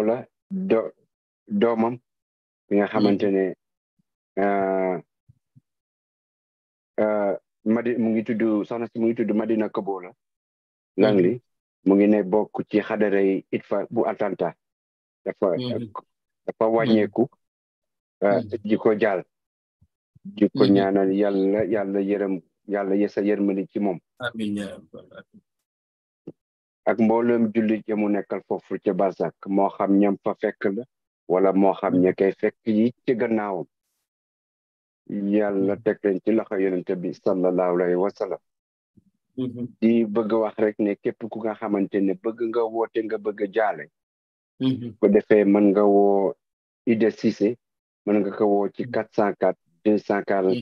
wala do domam bi nga xamante madi mu ngi tuddu soxna si mu ngi tuddu madina kabola langli mu ngi ne bokk ci xadara yi itfa bu atanta dafa dafa wàññeeku di ko jaal di ko ñaanal yàlla yàlla yërëm yàlla yesa yërmali ci moom amin ak mbooloom jullit ya mu nekkal fofu ci bazak mo xam ñam fa fekk la wala mo xam ña koy fekk yi ci gannaawam yalla tek leen ci loxo yonente bi sallallahu alayhi wa sallam mm-hmm. di bëgg wax rek ne képp ku nga xamantene bëgg nga wote nga bëgg jaale bu defé man nga wo ide Cissé man nga ko wo ci 404 cent 34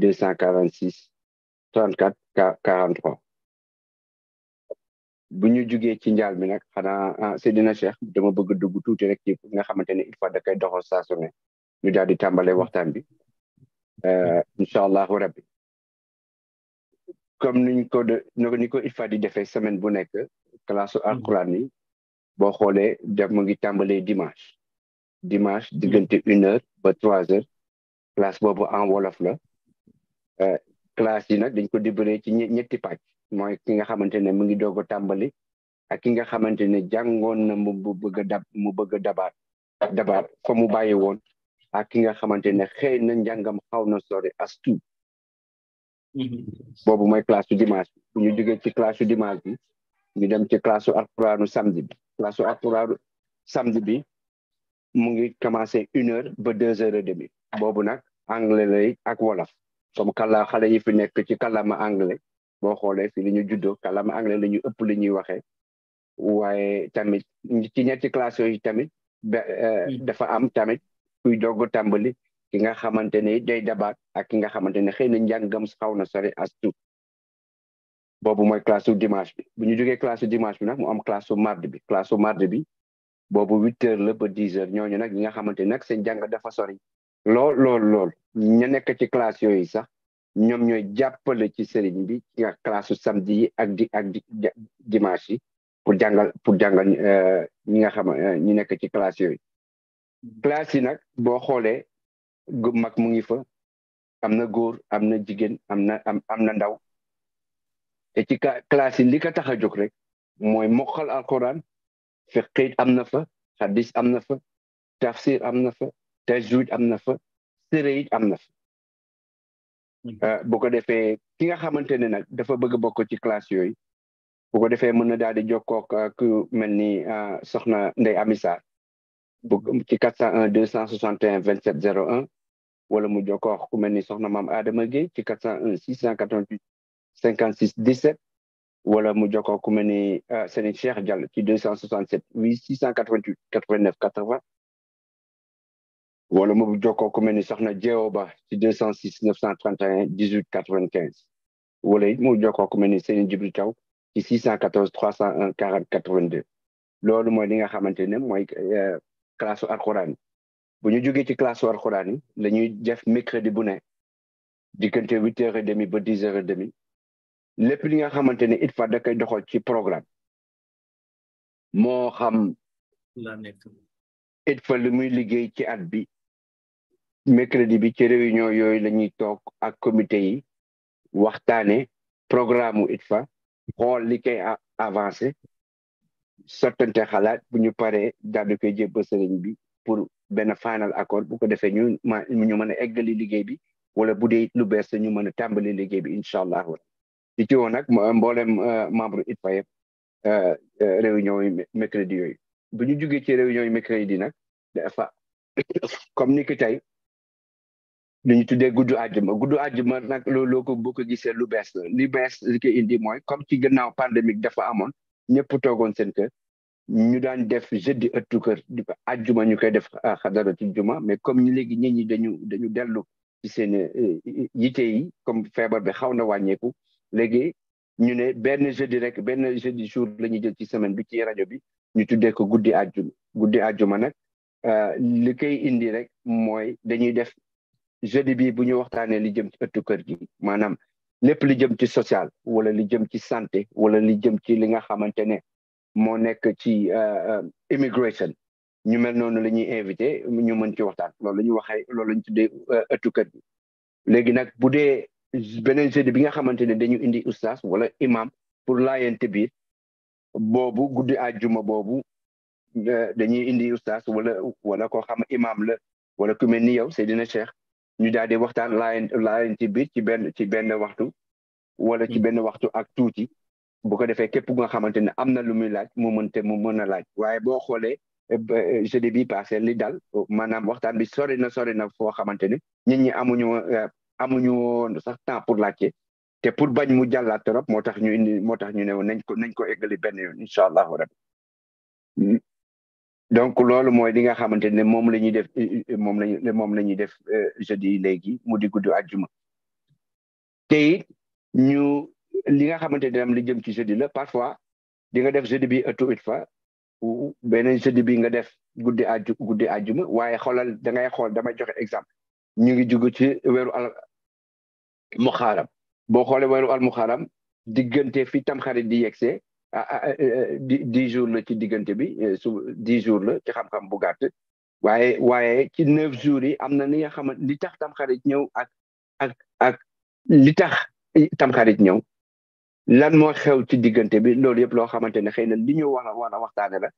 deux 404 246 34 43 bu ñu jugee ci njaal mi nag xanaa ah, Seydina Cheikh dama bëgg dugg tuuti rek ci nga xamante ne il faut da koy doxal saa su ne ñu daal di tàmbale waxtaan bi euh, incha allahu rabbi comme nuñ ko de ni ko il di defee semaine bu nekk classe mm-hmm. alquran yi boo xoolee def mu ngi tàmbalee dimanche dimanche diggante une heure ba trois heures classe boobu en wolof la euh, classe yi nak dañ ko dibëree ci ñetti pàcc moy ki nga xamantene mu ngi dogo tambali ak ki nga xamantene jangon na mu bëgg dab mu bëgg dabat dabat dabaat fa mu bayé won ak ki nga xamantene xey na jangam xawna sori astu mm-hmm. bobu moy mooy classe dimanche bu ñu jógee ci classe su dimanche bi ñu dem ci classe su alcorane samedi bi classe su alcorane samedi bi mu ngi commencé 1h ba 2h30 bobu nak anglais lay ak wolof comme kàlla xale yi fi nekk ci kàllaama anglais boo xoolee fi li ñu juddoo kàllaama anglais la ñu ëpp li ñuy waxee waaye tamit ci ñetti classe yooyu tamit eh, hmm. dafa am tamit kuy doog tàmbali ki nga xamante ne day dabaat ak ki nga xamante ne xëy na njàngam xaw na sori as tuut boobu mooy classe bi bu ñu jógee classe dimanche nag mu am classe mardi bi classe mardi bi boobu huit heures la ba dix ñooñu nag ñi nga xamante ne nag seen jàng dafa sori lool lool lool ñu nekk ci classe yooyu sax ñoom ñooy jàppale ci sëriñ bi ci nga classe samedi yi ak di ak di dimanche jàngal pour euh, ñi nga xam euh, ñu nekk ci classe yooyu classe yi nag boo xoolee gu mag mu ngi fa am na góor am na jigéen am na am na ndaw te ci classe yi li ko tax a jóg rek mooy mokkal alquran fiqh am na fa xadis am na fa tafsir am na fa tajwid am na fa séré yi am na fi mm-hmm. euh, bu ko defee ki nga xamante ne nag dafa bëgg bokk ci classe yooyu bu ko defee mën na daal di jokkoo ak ku mel ni euh, soxna nday Ndeye Amy Sarr bu mm-hmm. ci 401 261 27 01 wala mu jokkoo ak ku mel ni soxna maam Adama gi ci 401 688 56 17 wala mu jokkoo ku mel ni euh, Serigne Cheikh Diallo ci 267 8 688 89 80 wala mu jokkoo ku mel ni soxna Jeewo Ba ci 206 931 18 95 wala it mu jokkoo ku mel ni Sëriñ Jibril Taw ci 614 301 40 82 loolu mooy li nga xamante ne mooy euh, classe alxuraan yi bu ñu jógee ci classe alxuraan yi la ñuy def mercredi bu ne diggante huit heures et demi ba dix heures demi lépp li nga xamante ne ITFA da koy ci programme moo xam. la fa ITFA lu muy liggéey ci at bi. mercredi bi ci réunion yooyu la toog ak comité yi waxtaane programme u ITFA xool li koy avancé sottante xalaat bu ñu paree daal di koy jébbal sëriñ bi pour benn final accord bu ko defee ñu ma ñu mën a eggali liggéey bi wala bu dee lu bees ñu mën a tàmbali liggéey bi incha allah di ci woon nag mboolem euh, membre ITFA yëpp euh, euh, réunion yi mercredi yooyu bu ñu jugee ci réunion yi mercredi nag dafa comme ni tey li ñu tuddee guddu àjjuma guddu àjjuma nag looloo ko boo ko gisee lu bees la li bees li ko indi mooy comme ci gannaaw pandémique dafa amoon ñëpp toogoon seen kër ñu daan def jeudi ëttu kër di àjjuma ñu koy def ah, xadara ci juma mais comme ñu léegi ni ñi dañu dañu dellu ci seen eh, yite yi comme feebar bi xaw na wàññeeku léegi ñu ne benn jeudi rek benn jeudi jour la ñuy jël ci semaine bi ci rajo bi ñu tuddee ko guddi àjjuma guddi àjjuma nag euh, li koy indi rek mooy dañuy def jeudi bi bu ñu waxtaanee li jëm ci kër gi maanaam lépp li jëm ci sociale wala li jëm ci santé wala li jëm ci li nga xamante ne nekk ci euh, euh, immigration ñu mel noonu la ñuy invité ñu mën ci waxtaan loolu la ñuy waxee loolu la ñu tuddee euh, ëttu kër nag bu dee beneen jeudi bi nga xamante ne dañu indi ustaas wala imam pour laayante biir boobu guddi àjjuma boobu dañuy indi ustaas wala wala koo xam imam la wala ku mel ni yow Seydina Cheikh ñu daal di waxtaan laayen laayen ci biir ci benn ci benn waxtu wala ci hmm. benn waxtu ak tuuti bu ko defee képp nga xamante ne am na lu muy laaj mu mën te mu mën a laaj waaye boo xoolee dis bi passé li dal maanaam waxtaan bi sori na sori na foo xamante ne nit ñi amuñu eh, amuñu woon sax temps pour laajte te pour bañ mu jàllaat trop moo ñu indi moo tax ñu ne nañ ko nañ ko eggali benn yoon incha allahu rabbi donc lolu moy li nga xamantene mom lañuy def mom lañuy mom lañuy def euh, jeudi léegi mu di gudd àjjuma te ñu li nga xamantene ne am li jëm ci jeudi la parfois di nga def jeudi bi ëttu it fa beneen jeudi bi nga def guddi àjju guddi aljuma waye xolal da ngay xol dama joxe exemple ñu ngi jugu ci wéru al muxaaram bo xolé wéru al Muharam digënté fi tam xarit di yexé Ah, ah, ah, eh, eh, di dix jours la ci diggante bi eh, su dix jours la ci xam-xam bu gàtt waaye waaye ci neuf jours yi am na ni nga xamante li tax tamxarit ñëw ak ak ak li tax tamxarit ñëw lan moo xew ci diggante bi loolu yëpp loo xamante ne xëy na li ñu war a la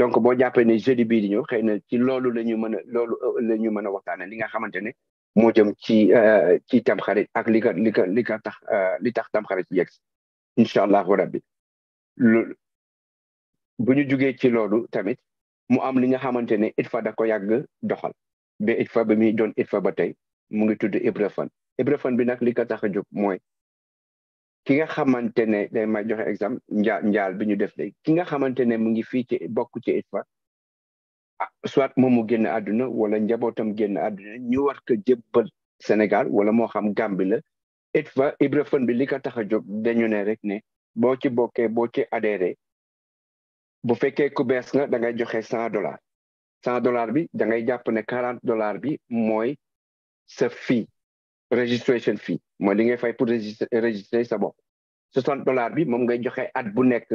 donc boo jàppee ne jeudi bii di ñëw xëy na ci loolu la ñu mën a loolu na euh, ñu mën a waxtaane li nga xamante ne moo jëm ci euh, ci tamxarit ak li ka li ka li ka tax euh, li tax tamxarit yegg incha allahu rabbi lu bu ñu jugee ci loolu tamit mu am li nga xamante ne ITFA da ko yàgg doxal ba ITFA ba muy doon ITFA ba tey mu ngi tudd IBREFAN IBREFAN bi nag li ko tax a jóg mooy ki nga xamante ne day may joxe exemple njaal njaal bi ñu def léegi ki nga xamante ne mu ngi fii ci bokk ci a ah, soit moom mu génn àdduna wala njabootam génn àdduna ñu war ko jébbal Sénégal wala moo xam Gambie la fa IBREFAN bi li ko tax a jóg dañu ne rek ne boke boke boke adere bu fekke ku bes nga da ngay joxe 100 dollars 100 dollars bi da ngay japp ne 40 dollars bi moy sa fee registration fee moy li ngay fay pour registrer sa bop 60 dollars bi mom ngay joxe at bu nek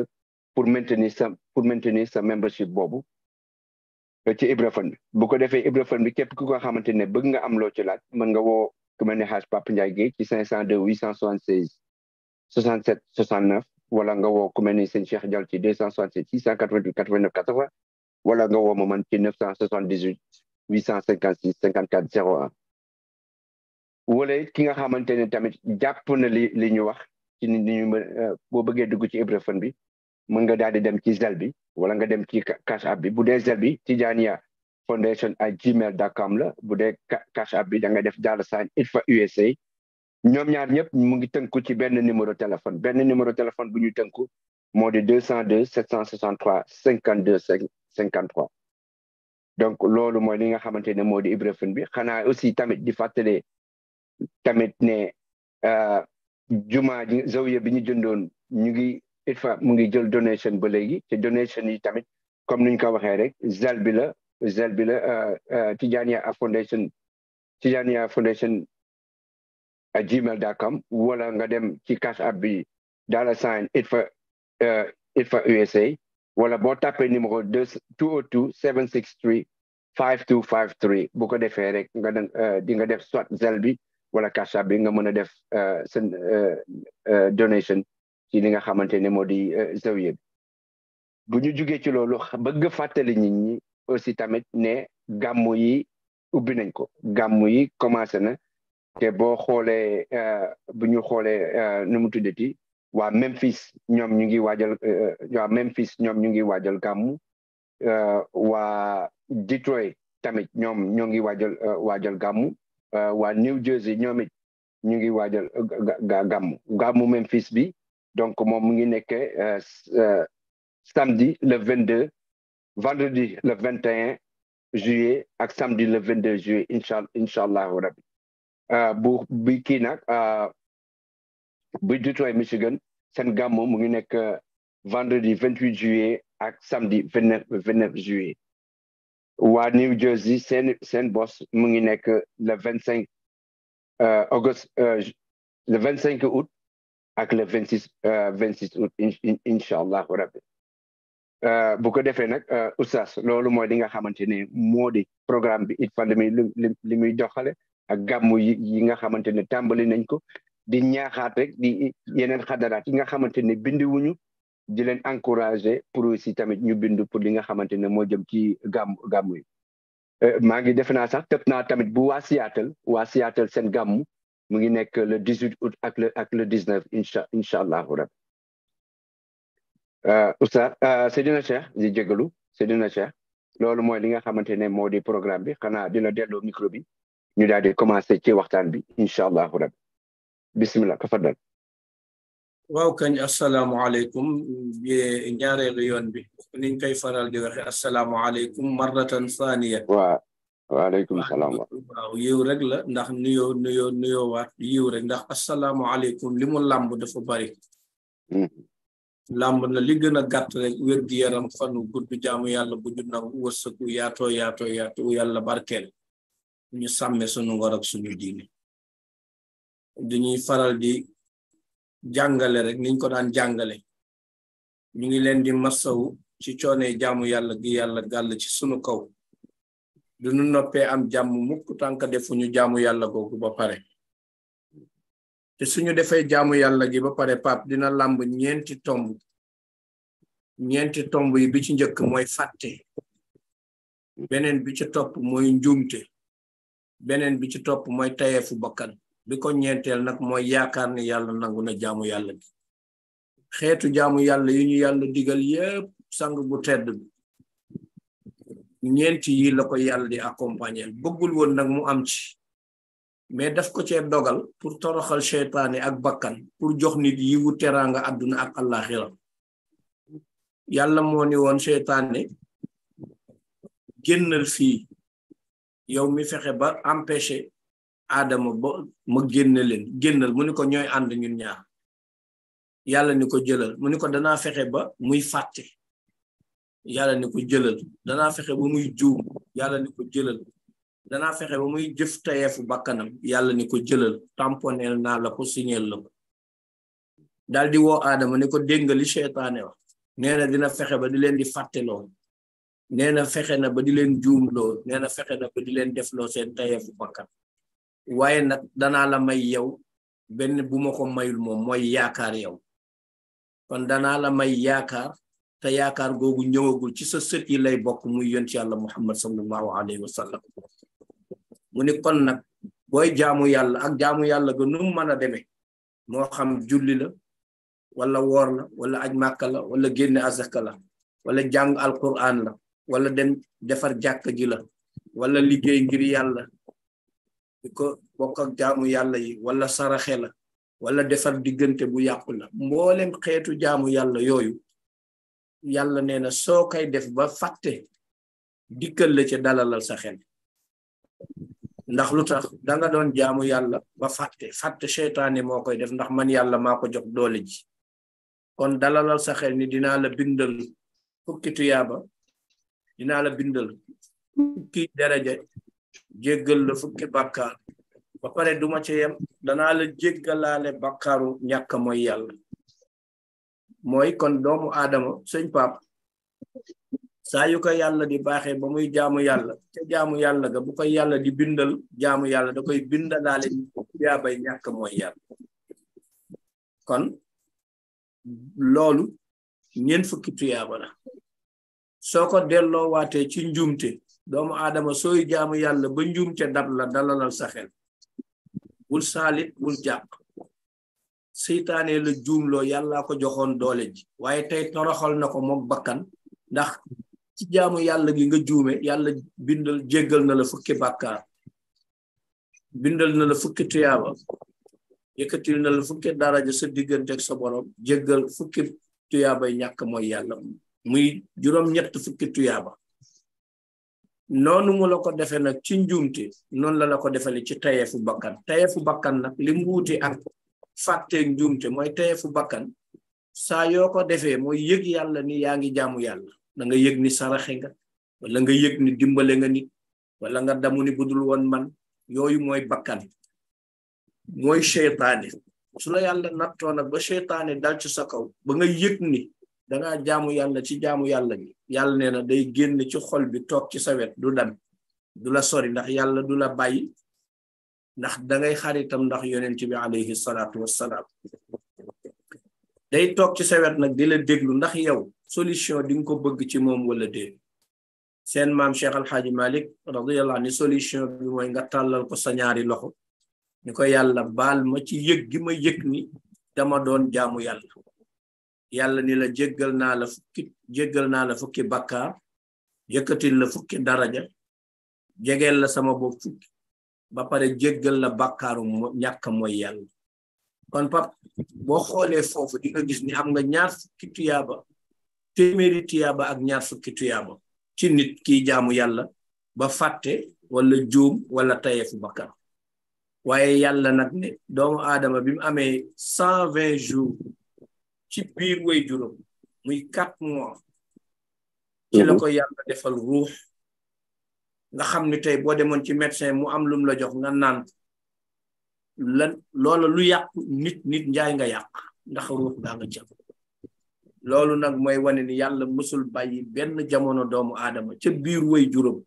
pour maintenir sa pour maintenir sa membership bobu ci ibrefon bu ko defé ibrefon bi kep ku ko xamantene bëgg nga am lo ci laaj man nga wo kumene hash pap ndjay ge ci 502 876 67 69 wala nga woo ku mel ni sëñ Cheikh Dial ci 267 688 89 80 wala nga woo ma man ci 978 856 54 01 wala it ki nga xamante ne tamit jàpp na li li ñu wax ci ni ñu euh, boo bëggee dugg ci Ibrahima bi mën nga daal di dem ci zel bi wala nga dem ci cash app bi bu dee zel bi Tijaniya Foundation at gmail dot com la bu dee cash app bi da nga def dollar sign ITFA USA ñoom ñaar ñëpp mu ngi tënku ci benn numéro téléphone benn numéro téléphone bu ñu tënku moo di deux 202 763 52 53 donc loolu mooy li nga xamante ne moo di Ibra Fane bi xanaa aussi tamit di fàttale tamit ne euh, juma ji zawiya bi ñu jëndoon ñu ngi ITFA mu ngi jël donation ba léegi te donation yi tamit comme ni ñu ko waxee rek zel bi la zel bi la euh, euh, Tijaniya Foundation Tijaniya Foundation at gmail.com wala nga dem ci cash app bi dollar sign ITFA uh, ITFA USA wala boo tapé numéro deux two o two seven six three five two five three bu ko defee rek nga uh, di nga def soit zel bi wala cash app bi nga mën a def uh, seen donation ci li nga xamante ne moo di zawiya bi bu ñu jugee ci loolu bëgg fàttali nit ñi aussi tamit ne gàmmu yi ubbi nañ ko gàmmu yi commencé na te boo xoolee euh, bu ñu xoolee euh, nu mu tuddati waa Memphis ñoom ñu ngi waajal euh, waa Memphis ñoom ñu ngi waajal gàmmu waa Detroit tamit ñoom ñoo ngi waajal waajal gàmmu waa New Jersey ñoom it ñu ngi waajal gàmmu gàmmu Memphis bi donc moom mu ngi nekk samedi le 22 vendredi le 21 juillet ak samedi le vingt 22 juillet incha incha allahu rabbi Pour euh, bu kii nag euh, Michigan saint gàmm mu ngi euh, vendredi 28 juillet ak samedi 29 juillet. juillet à New Jersey saint seen boss le 25 août ak le 26 août Inch'Allah, allah rabbi bu ko defee nag oustaz loolu mooy li nga xamante ne programme bi it fan li ak gàmmu yi yi nga xamante ne tàmbali nañ ko di ñaaxaat rek di yeneen xadaraat yi nga xamante ne bindiwuñu di leen encouragé pour aussi tamit ñu bind pour li nga xamante ne moo jëm ci gàmm gàmmu yi euh, maa ngi defe naa sax tëb naa tamit bu waa Seattle seen gàmmu mu ngi nekk le 18 août ak ak le 19 incha incha allahu rabi euh, oustaz euh, Seydina Cheikh di jégalu Seydina Cheikh loolu mooy li nga xamante ne moo di programme bi xanaa di la delloo micro bi ñu daal di commencé ci waxtaan bi incha allahu rabbi bismillah ka waaw kañ asalaamualeykum bi ñaareelu yoon bi niñ koy faral di waxe asalaamualeykum marratan thaniya waa waaleykum salaam waaw yiw rek la ndax nuyoo nuyoo nuyoo waat yiw rek ndax asalaamualeykum li mu làmb dafa bari làmb na li gën a gàtt rek wér gi yaram fanu gudd jaamu yàlla bu ñu nangu wërsëgu yaatoo yaatoo yaatoo yàlla barkeel ñu sàmme sunu war ak suñu diine faral di jàngale rek niñ ko daan jàngale ñu ngi leen di masawu ci coone jaamu yàlla gi yàlla gàll ci sunu kaw duñu noppee am jàmm mukk tànk defuñu jaamu yàlla googu ba pare te suñu defee jaamu yàlla gi ba pare pap dina làmb ñeenti tomb ñeenti tomb yi bi ci njëkk mooy fàtte beneen bi ci topp mooy njuumte benen bi ci top moy tayefu bakkan bi ko ñeenteel nak mooy yaakaar ne yàlla nangu na jaamu yalla gi xeetu jaamu yalla yu ñu yalla digal yépp sang bu tedd bi yi la ko yalla di accompagner bëggul woon nak mu am ci mais daf ko ci dogal pour toroxal cheytaane ak bakkan pour jox nit yi wu teranga aduna ak àllaaxira yalla mo ni woon cheytaane gennal fi yow mi fexe ba empêcher Adama bo ma génne leen génnal mu ni ko ñooy ànd ñun ñaar yàlla ni ko jëlal mu ni ko danaa fexe ba muy fàtte yàlla ni ko jëlal danaa fexe ba muy juum yàlla ni ko jëlal danaa fexe ba muy jëf tayeefu bakkanam yàlla ni ko jëlal tamponeel naa la ko signeel la ko daal di woo Adama ni ko dégg nga li seytaane wax dina fexe ba di leen di fàtte nee na fexe na ba di leen juumloo nee na fexe na ba di leen defloo seen tayeefu bakkan waaye nag danaa la may yow benn bu ma mayul moom mooy yaakaar yow kon danaa la may yaakaar te yaakaar googu ñëwagul ci sa sët yi lay bokk muy yonent yàlla muhammad sallallahu alayhi wa sallam mu ni kon nag booy jaamu yàlla ak jaamu yàlla ga nu mu mën a demee moo xam julli la wala woor la wala aj màkka la wala génne azaka la wala la wala dem defar jàkk ji la wala liggéey ngir yàlla di ko bokk yàlla yi wala saraxe la wala defar diggante bu yàqu la mboolem xeetu jaamu yàlla yooyu yàlla nee na soo koy def ba fàtte dikkal la ca dalalal sa xel ndax lu tax danga doon jaamu yàlla ba fàtte fàtte seytaane moo koy def ndax man yàlla maa ko jox doole ji kon dalalal sa xel ni dinaa la bindal fukki tuyaaba dinaa la bindal ki daraja jéggal la fukki bàkkaar ba pare duma ci yem danaa la jéggalaale bàkkaaru ñàkk mooy yàlla mooy kon doomu aadama sëñ pap saa yu ko yàlla di baaxee ba muy jaamu yàlla te jaamu yàlla ga bu koy yàlla di bindal jaamu yàlla da koy bindalaale yaa bay ñàkk mooy kon loolu ñeent fukki tuyaaba soo ko delloowaatee ci njuumte doomu aadama sooy jam yàlla ba njuumte dab la dalalal saxel xel bul saalit bul jàq seytaane la juumloo yàllaa ko joxoon doole ji waaye tey toroxal na ko moom bakkan ndax ci jaamu yàlla gi nga juume yàlla bindal jéggal na la fukki bindal nala la fukki tuyaaba yëkkatil na la fukki daraja sa diggante ak sa borom jéggal fukki tuyaabay ñàkk mooy yàlla muy juróom-ñett fukki tuyaaba noonu mu la ko defee nag ci njuumte noonu la la ko defale ci tayeefu bakkan tayeefu bakkan nag li mbuuti ak fàttee njuumte mooy tayeefu bakkan saa yoo ko defee mooy yëg yàlla ni yaa ngi jaamu yàlla da nga yëg ni saraxe nga wala nga yëg ni dimbale nga nit wala nga damu ni budul woon man yooyu mooy bakkan mooy seytaane su la yàlla nag ba seytaane dal ci sa kaw ba nga ni da nga jaamu yalla ci jaamu yalla gi yalla neena day genn ci xol bi tok ci sawet du dem du la sori ndax yalla du la bayyi ndax da ngay xaritam ndax yonent bi alayhi salatu wassalam day tok ci sawet nak di la deglu ndax yow solution di ko bëgg ci moom wala de sen mam cheikh hadji malik radiyallahu anhu solution bi moy nga talal ko sa ñaari loxo ni ko yàlla bal ma ci yëg gi ma yëg ni dama doon jaamu yalla yàlla ni la jéggal naa la fukki jéggal naa la fukki bakkaar yëkkatil la fukki daraja jegeel la sama bopp fukki ba pare jéggal la bakkaaru ñàkk mooy yàlla kon pap boo xoolee foofu di nga gis ni am nga ñaar fukki tuyaaba téeméeri ak ñaar fukki tuyaaba ci nit ki jaamu yàlla ba fàtte wala juum wala tayeefu bakkar waaye yàlla nag ne doomu aadama bi mu amee cent vingt jours ci biir way jurum muy 4 mois ci la ko yàlla defal ruux nga xam ni tey boo ci médecin mu am lum la jox nga naan lan lu yàq nit nit njaay nga yàq ndax ruux daa nga jëm loolu nag mooy wane ni yàlla musul bàyyi benn jamono doomu aadama ca biir way jurum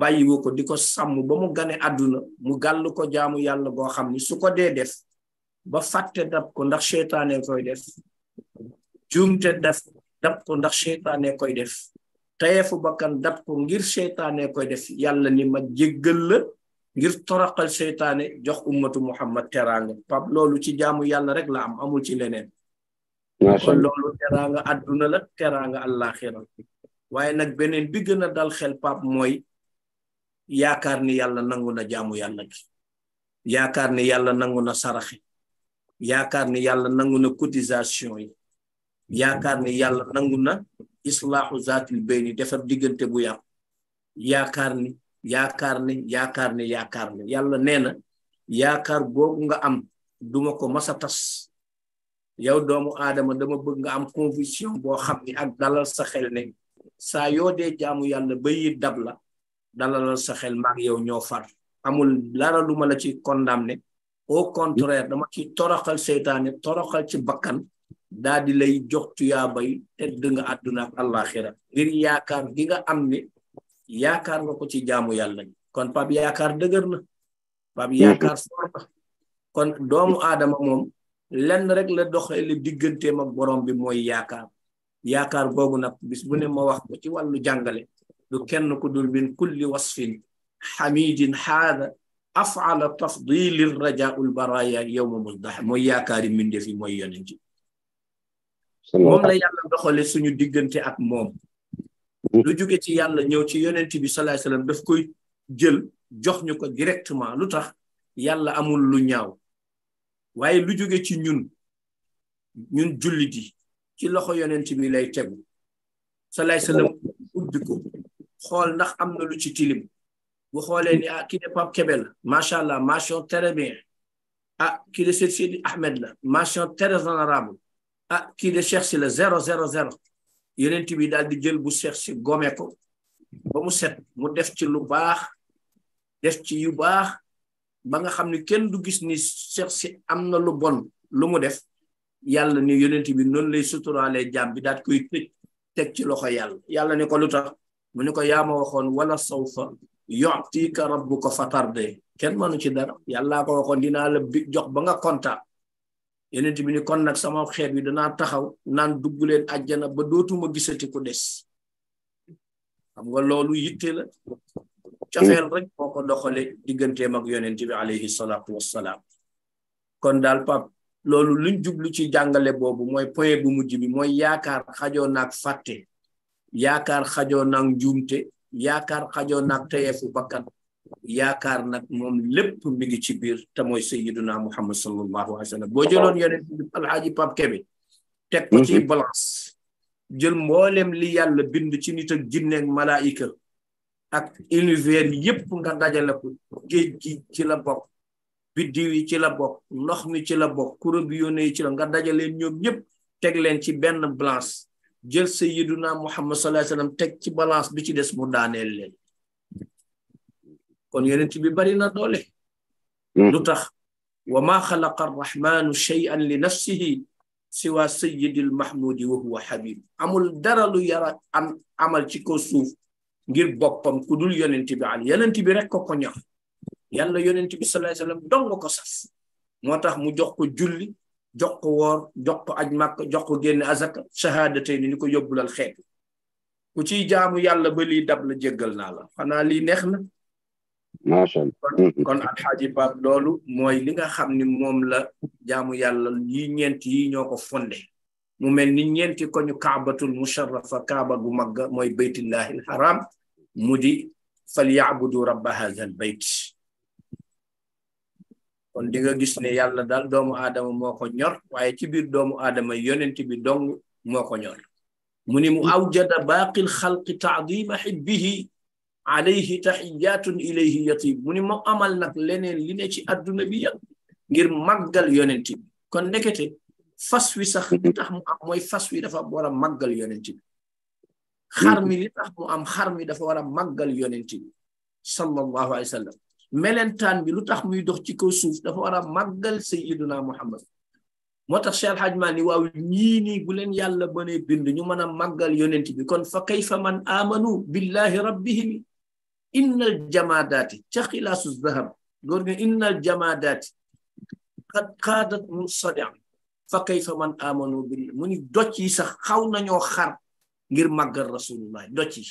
bàyyi ko di ko sàmm ba mu gane àdduna mu gàll ko jaamu yàlla goo xam ni su ko def ba fàtte dab ko ndax seytaane koy def juumte def dab ko ndax seytaane koy def tayeefu bakkan dab ko ngir seytaane koy def yàlla ni ma jéggal la ngir toroxal seytaane jox ummatu muhammad teraanga pap loolu ci jaamu yàlla rek la am amul ci leneen kon loolu teraanga la teraanga àllaaxira waaye nag beneen bi gën dal xel pap mooy yaakaar ni yàlla nangu na jaamu yàlla gi yaakaar ni yàlla nangu na saraxe yaakaar ne yàlla nangu na cotisation yi yaakaar ne yàlla nangu na islaaxu zaatil bayni defar diggante bu yàqu yaakaar ni yaakaar ne yaakaar ne yaakaar ne yàlla nee na yaakaar boobu nga am duma ko mas a tas yow doomu aadama dama bëgg nga am conviction boo xam ni ak dalal sa xel ne saa yoo dee jaamu yàlla bayi dab la dalalal sa xel maag yow ñoo far amul dara lu ma condamné au contraire dama ci toroxal seytaane toroxal ci bakkan daal di lay jox tuyaabay de nga àdduna ak àllaaxira ngir yaakaar gi nga am ne yaakaar nga ko ci jaamu yàlla kon pab yaakaar dëgër na pab yaakaar for kon doomu aadama moom lenn rek la doxale digganteem ak borom bi mooy yaakaar yaakaar googu nag bis bu ne ma wax ko ci wàllu jàngale du kenn ku dul min kulli wasfin xamidin xaada افعل تفضيل الرجاء البرايا يوم مزدح مو يا كريم من دفي مو يننجي موم لا يالا دخل سونو ديغنتي اك موم لو جوغي تي يالا نيو تي يوننتي بي صلى الله عليه وسلم داف كوي جيل جوخ نيوكو ديريكتومان لوتاخ يالا امول لو نياو واي لو جوغي تي نيون نيون جولي دي تي لوخو يوننتي بي لاي تيغو صلى الله عليه وسلم اوبديكو خول ناخ امنا لو تي تيليم bu xoolee ni ah kii de macha allah mention très bien ah kii de Seyd Sidi Ahmed la mention très honorable ah kii de Cheikh la zéro zéro zéro yeneen bi daal di jël bu Cheikh si gome ko ba mu set mu def ci lu baax def ci yu baax ba nga xam ni kenn du gis ni Cheikh am na lu bon lu mu def yàlla ni yonent bi noonu lay suturaalee jaam bi daal koy tëj teg ci loxo yàlla yàlla ni ko luta mu ni ko yaa ma waxoon wala sawfa Yakti rabbuka fatarde ken manu ci dara yalla ko waxon dina la jox ba nga konta yenent bi ni kon nak sama xet bi dana taxaw nan dugg aljana ba dotuma gisati ku dess xam nga loolu yitte la cofeel rek boko doxale digeunte mak bi alayhi salatu wassalam kon dal pap loolu luñ djublu ci jangale bobu moy point bu mujj bi yakar yaakaar xajoo yakar kajo yaakaar xajoo yaakaar xajoo naag tayeefu bakkan yaakaar nag moom lépp mi ngi ci biir te ya mooy sayyiduna muhammad sallallahu alaihi wasallam boo jëloon yonent bi alhaaji pap kebe teg ko ci mhm. balance jël mboolem li yàlla bind ci nit ak jinne ak malaika ak univers yépp nga dajale ko géej gi ci la bokk biddiw yi ci la bokk ndox mi ci la bokk kuréel bi ci la nga dajaleen ñoom ñëpp teg leen ci benn balance jël sayyiduna Muhammad sallallahu alayhi wasallam teg ci balance bi ci des mu daaneel leen kon yonent bi bari na doole hmm. lu tax wa ma xalaqa arrahmanu shay'an li nafsihi siwa sayyidil mahmudi wa huwa habib amul dara lu yara am amal ci ko suuf ngir boppam ku dul yonent bi al yonent bi rek ko ko ñor yàlla yonent bi sallallahu alayhi wasallam dong ko sas moo tax mu jox ko julli jox ko woor jox aj màkk jox ko génne azaka shahaadatay ni ni ko yóbbulal xeet ku ciy jaamu yàlla ba lii dab la jéggal naa la xanaa lii neex na macha allah kon alxaaji Pape loolu mooy li nga xam ni moom la jamu yàlla yi ñeent yi ñoo fonde mu mel ni ñeenti koñu kaabatul musharrafa kaaba gu magga mooy baytillahi alxaram mu di fal yaabudu rabba hadha kon di nga gis ne yàlla dal doomu aadama moo ko ñor waaye ci biir doomu aadama yonent bi dong moo ko ñor mu ni mu awjada baaqil xalqi taadima xibbihi alayhi taxiyaatun ilayhi yatib mu ni mu amal nag leneen li ne ci adduna bi yëpp ngir màggal yonent kon ndekete fas wi sax li tax mu am mooy fas wi dafa war a màggal yonent bi xar xar mi dafa war a màggal yonent bi sallallahu alayhi wa sallam melentaan bi lu tax muy dox ci kaw suuf dafa war a màggal sayyiduna muhammad moo tax cheikh alhaj man ni waaw ñii nii bu leen yàlla mënee bind ñu mën a màggal yonent bi kon fa kayfa man amanu billahi rabbihim innal jamadaati ca xilaasu zahab góor nga innal jamadaati qad qaadat munsadia fa kayfa man amanu billahi mu ni doj yi sax xaw nañoo xar ngir màggal rasulullah doj yi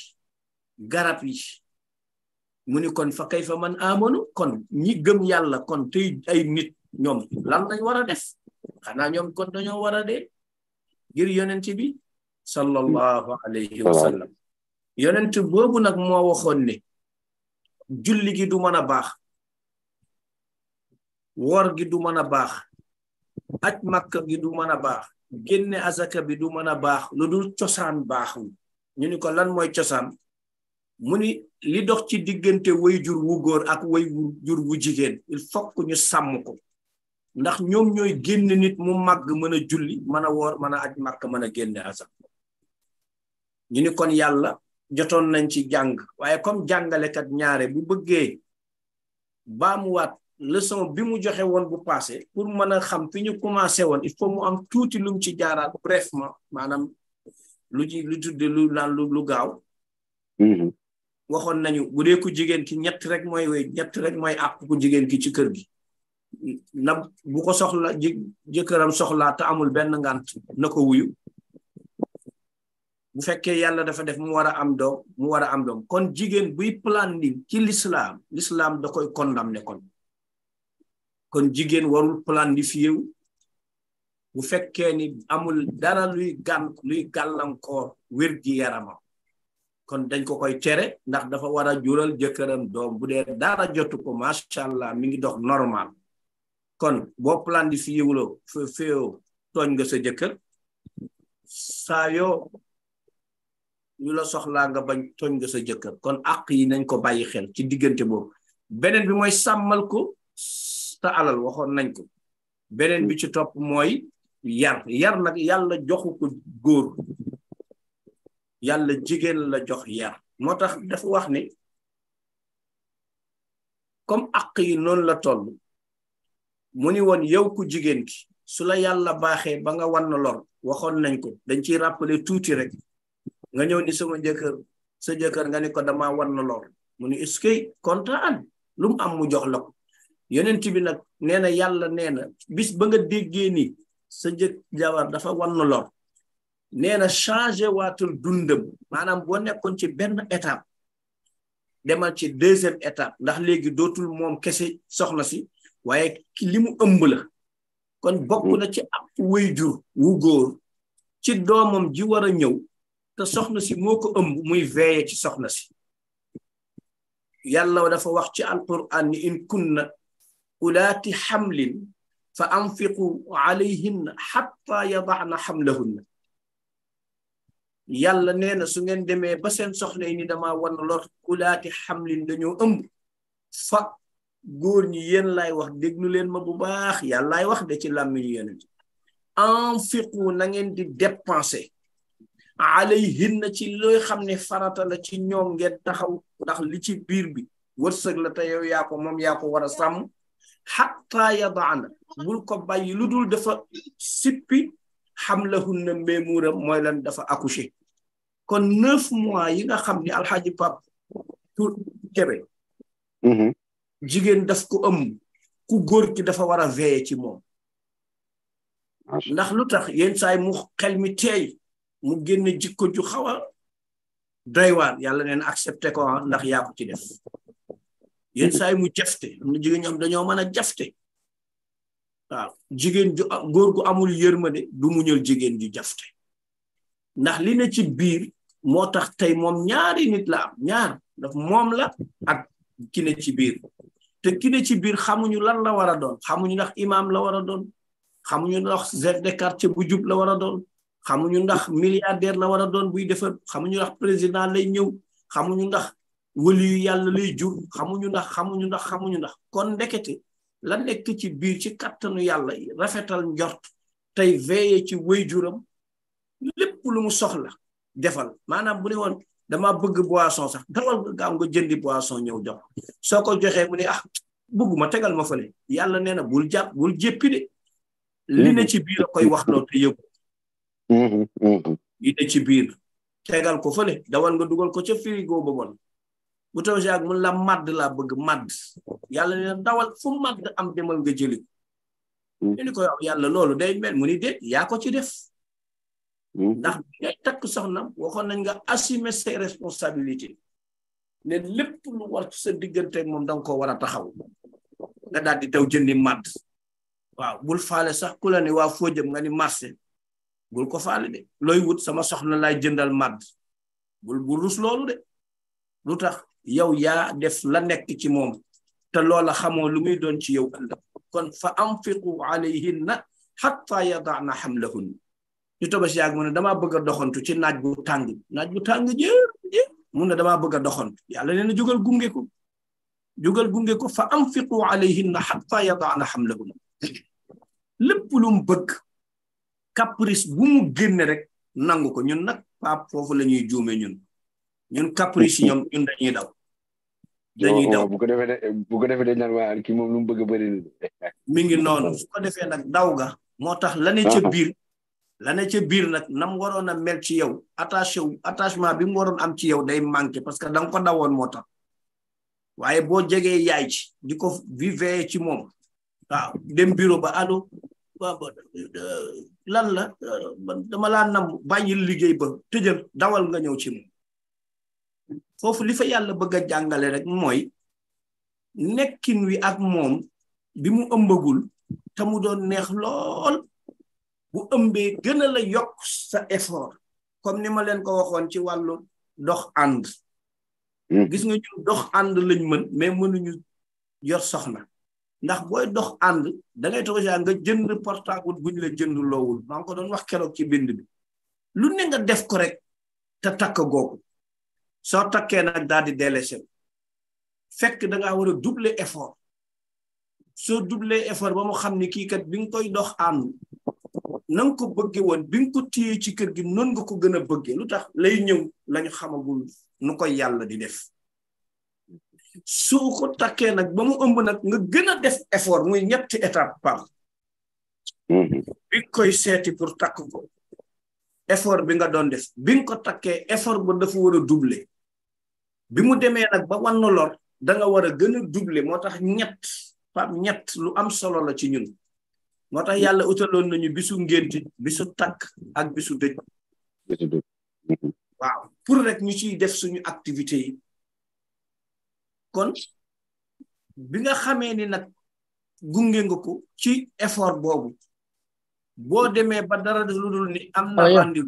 garab yi muni kon fa kayfa man amanu kon ñi gëm yalla kon tey ay nit ñom lan lañ wara def xana ñom kon dañu wara de gir yonent bi sallallahu alayhi wa sallam yonent bobu nak mo waxon ne julli gi du mën bax wor gi du mën bax makka gi du bax genné azaka bi du mën bax lu dul ciosan baxu ñu ni ko lan moy ciosan mu ni li dox ci diggante way jur wu góor ak way jur wu jigéen il faut que sàmm ko ndax ñoom ñooy génn nit mu màgg mën a julli mën a woor mën a aj màkk mën a génne asam ñu ni kon yàlla jotoon nañ ci jàng waaye comme jàngalekat ñaare bu bëggee baamuwaat leçon bi mu joxe woon bu passé pour mën a xam fi ñu commencé woon il faut mu am tuuti lum ci jaaraat brefement maanaam lu ci lu tudde lu naan lu gaaw mm-hmm. waxoon nañu bu dee jigéen ki ñett rek mooy wéy ñett rek mooy àq ku jigéen ki ci kër gi na bu ko soxla jëkkëram soxlaa te amul benn ngant na ko wuyu bu fekkee yàlla dafa def mu war a am doom mu war a am doom kon jigéen buy planning ci l'islam l'islam da koy condamné kon kon jigéen warul planifié wu bu fekkee ni amul dara luy gàn luy gàllankoor wér gi yaramam kon dañ ko koy téré ndax dafa wara jural jëkëram doom bu dé dara jottu ko macha allah mi ngi dox normal kon boo planifié wulo feo togn nga sa jëkkër sa yo ñu la soxla nga bañ togn nga sa kon ak yi nañ ko bayyi xel ci digënté bo benen bi moy samal ko ta alal waxon nañ ko benen bi ci top moy yar yar nak yalla joxuko ko Yalla jigen la jox yar motax def dafa wax ni comme ak yi non la toll Muni won yow ku jigen ki sula yalla baxé ba nga wan lor waxon nañ ko dañ ci rappeler touti rek nga ñew ni sama jëkër sa jëkër nga ni ko dama wan lor muni ni est lum lu mu am mu jox la yonent bi nak neena yalla neena bis ba nga déggé ni sa jëk jawar dafa wan lor nee na changé waatul dundam maanaam boo nekkoon ci benn étape demal ci deuxième étape ndax léegi dootul moom kese soxna si waaye li mu ëmb la kon bokk na ci ab wayjur wu góor ci doomam ji war a ñëw te soxna si moo ko ëmb muy veeye ci soxna si yàlla dafa wax ci alquran ni in kunna ulaati xamlin fa anfiqu alayhinna xatta yadana xamlahunna yàlla nee na su ngeen demee ba seen soxna yi ni dama wan lor kulaati xamlin dañoo ëmb fa góor ñi yéen laay wax déglu leen ma bu baax yàlla yàllaay wax de ci làmmiñu yéen bi anfiqu na ngeen di dépenser alayhinna ci looy xam ne farata la ci ñoom ngeen taxaw ndax li ci biir bi wërsëg la te yow yaa ko moom yaa ko war a sàmm xataa yadaana bul ko bàyyi lu dul dafa sippi xam hamlahunna memuuram mooy lan dafa accoucher kon neuf mois yi nga xam ni alxaaji pap tu kebe mhm. jigéen daf ko ëmb ku góor ki dafa war a veiller ci moom ndax lu tax yenn saay mu xel mi teey mu génne jikko ju xaw a doy waar yàlla neen accepté ko ndax yaa ko ci def yenn saay mu jafte am jigéen ñoom dañoo mën a jafte waaw jigéen ju góor gu amul yërmande du muñal jigéen ju jafte ndax li ne ci biir moo tax tey moom ñaari nit la am ñaar daf moom la ak ki ne ci biir te ki ne ci biir xamuñu lan la war a doon xamuñu ndax imam la war a doon xamuñu ndax chef de quartier bu jub la war a doon xamuñu ndax milliardaire la war a doon buy defar xamuñu ndax président lay ñëw xamuñu ndax wëli yu yàlla lay xamuñu ndax xamuñu ndax xamuñu ndax kon ndekete la nekk ci biir ci kattanu yàlla rafetal njort tey veillé ci wéyjuram lépp lu mu soxla defal maanaam bu ne woon dama bëgg boisson sax dawal nga gaaw nga jëndi boisson ñëw jox soo ko joxee mu ne ah bëgguma tegal ma fële yàlla nee na bul jàpp bul jéppi de li ne ci biir a koy wax loo te yëgu mm-hmm, mm-hmm. li ne ci biir tegal ko fale dawal nga dugal ko ca frigo ba bon bu taw ci ak mu la mad la bëgg mad yalla ne dawal fu mad am demal nga jëli ñu ni ko yow yalla loolu day mel mu ni déet ya ko ci def ndax ngay tak soxna waxon nañ nga assumer ses responsabilités ne lepp lu war sa digënté ak moom da ko wara taxaw nga daal di taw jëndi mad waaw bul faalé sax ku la ni wa fo jëm nga ni marché bul ko faalé de loy wut sama soxna lay jëndal mad bul bu rus loolu de lutax yow yaa def la nekk ci moom te loola xamoo lu muy doon ci yow ëllëg kon fa anfiqu alayhinna hatta yadana hamlahun ñu tobas yaag mu ne dama bëgg a doxantu ci naaj bu tàng naaj bu tàng jër je mu ne dama bëgg a doxantu yàlla neena jugal gunge ko jugal gunge ko fa anfiqu alayhinna hatta yadana hamlahun lépp lu mu bëgg caprice bu mu génne rek nangu ko ñun nag pa foofu la ñuy juume ñun ñun caprice ñoom ñun dañuy daw dañuy daw oh, bu ko defee bu ko defee dañ naan waa kii moom lu mu bëgg a bëri mi ngi noonu ko defee nag daw ga moo tax la ne ca ah. biir la ne ca biir nag nam waroon a mel ci yow attaché attachement bi mu waroon am ci yow day manqué parce que da ko dawoon moo tax waaye boo jegee yaay ci di ko vivee ci moom waaw dem biro ba alo euh, lan la euh, dama laa nam bàyyil liggéey ba tëjal dawal nga ñëw ci foofu li fa yàlla bëgg a jàngale rek mooy nekkin wi ak moom bi mu ëmbagul te mu doon neex lool bu ëmbee gën a la yokk sa effort comme ni ma leen ko waxoon ci wàllu dox ànd hmm. gis nga ñu dox ànd lañ mën mais mënuñu yor soxna ndax booy dox ànd dangay toog nga jënd portable buñ la jënd loowul maa ngi ko doon wax keroog ci bind bi lu ne nga def ko rek te takk googu so takke nak daldi délaissé fekk da nga wara double effort so double effort ba mu xamni ki kat bi koy dox am nang ko bëgge won bi ko tiyé ci kër gi non nga ko gëna bëgge lutax lay ñëw lañu xamagul nu koy yalla di def so ko takke nak ba mu ëmb nak nga gëna def effort muy ñett étape par mm-hmm. bi koy séti pour takko effort bi nga don def bi ko takke effort bu dafa wara doubler bi mu demee nag ba wan na lor da nga war a gën a doubler moo tax ñett pap ñett lu am solo la ci ñun moo tax yàlla utaloon nañu bisu ngénti bisu takk ak bisu dëj waaw pour rek ñu ciy def suñu activité kon bi nga xamee ni nag gunge nga ko ci effort boobu boo demee ba dara lu dul ni am na bandi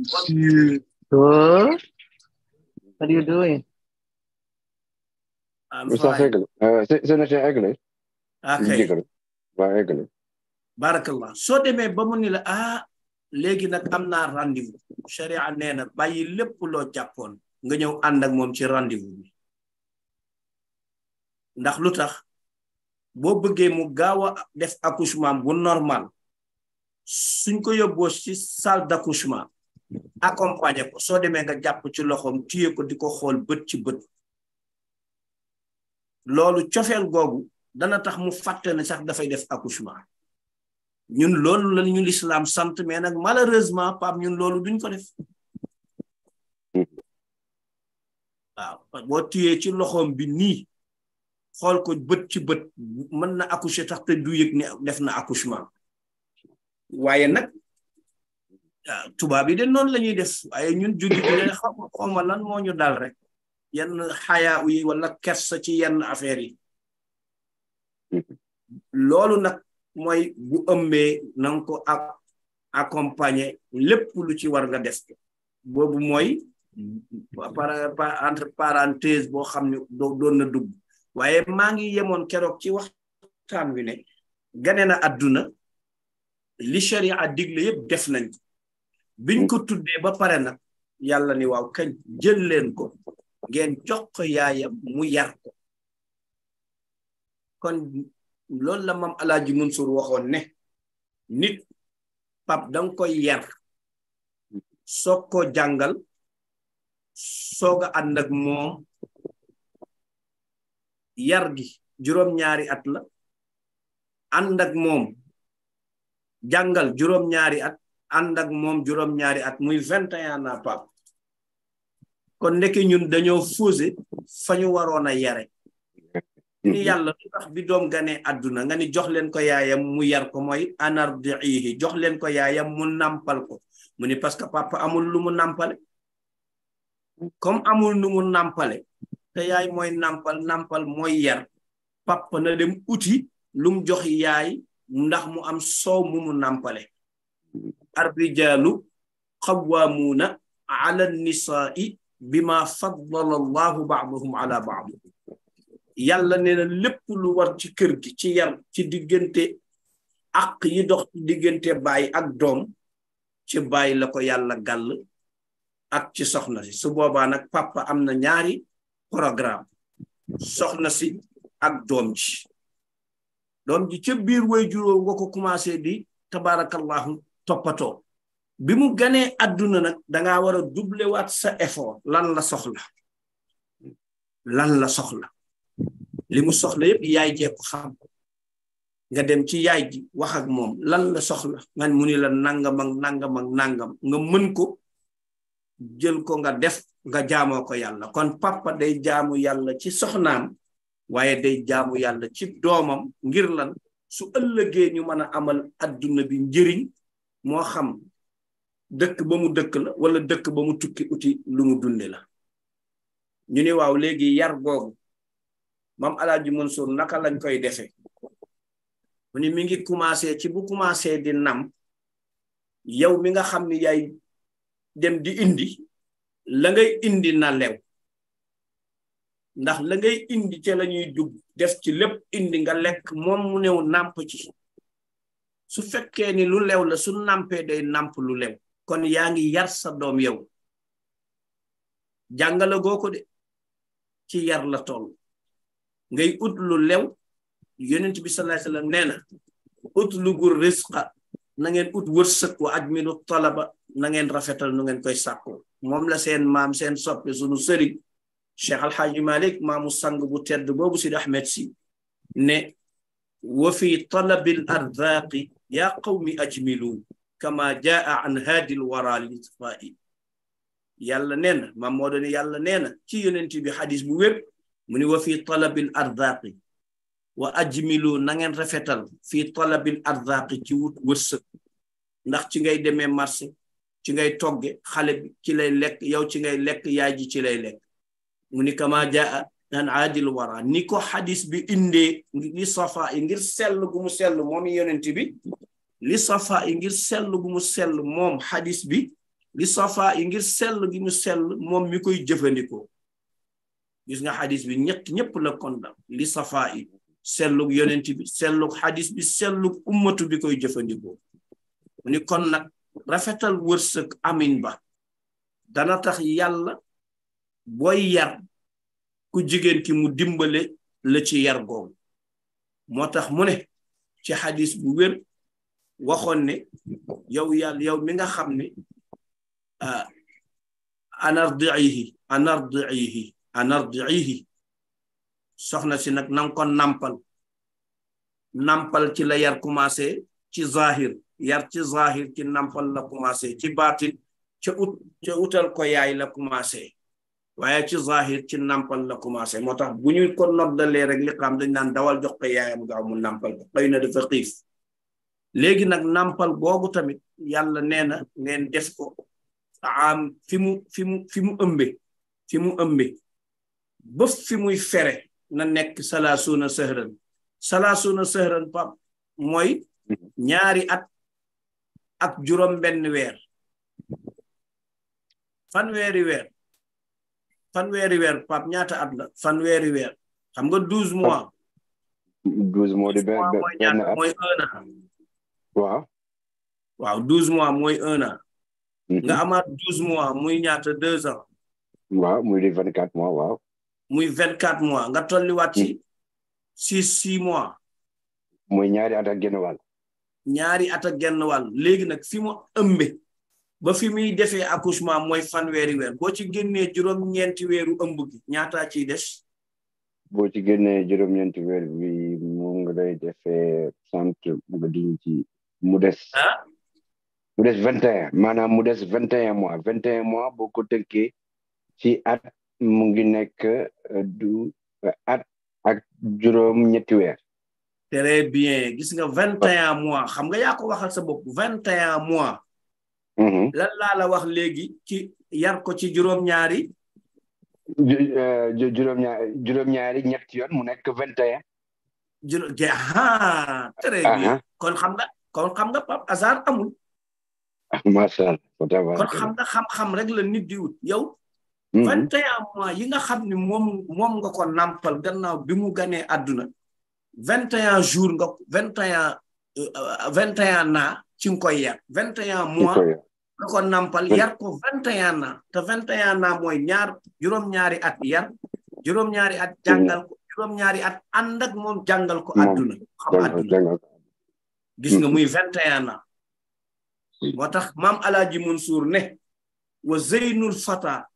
lu sax eggale seen seen eggale ok jégal waa eggale barakallah soo demee ba mu ni la ah léegi nag am na rendez-vous sharia nee na bàyyi lépp loo jàppoon nga ñëw ànd ak moom ci rendez ndax lu tax boo bëggee mu gaaw a def accouchement bu normal suñ ko yóbboo ci salle d'accouchement accompagner ko soo demee nga jàpp ci loxoom tuye ko di ko xool bët ci bët loolu cofeel googu dana tax mu fàtte ne sax dafay def accouchement ñun loolu lañu ñu lislaam sant mais nag malheureusement pam ñun loolu duñ ko def waaw boo tuyee ci loxoom bi nii xool ko bët ci bët mën na accoucher tax te du yëg ne def na accouchement waaye nag ah, tubaab yi de noonu la ñuy def waaye ñun jullit yi xawma lan moo ñu dal rek yan xayaa yi wala kersa ci yenn affaire yi loolu nag mooy bu ëmbee na nga ko ak accompagner lépp lu ci war nga def boobu mooy par entre parenthèse boo xam ne doon na dugg waaye maa ngi yemoon keroog ci waxtaan wi ne gane na àdduna li diglé digle yëpp def nañ ko biñ ba pare nag yàlla ni waaw kañ jël ko ngeen jox ko yaayam mu yar ko kon loolu la mam alaaji munsur waxoon ne nit pap dang koy yar soko ko jàngal soog a ànd ak moom yar gi juróom-ñaari at la ànd ak moom jàngal juróom-ñaari at ànd ak moom juróom-ñaari at muy 21 ans pap kon ndeke ñun dañoo faussé fa ñu waroon a yare mm-hmm. ni yàlla lu tax bi doom ganee àdduna nga ni jox leen ko yaayam mu yar ko mooy anardiihi jox leen ko yaayam mu nàmpal ko mu ni parce que papa amul lu mu nàmpale comme amul lu mu nàmpale te yaay mooy nàmpal nàmpal mooy yar papa na uti lu mu jox yaay ndax mu am soow mu mu nàmpale mm-hmm. ar rijaalu xawaamuuna ala nisaa'i bima faddala allahu baadahum ala baad yàlla nee na lépp lu war ci kër gi ci yar ci diggante ak yi dox ci diggante ak doom ci baay la ko yàlla gàll ak ci soxna si su boobaa papa am na ñaari programme soxna si ak doom ji doom ji ca biir way juróom nga ko commencé di tabaarakallahu toppatoo bi mu ganee adduna nag danga war a doubler waat sa effort lan la soxla lan la soxla li mu soxla yëpp yaay jee ko nga dem ci yaay ji wax ak moom lan la soxla nga mu ni la nangam ak nangam ak nangam nga mën ko jël ko nga def nga jaamoo ko yàlla kon papa day jaamu yàlla ci soxnaam waaye day jaamu yàlla ci doomam ngir lan su ëllëgee ñu mën a amal adduna bi njëriñ moo xam dëkk ba mu dëkk la wala dëkk ba mu tukki uti lu mu dunde la ñu ni waaw léegi yar googu maam Alaaji Mansour naka lañ koy defee mu ni mi ngi commencé ci bu commencé di nam yow mi nga xam ni yaay dem di indi la ngay indi na lew ndax la ngay indi ca la ñuy dugg def ci lépp indi nga lekk moom mu new nàmp ci su fekkee ni lu lew la su nàmpee day nàmp lu lew kon yangi yar sa doom yow jàngale goo de ci yar la toll ngay ut lu lew yonent bi sallallahu alayhi wasallam neena ut lu gur risqa na ngeen ut wërsëg wa ajminu talaba na ngeen rafetal nu ngeen koy sàkku moom la seen maam seen soppi sunu sëriñ cheikh alhaji malik maamu sang bu tedd boobu sid ahmed si ne wa fi talabil ardaqi ya qawmi ajmilu kama jaa an hadil wara lisfai yàlla nee na maam moo doon yàlla nee na ci yonent bi xadis bu wér mu ni wa fi talabil arzaqi wa ajmilu na ngeen rafetal fi talabil arzaqi ci wut wërsëg ndax ci ngay demee marché ci ngay togge xale bi ci lay lekk yow ci ngay lekk yaay ji ci lay lekk mu ni kama jaa an adil wara ni ko xadis bi indee ngir safa ngir sell gu mu sell moom yonent bi li safa yi ngir sell gu sell moom xadis bi li safa yi sell gi mu sell moom mi koy jëfandikoo gis nga xadis bi ñett ñëpp la kondam li safa yi sellug yonent bi sellug bi sellug ummatu bi koy jëfandikoo mu ni kon nag rafetal wërsëk amin ba dana tax yàlla boy yar ku jigéen ki mu dimbale la ci yar googu moo tax mu ne ci xadis bu wér waxoon ne yow yàlla yow mi nga xam ne anardiihi anardiihi anardiihi soxna si nag nang ko nampal nampal ci la yar commencé ci zahir yar ci zahir ci nampal la commencé ci baatin ca ut ca utal ko yaay la commencé waaye ci zahir ci nampal la commencé moo tax bu ñu ko noddalee rek li xam dañ naan dawal jox ko yaayam gaaw mu nampal ko xëy na dafa xiif léegi nag nampal googu tamit yàlla nee na ngeen def ko am fi mu fi mu fi mu ëmbe fi mu ëmbe ba fi muy fere na nekk salaasuuna sëhran salaasuuna sëhran pap mooy ñaari at ak juróom benn weer fanweeri weer fanweeri weer pap ñaata at la fanweeri weer xam nga douze mois douze mois di benn mooy un an waaw waaw douze mois mooy un an mhm. nga amaat douze mois muy ñaata deux ans waaw muy di vingt quatre mois waaw muy vingt quatre mois nga tolliwaat ci mhm. six six mois mooy ñaari ata ak genn wàll ñaari at ak genn wàll léegi nag fi mu ëmbe ba fi muy defee accouchement mooy fanweeri weer boo ci génnee juróom-ñeenti weeru ëmb gi ñaataa ciy des boo ci génnee juróom-ñeenti weer defee sant nga Moudes. Hein? 21. Mana Moudes 21 mois. 21 mois, beaucoup de temps. Si at nek du at ak jurom nyetuer. Très bien. Gis nga 21 ouais. mois. Xam nga ya ko waxal sa bop. 21 mois. Mm -hmm. Lan la la wax legi ki yar ko ci jurom nyari? Jurom eh, nyari, jurom nyari nyetuer mounek 21. Jurom, ja, ha, très uh Kon xam kon xam nga Pape hasard amul. macha allah. xam xam-xam rek la nit di wut yow. Mhm. mois yi nga xam ni moom nga ko nàmpal gannaaw bi mu ganee àdduna. 21 jours nga 21 21 naa ci nga koy yar. 21 mois nga ko nàmpal yar ko 21 naa te 21 naa mooy ñaar juróom-ñaari at yar juróom-ñaari at jàngal ko juróom-ñaari at ànd moom jàngal ko àdduna. xam àdduna gis nga mm-hmm. muy vingt et un ans mm-hmm. moo tax maam alaaji Mansour ne wa zeynul fata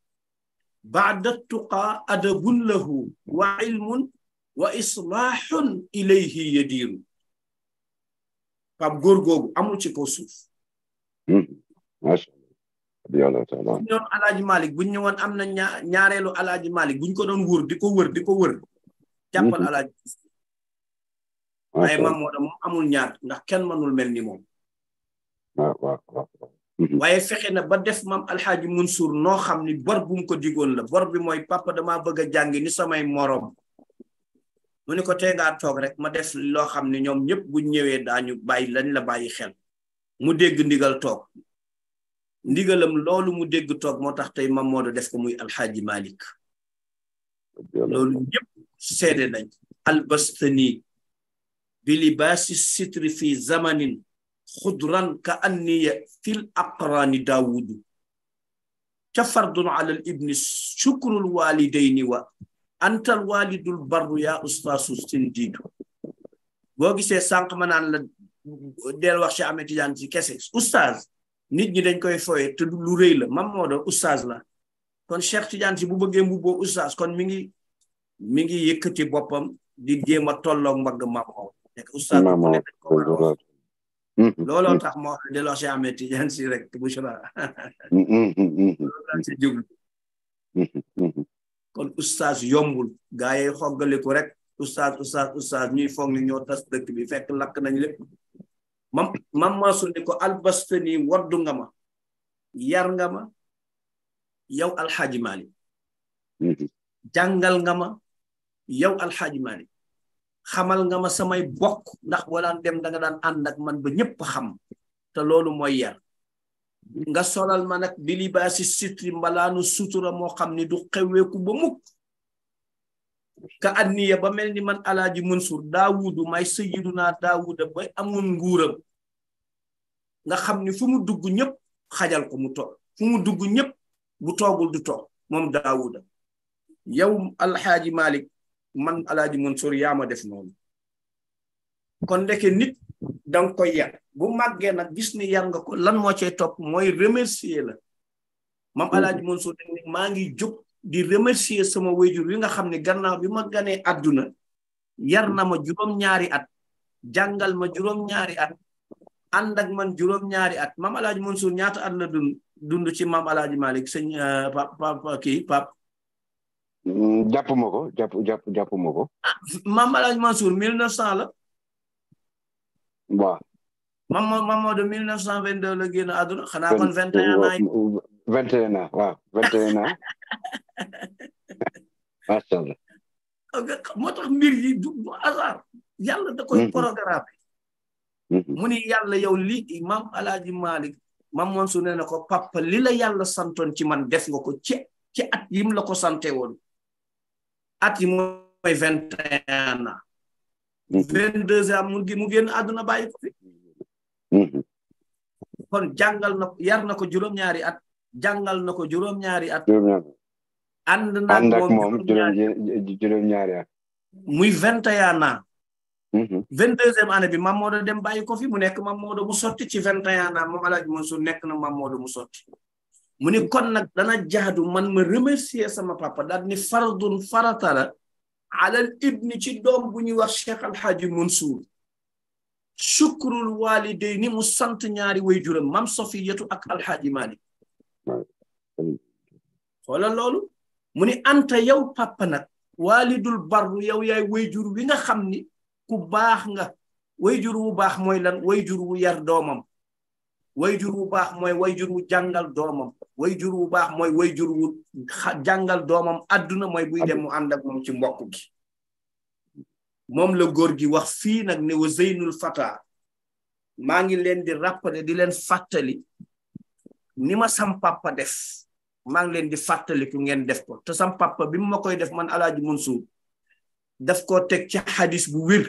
baada tuqa adabun lahu wa ilmun wa islahun ilayhi yadiru pap góor googu amul ci kaw suuf yàlla taala bu ñu doon alaaji Malick bu ñu ñëwoon am na ñaareelu alaaji Malick bu ko doon wër di ko wër di ko wër mm-hmm. waaye maam Maodo moom amul ñaar ndax kenn mënul mel ni moom. waaw mhm. waaye fexe na ba def maam Alxaaji Mansour noo xam ni bor bu ko digoon la bor bi mooy papa dama bëgg a jàngi ni samay moroom. mu ne ko tey ngaa toog rek ma def loo xam ne ñoom ñëpp bu ñëwee daañu bàyyi lañ la bàyyi xel. mu dégg ndigal toog ndigalam loolu mu dégg toog moo tax tey maam Maodo def ko muy Alxaaji Malik loolu ñëpp seede nañ albastani bilibasi sitri fi zamanin khudran nia fil aqrani dawudu ca fardun ala ibni al walidaini wa antal walidul bar ya ustaz sindidu bo gisee sank manan la del wax ci amee tidiane ci kese ustaz nit ñi dañ koy foye te lu rëy la mam modo ustaz la kon cheikh tidiane ci bu bëggee bo ustaz kon mi ngi mi ngi yëkëti bopam di jéem tollok mag mbagg nekk oustaz looloo tax moo delloo si amee tijan si rek bushra loolu kon oustaz yombul gaye yi xoggaliku rek oustaz oustaz nyi ñuy foog ni ñoo tas dëkk bi fekk lakk nañ mam mam masul ni ko albastani waddu nga ma yar nga ma yow mali mm-hmm. nga ma yow mali xamal nga ma samay bokk ndax boo dem da nga daan ànd ak man ba ñëpp xam te loolu mooy yar nga solal ma nag bi libaasi sitri mbalaanu sutura moo xam ni du xewweeku ba mukk ka anniya ba mel ni man alaaji munsur daawudu may sayiduna daawuda ba amun nguuram nga xam ni fu mu dugg ñëpp xajal ko mu toog fu mu dugg ñëpp bu toogul du toog moom daawuda yow alxaaji malik man alaaji Mansour yama ma def non kon deke nit dang koy ya bu magge nak gis ni yar nga ko lan mo cey top moy remercier la mam alaaji Mansour dañ ne mangi juk di remercier sama wayjur yi nga xamni ne gannaaw bi ma gané aduna yar na ma juróom-ñaari at jangal ma juróom-ñaari at and ak man juróom-ñaari at mam alaaji Mansour ñaata at la dund ci mam alaaji Malik seigne euh, pap pap ki pap Mm, jàpp ma ko jàpp jàpp jàpp ma ko. ah Mame El Hadj Mansour 1900 la. waaw. Mame Mamadou 1922 la génn àdduna xanaa kon 21 ans yi. 21 ans waaw 21 ans. macha allah. moo tax mbir yi du du hasard. yàlla da koy mm-hmm. programme. Mm-hmm. mu ni yàlla yow li Mame El Hadj Malick Mame Mansour nee na ko papa li la yàlla santoon ci man def nga ko ci ci at yim la ko sante woon. at yi mooy vingt et un ans mhm. vingt deux ans mu mu génn àdduna bàyyi fi mhm. kon jàngal na yar na ko juróom-ñaari at jàngal na ko juróom-ñaari at ànd naa moom juróom-ñaari at muy vingt et un ans mhm. vingt deuxième année bi Mamadou dem bàyyi ko fi mu nekk Mamadou mu sotti ci vingt et un ans moom Alaaji Mansour nekk na Mamadou mu sotti mu ni kon nag dana jaadu man ma remercier sama papa daal ni fardun farata la alal ibni ci doom bu ñuy wax Cheikh Alhaji suur shukrul waalidey ni mu sant ñaari way juram mam Sofiyatu ak Alhaji Malik xoolal loolu mu ni anta yow papa nag waalidul barru yow yaay way jur wi nga xam ni ku baax nga way jur wu baax mooy lan way jur wu yar doomam way jur wu baax mooy way jur wu jàngal doomam way jur wu baax mooy way jur wu jàngal doomam àdduna mooy buy dem mu ànd ak moom ci mbokk gi moom la góor gi wax fii nag ne wa zeynul fata maa ngi leen di rappeler di leen fàttali ni ma sam papa def maa ngi leen di fàttaliku ngeen def ko te sam papa bi ma koy def man alaaj alaaji Mansuur daf ko teg ci xadis bu wér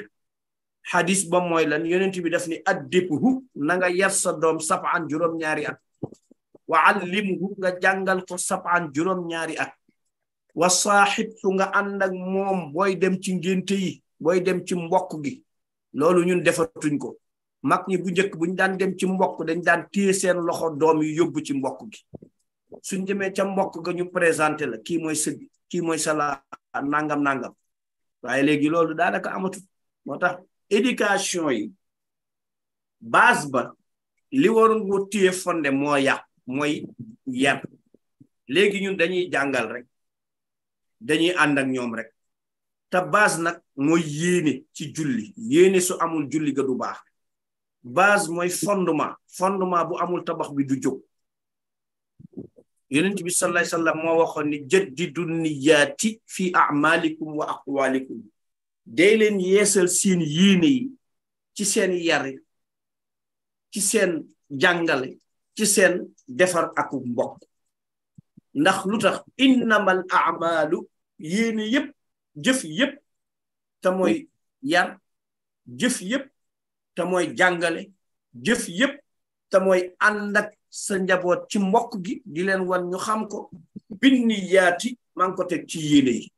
xadis ba mooy lan yonent bi daf ni addibhu na nga yar sa doom sab'an juróom-ñaari at wa allimhu nga jàngal ko sab'an juróom-ñaari at wa saaxibtu nga ànd ak moom booy dem ci ngénte yi booy dem ci mbokk gi loolu ñun defatuñ ko mag ñi bu njëkk buñ daan dem ci mbokk dañ daan téye seen loxo doom yi yóbbu ci mbokk gi suñ demee ca mbokk ga ñu présenté la kii mooy sëg kii mooy sala nangam nangam waaye léegi loolu daanaka amatul moo tax éducation yi base ba li waroon nga téye fonde moo Moy yar legi ñun dañuy jangal rek dañuy and ak ñom rek ta base nak moy yene ci julli yene su amul julli ga du baax base moy fondement fondement bu amul tabax bi du jóg yonent bi sallallahu alayhi wasallam mo waxon ni jaddidu niyaati fi a'malikum wa aqwalikum de len yeesal seen yene ci seen yar ci seen jangale ci seen defar ak mbokk ndax lu tax innamal amalu yéene yëpp jëf yëpp te mooy yar jëf yëpp te mooy jàngale jëf yëpp te mooy ànd sa njaboot ci mbokk gi di leen wan ñu xam ko binni yaati maa ngi ko teg ci yéene yi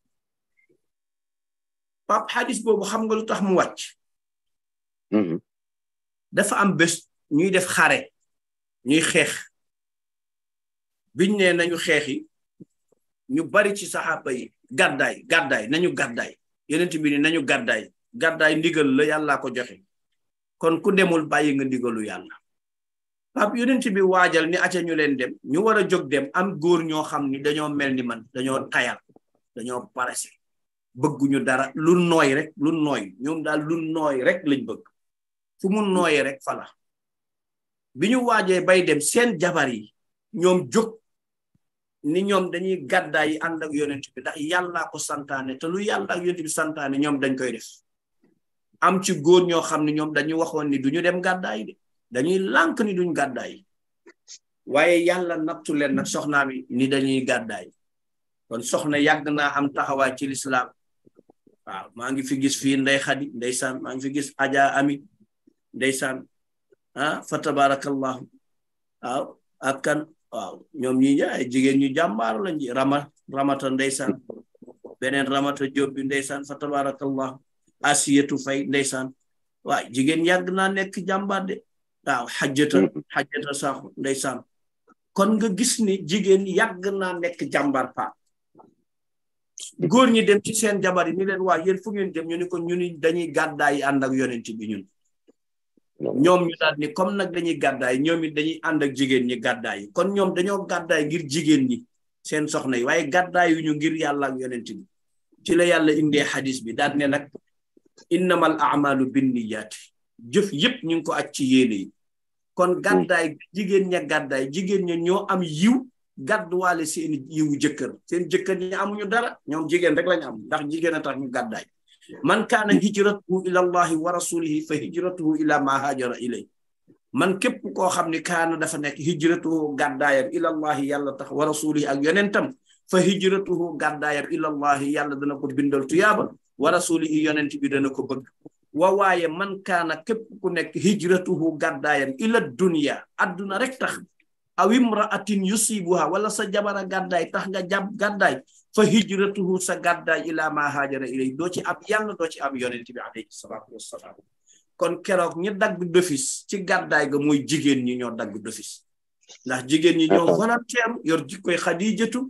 pap xadis boobu xam nga lu tax mu wàcc mm-hmm. dafa am bés ñuy def xare ñuy xeex biñ ne nañu xeex ñu bari ci sahaba yi gàddaay gàddaay nañu gàddaay yenent bi ni nañu gàddaay gàddaay ndigal la yàlla ko joxe kon ku demul bàyyi nga ndigalu yàlla pap yonent bi waajal ni aca ñu leen dem ñu war a dem am góor ñoo xam ni dañoo mel ni man dañoo tayal dañoo parase bëgguñu dara lu nooy rek lu nooy ñoom daal lu nooy rek lañ bëgg fu mu nooyee rek fala biñu ñu waajee bay dem seen jabar yi ñoom jóg ni ñoom dañuy gadda yi ànd ak yonent bi ndax yàlla ko santaane te lu yàlla ak yonent bi santaane ñoom dañ koy def am ci góor ñoo xam ne ñoom dañu waxoon ni duñu dem gadda yi de dañuy lànk ni duñ gadda yi waaye yàlla nattu leen nag soxnaam yi ni dañuy gadda yi kon soxna yàgg naa am taxawaay ci lislaam waaw maa ngi fi gis fii ndey xadi ndeysaan maa ngi fi gis aja ami ndeysaan fatabarakallah akan ak kan waaw ñi ñaa ay jigéen ñu jambar lañ ji rama ramata ndeysaan beneen ramata job bi ndaysan fatabarakallah asiyatu fay ndaysan wa jigen yag na nek jambar de waaw xajjata xajjata hmm. sax ndaysan kon nga gis ni jigen yag na nek jambar paa goor ñi dem ci seen jabar ni len wa yeen fu ngeen dem ñu ni ko ñu ni dañuy and ak yonent bi ñun ñoom ñu daal ni comme nag dañuy gàddaay ñoom it dañuy ànd ak jigéen ñi gàddaay yi kon ñoom dañoo gàddaay ngir jigéen ñi seen soxna yi waaye gàddaayuñu ngir yàlla ak yonent ci la yàlla indee xadis bi daat ne nag innamal amalu binniyaati jëf yëpp ñu ngi ko aj ci yi kon gàddaay jigéen ña gàddaay jigéen ña ñoo am yiw gàdduwaale seen yiwu jëkkër seen jëkkër ñi amuñu dara ñoom jigéen rek lañu am ndax jigéen a tax ñu gàddaay man kaana hijratuhu ila allahi wa rasulihi fa hijratuhu ila ma haajara ilay man képp koo xam ne kaana dafa nekk hijratuhu gàddaayam ila allahi yàlla tax wa rasulihi ak yonentam fa hijratuhu gàddaayam ila allahi yàlla dana ko bindal tuyaaba wa rasulihi yonent bi dana ko bëgg wa waaye man kaana képp ku nekk hijratuhu gàddaayam ila dunya adduna rek tax aw imraatin yusibuha wala sa jabara gàddaay tax nga jàpp gàddaay fa hijratuhu sagadda ila ma hajara ilay do ci am yalla do ci am yonent bi alayhi salaatu kon kérok ñi du defis ci gàddaay ga moy jigen ñi ñoo du defis ndax jigen ñi ñoo volontaire yor jikkoy khadijatu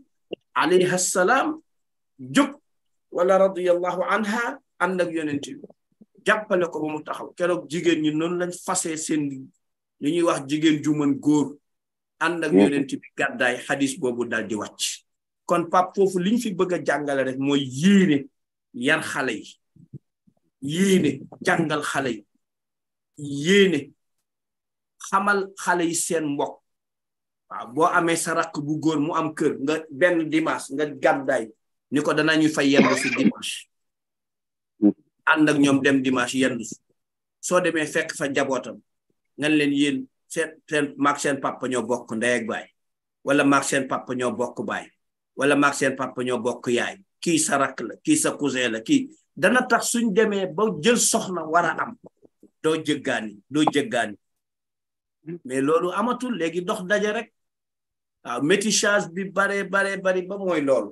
alayha salam juk wala radiyallahu anha ànd yonent bi jappale ko mu taxaw kérok jigen ñi non lañ fassé sen li ñuy wax jigen ju mën góor yonent ya. bi gàddaay hadith bobu dal di wacc kon pap fofu liñ fi bëgg jàngal rek mooy yéene yar xale yi yéene jàngal xale yi yéene xamal xale yi seen mbokk waaw boo amee sa rakk bu góor mu am kër nga benn dimanche nga gàddaay ni ko danañu fay yendu si dimanche ànd ak ñoom dem dimanche yendu si soo demee fekk fa jabootam ngan leen yéen seen seen maag seen papa ñoo bokk ndey ak baay wala mak seen papa ñoo bokk baay wala maag seen papa ñoo bokk yaay kii sa rakk la kii sa cousin la kii dana tax suñ demee ba jël soxna war a am doo jëggaani doo jëggaani mais loolu amatul léegi dox daja rek waaw métissage bi baree baree bari ba mooy loolu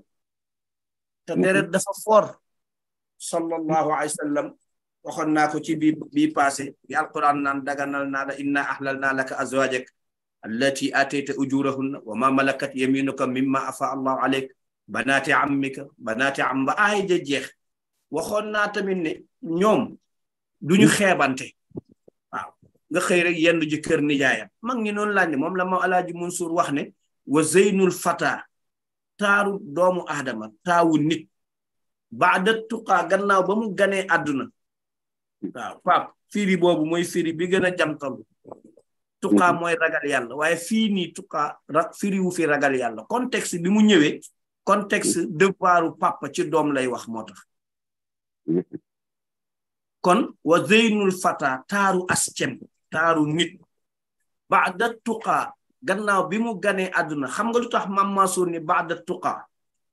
te deret dafa for sallallahu alayhi wa sallam waxoon naa ko ci bi bii passé bi alquran naan daganal naa la inna ahlal naa laka azwajak التي آتيت أجورهن وما ملكت يمينك مما أفاء الله عليك بنات عمك بنات عم بآي جيخ waxoon naa tamit ne ñoom duñu xeebante waaw nga xëy rek yenn ji kër nijaayam mag ñi noonu laaj ne moom la ma alaaji Mansour wax ne wa zeynul fata taaru doomu aadama taawu nit baada tuqaa gannaaw ba mu ganee àdduna waaw pap firi boobu mooy firi bi gën a jamtalu tuqaa mhm. mooy ragal yàlla waaye fii nii tuqaa ra firiwu fi ragal yàlla contexte bi mu ñëwee contexte mhm. devoiru papa ci doom lay wax moo tax mhm. kon wa zeynul fata taaru ascem taaru nit baada tuqaa gannaaw bi mu ganee àdduna xam nga lu tax mam Mansour ni baada tuqaa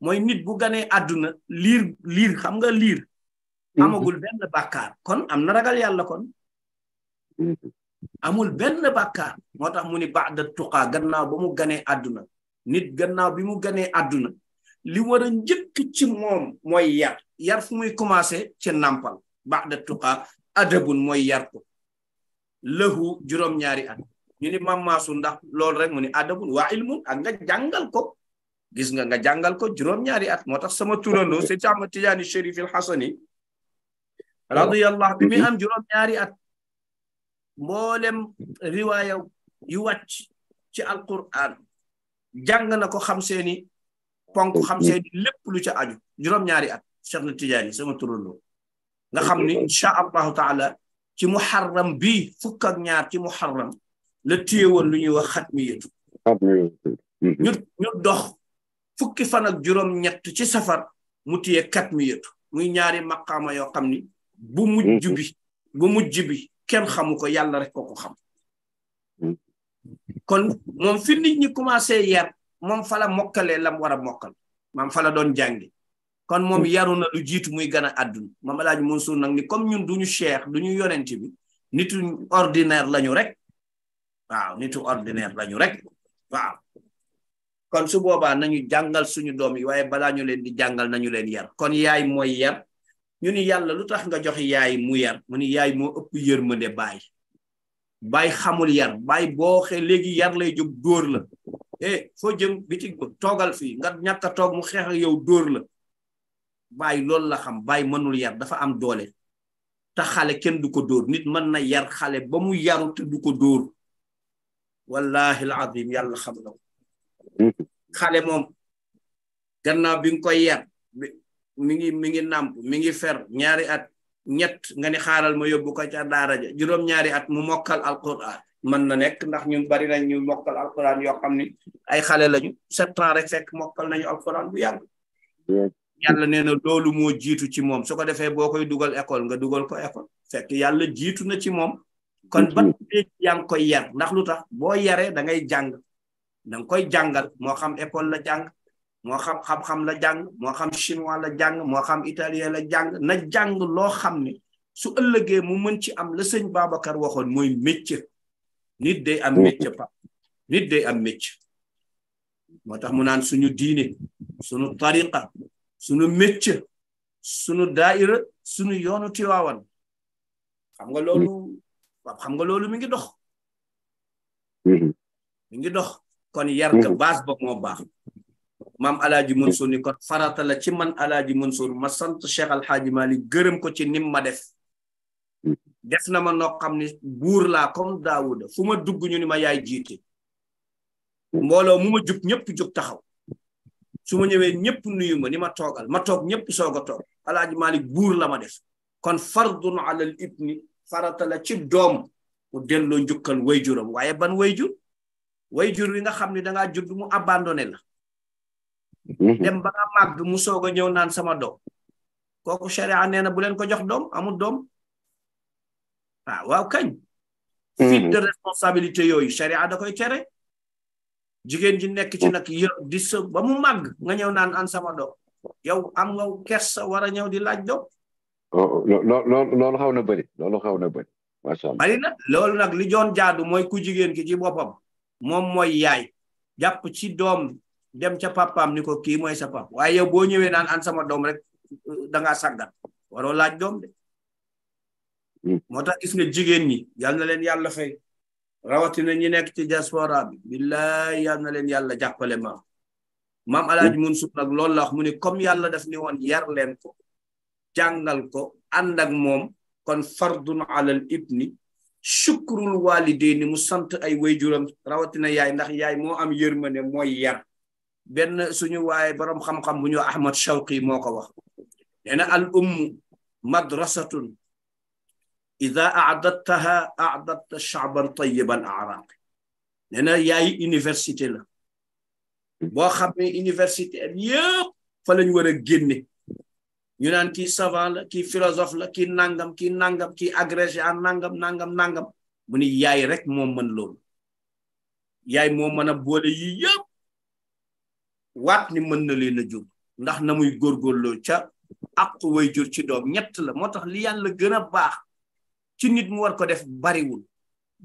mooy nit bu ganee àdduna liir liir xam nga liir amagul kon am ragal yàlla kon amul ben bakkar moo tax mu ni ba'da tuqa gannaaw ba mu ganee nit gannaaw bi mu aduna. àdduna li war a njëkk ci moom mooy yar yar fu muy commencé ci nampal ba'da tuqa adabun mooy yar ko lehu juróom-ñaari at ñu ni mammaasu ndax lool rek mu ni adabun wa ilmun ak nga jàngal ko gis nga nga jàngal ko juróom-ñaari at moo tax sama turandoo si tàmm tijaani chérif radiyallahu bi mi am juróom-ñaari at Molem riwaya yu wacc ci alquran jang na ko xam seeni ponk xam seeni lepp lu ci aju juróom ñaari at cheikh tijani sama turulo nga xam ni insha allah taala ci muharram bi fukk ak ñaar ci muharram le tiewon lu ñuy wax xatmi ñu ñu dox fukki fan ak juróom ñett ci safar mu muy ñaari maqama yo xamni bu bu kenn xamu ko yàlla rek ko ko xam hmm. kon moom fi nit ñi commencé yar moom fala mokkalee lam war a mokkal maam fala doon jàngi kon moom hmm. yaru na lu jiitu muy gën a àdduna maam Alaaji Mansuur nag ni comme ñun duñu cheikh duñu yonent bi nitu ordinaire lañu rek waaw nitu ordinaire lañu rek waaw kon su boobaa nañu jàngal suñu doom yi waaye balaa ñu leen di jàngal nañu leen yar kon yaay mooy yar ñu ni yàlla lu tax nga jox yaay mu yar mu ni yaay moo ëpp yërmande baay baay xamul yar baay boo léegi yar lay jóg dóor la eh foo jëm bitig ba toogal fii nga ñàkk a toog mu xeex ak yow dóor la baay loolu la xam baay mënul yar dafa am doole te xale kenn du ko dóor nit mën na yar xale ba mu yaru te du ko dóor wallahi alazim yàlla xam na xale moom gannaaw bi nga koy yar mi ngi mi ngi nàmp mi ngi fer ñaari at ñett nga ni xaaral ma yóbbu ko ca daara ja juróom ñaari at mu mokkal alquran mën na nekk ndax ñun bari nañ ñu mokkal alquran yoo xam ne ay xale lañu sept ans rek fekk mokkal nañu alquran bu yàgg yàlla nee na loolu moo jiitu ci moom su ko defee boo koy dugal école nga dugal ko école fekk yàlla jiitu na ci moom kon ba yaa ngi koy yar ndax lu tax boo yaree da ngay jàng da koy jàngal moo xam école na jàng moo xam xam-xam la jàng moo xam chinois la jàng moo xam italien la jàng na jàng loo xam ne su ëllëgee mu mën ci am la sëñ Babacar waxoon mooy métier nit day am métier pa nit am métier moo tax mu naan suñu diine suñu tariqa suñu métier suñu daaira suñu yoonu tiwaawan xam nga loolu xam nga loolu mi ngi dox mm-hmm. mi ngi dox kon yar ka mm-hmm. base ba moo baax Mam alaji Mansour ni ko farata la ci man alaji Mansour ma sant Cheikh Malik geureum ko ci nim ma def def na ma no xamni bour la comme daoud fuma dugg ñu ni ma yaay jiite mbolo mu ma juk ñepp juk taxaw suma ñewé ñepp nuyu ma ni ma togal ma tok ñepp soga tok toog Malik burla la ma def kon fardun alal ibni farata la ci dom mu delloo jukkal wayjuram waye ban wayjur wayjur wi nga xamni da nga judd mu abandoner la Mhm. dem ba nga mag mu soog ñew naan sama doom koku sharia neena bu len ko jox dom amu dom ah, wa waw kañ mhm. fit de responsabilité yoy sharia da koy téré jigen ji nek ci mhm. nak yeur di so ba mu mag nga ñew naan an sama doom yow am nga kess wara ñew di laaj doom lolu xawna bari lolu xawna bari na bëri allah bari na lolu nak li joon jaadu moy ku jigen ki ci bopam mom moy yaay japp ci dom dem ca papam ni ko kii mooy sa pap waye yow bo ñewé naan an sama dom rek eh, da nga sagat waro laaj dom de hmm. motax gis nga jigen ni yal na leen yàlla fay na ñi nek ci diaspora bi billahi yal na leen yàlla jàppale maam alaaj hmm. mun suuf nag la wax mu ni comme yalla daf ni won yar len ko jangal ko and ak mom kon fardun al ibni shukrul walidaini mu sant ay wayjuram rawatina yaay ndax yaay mo am yermane moy yar benn suñu waaye borom xam-xam bu ahmad shawqi moo ko wax nee na al ummu madrasatun ida a'dadtaha a'dadta sha'ban tayyiban a'raq nee na yaay université la boo xam ne université yëpp fa lañ war génne ñu naan kii savant la kii philosophe la kii nangam ki nangam ki agrégé en nangam nangam nangam mu ni rek moo mën loolu yaay moo mën boole yi yëpp waat ni mën na leen a jur ndax na muy góorgóorloo ca àq way jur ci doom ñett la moo tax li yàlla gën a baax ci nit mu war ko def bariwul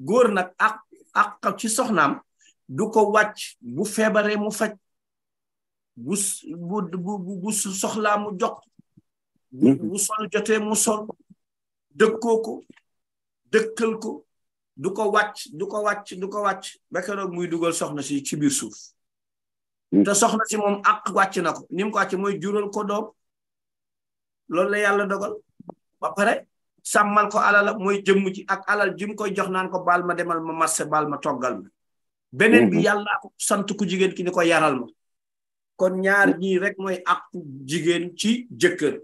góor nag àq àq ci soxnaam du ko wàcc bu feebaree mu faj bu bu bu soxlaa mu jox mm-hmm. bu sol jotee mu sol dëkkoo ko dëkkal ko du ko wàcc du ko wàcc du ko wàcc ba muy dugal soxna si ci biir suuf te soxna si moom àq wàcc na ko ni ko wàcc mooy jural ko doom loolu la yàlla dogal ba pare sàmmal ko alala mooy jëmm ci ak alal ji koy jox naan ko baal ma demal ma marché baal ma toggal ma beneen bi mhm. yàlla ko sant ku jigéen ki ni ko yaral ma kon ñaar mhm. ñii rek mooy àq jigéen ci jëkkër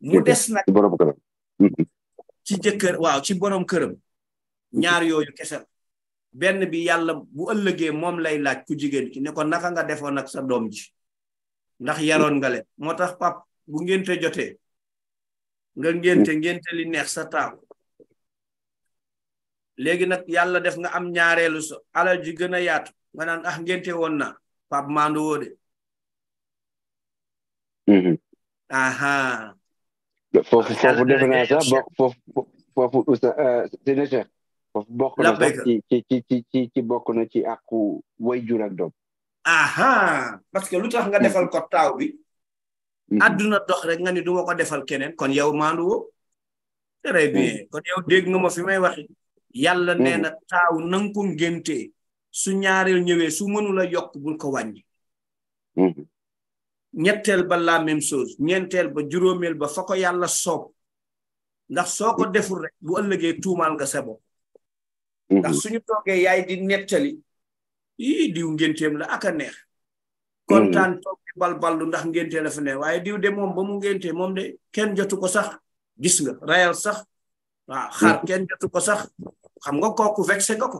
mu des nag mhm. ci jëkkër waaw ci borom këram ñaar yooyu kese benn bi yàlla bu ëllëgee moom lay laaj ku jigéen ki ne ko naka nga defoon ak sa doom ji ndax yaroon nga leen moo tax pap bu ngénte jotee nga ngénte ngénte li neex sa taaw léegi nag yàlla def nga am ñaareelu so alal ji gën a yaatu nga naan ah ngénte woon na pap maandu woo de mm-hmm. aha foofu foofu defe fofu fofu bokk na ci ci ci ci bokk na ci àqu way jur ak doom aha parce que lu tax nga defal ko taaw bi mm-hmm. àdduna dox rek nga ni du ma ko defal keneen kon yow maandu woo très bien mm-hmm. kon yow dégg nga ma may waxi yàlla nee mm-hmm. na taaw nanga ko su ñaareel ñëwee su mënula yokk bul ko wàññi ñetteel ba la même chose ñeenteel ba juróomeel ba fa ko yàlla soob ndax soo ko deful rek bu ëllëgee tuumaal nga sa bopp ndax suñu toogee yaay di nettali ii diw ngénteem la ak a neex kontaan toog di balballu ndax ngénte la fa neex waaye diw de moom ba mu ngénte moom de kenn jotu ko sax gis nga rayal sax waaw xaar kenn jotu ko sax xam nga kooku vexé nga ko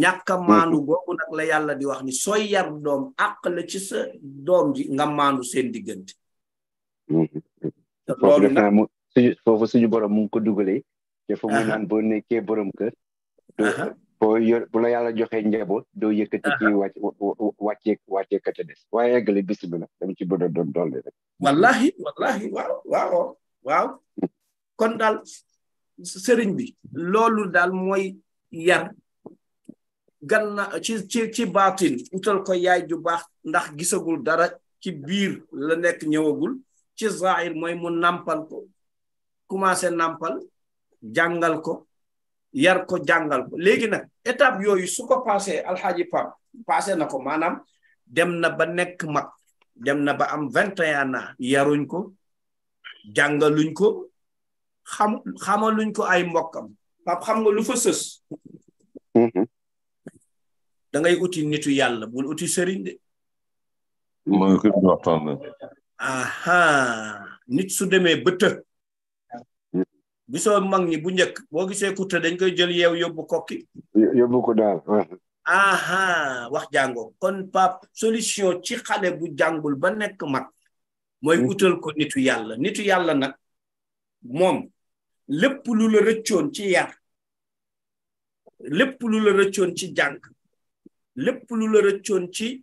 ñàkk a googu nag la yàlla di wax ni sooy yar doom àq la ci sa doom ji nga maandu seen diggante loolu nag foofu suñu borom mu ngi ko dugalee te fu mu naan boo nekkee borom kër boo yor bu la yàlla joxee njaboot doo yëkkati ci wàcc wàccee wàccee des waaye eggale bisimilah ci bëgg a doon dolli rek wallahi wallahi waaw kon daal sëriñ bi loolu daal mooy yar ganna ci ci ci baatin utal ko yaay ju baax ndax gisagul dara ci biir la nekk ñëwagul ci zaahir mooy mu nàmpal ko commencé nàmpal jàngal ko yar ko jàngal ko léegi nag étape yooyu su ko passé alxaaji pap passé na ko maanaam dem na ba nekk mag dem na ba am vingt et yaruñ ko jàngaluñ ko xam xamaluñ ko ay mbokkam pap xam nga lu fa sës mhm. da ngay uti nitu yàlla bul uti sëriñ de aha nit su demee bëtë gisoo mag ñi bu njëkk boo gisee kutte dañ koy jël yeew yóbbu kokki yóbbu ko daal aha wax jàngo kon pap solution ci xale bu jàngul ba nekk mag mooy hmm. utal ko nitu yàlla nitu yàlla nag moom lépp lu la ci yar lépp lu la ci jàng lépp lu la ci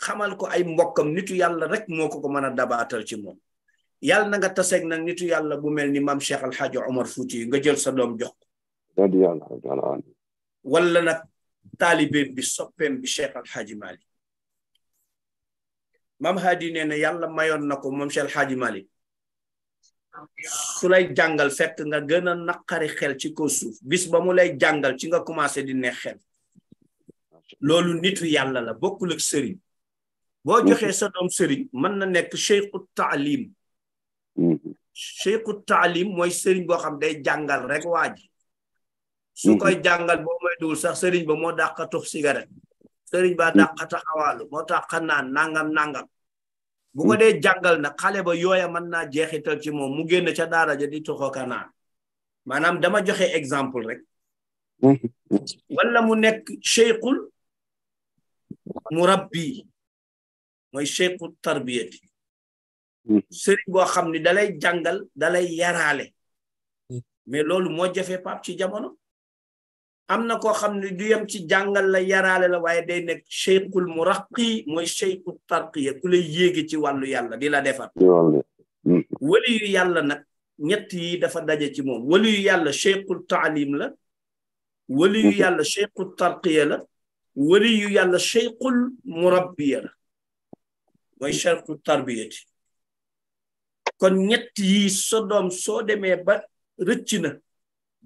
xamal ko ay mbokkam nitu yàlla rek moo ko ko mën a dabaatal ci moom yàlla na nga taseeg nag nitu yàlla bu mel ni maam Cheikh El Hadj Omar nga jël sa doom jox ko. wala nag taalibeem bi soppeem bi Cheikh El Hadj Malick maam Hadi nee na yàlla mayoon na ko moom Cheikh El Hadj Malick lay jàngal fekk nga gën a naqari xel ci ko suuf bis ba mu lay jàngal ci nga commencé di neex xel loolu nit yàlla la bokkul ak sëriñ boo joxee sa sëriñ mën na nekk cheikhu taalim Mm-hmm. cheikhu taalim mooy sëriñ boo xam day jàngal rek waa ji su mm-hmm. koy jàngal boo sax sëriñ ba moo dàqa tux cigarette sëriñ ba mm-hmm. dàqa taxawaalu moo tax naan nangam nangam bu ko dee jàngal na xale ba yooya mën naa jeexital ci moom mu génn ca daara ja di toxoo ka naan maanaam dama joxe exemple rek wala mu nekk cheikhul murabbi mooy cheikhu tarbiyati Mm-hmm. sëriñ boo xam ne dalay jàngal dalay yaraale mm-hmm. mais loolu moo jafe pap ci jamono am na koo xam ne du yem ci jàngal la yaraale la waaye day nekk cheikhul muraqi mooy cheikhul tarqiya ku lay yéegi ci wàllu yàlla di la defar mm-hmm. wali yàlla nag ñett yi dafa daje ci moom wali yàlla cheikhul taalim la wali yàlla cheikhul tarqiya la wali yàlla cheikhul murabbiya la mooy cheikhul tarbiyati kon ñett yi sodom so soo demee ba rëcc na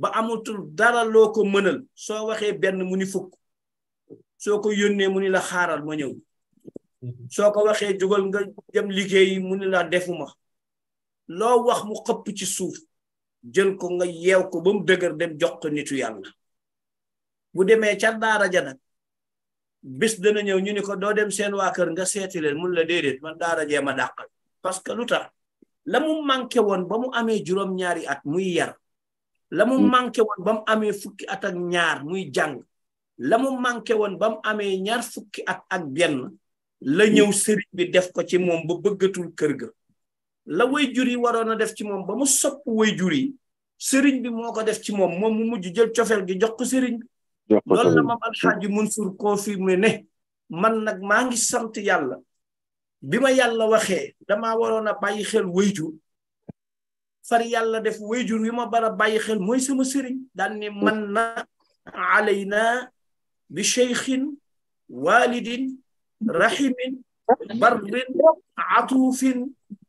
ba amutul dara loo ko mënal soo waxee benn mu ni fukk soo ko yónnee mu ni la xaaral ma ñëw soo ko waxee jugal nga dem liggéey mu ni la defuma loo wax mu xëpp ci suuf jël ko nga yeew ko ba mu dëgër dem jox ko nitu yàlla bu demee ca daara ja nag bis dana ñëw ñu ni ko doo dem seen waa kër nga seeti leen mun la déedéet man daara jee ma dàqal parce que lu tax la mu manqué woon ba mu amee juróom-ñaari at muy yar la mu hmm. manqué woon ba mu amee fukki at ak ñaar muy jàng la mu manqué woon ba mu amee ñaar fukki at ak benn la hmm. ñëw sëriñ bi def ko ci moom ba bëggatul kër ga la way jur yi waroon a def ci moom ba mu sopp way jur yi sëriñ bi moo ko def ci moom moom mu mujj jël cofeel gi jox ko sëriñ bi loolu la mam confirmé ne man nag maa ngi yàlla bi ma yàlla waxee dama waroona a bàyyi xel wayju far yàlla def wayjur wi ma bara bàyyi xel mooy sama sëriñ daan ne man na alayna bi cheikhin walidin rahimin bardin atuufin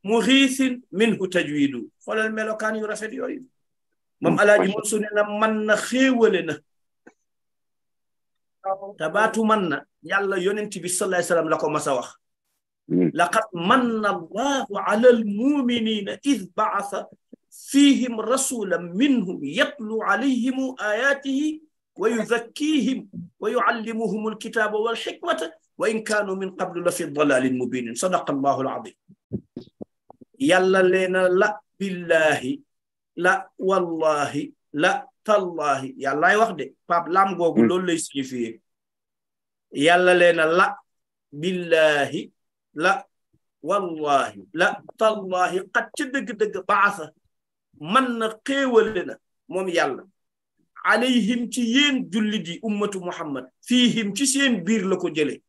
muxiisin minhu tajwidu xoolal melokaan yu rafet yooyu moom alaaji Mansour ne na man na xéewale na tabaatu man na yàlla yonent bi sallallahu alayhi lako la mas a wax لقد من الله على المؤمنين إذ بعث فيهم رسولا منهم يتلو عليهم آياته ويزكيهم ويعلمهم الكتاب والحكمة وإن كانوا من قبل لفي ضلال مبين صدق الله العظيم يلا لنا لا بالله لا والله لا تالله يلا يوخد باب لام غوغو لول لي سيغنيفي يلا لنا لا بالله لا والله لا تالله قد تدق دق بعثه من قيولنا مم يلا عليهم تيين جلدي أمة محمد فيهم تيين بير لكو جلي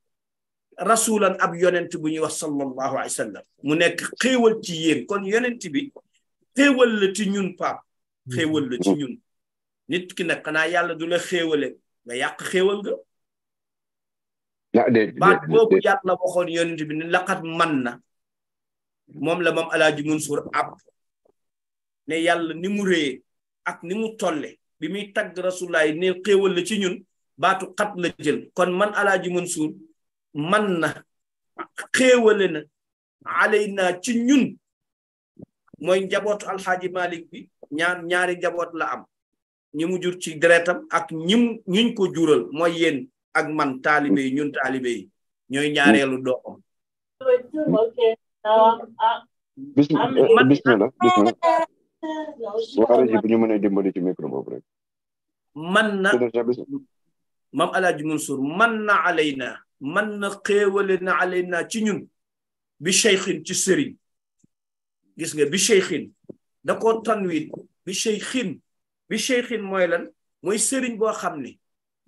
رسولا أب يننتبي وصلى الله عليه وسلم منك قيول تيين كون يننتبي قيول لتنين با قيول لتنين نتكنا كنا يلا دولة خيولة ما يق خيول جو baat boobu yàlla waxoon yonent bi ne laqat man na moom la moom alaaji Mansour ab ne yàlla ni mu réyee ak ni mu tolle bi muy tagg rasulaay ne xéewal la ci ñun baatu xat kon man alaaji Mansour man na xéewale na alay naa ci ñun mooy njabootu alxaaji Malik bi ñaar ñaari njaboot la am ñi mu jur ci ak ñim ñuñ ko jural mooy ak man taalibe yi ñun taalibe ñooy ñaareelu doom eh, bismillah waxaale ji bu ñu mënee dimbali ci man na mam man na man na xéewale na alay na ci ñun bi cheikhin ci sëriñ gis nga bi cheikhin da koo tanwin bi cheikhin bi cheikhin mooy mooy sëriñ boo xam ne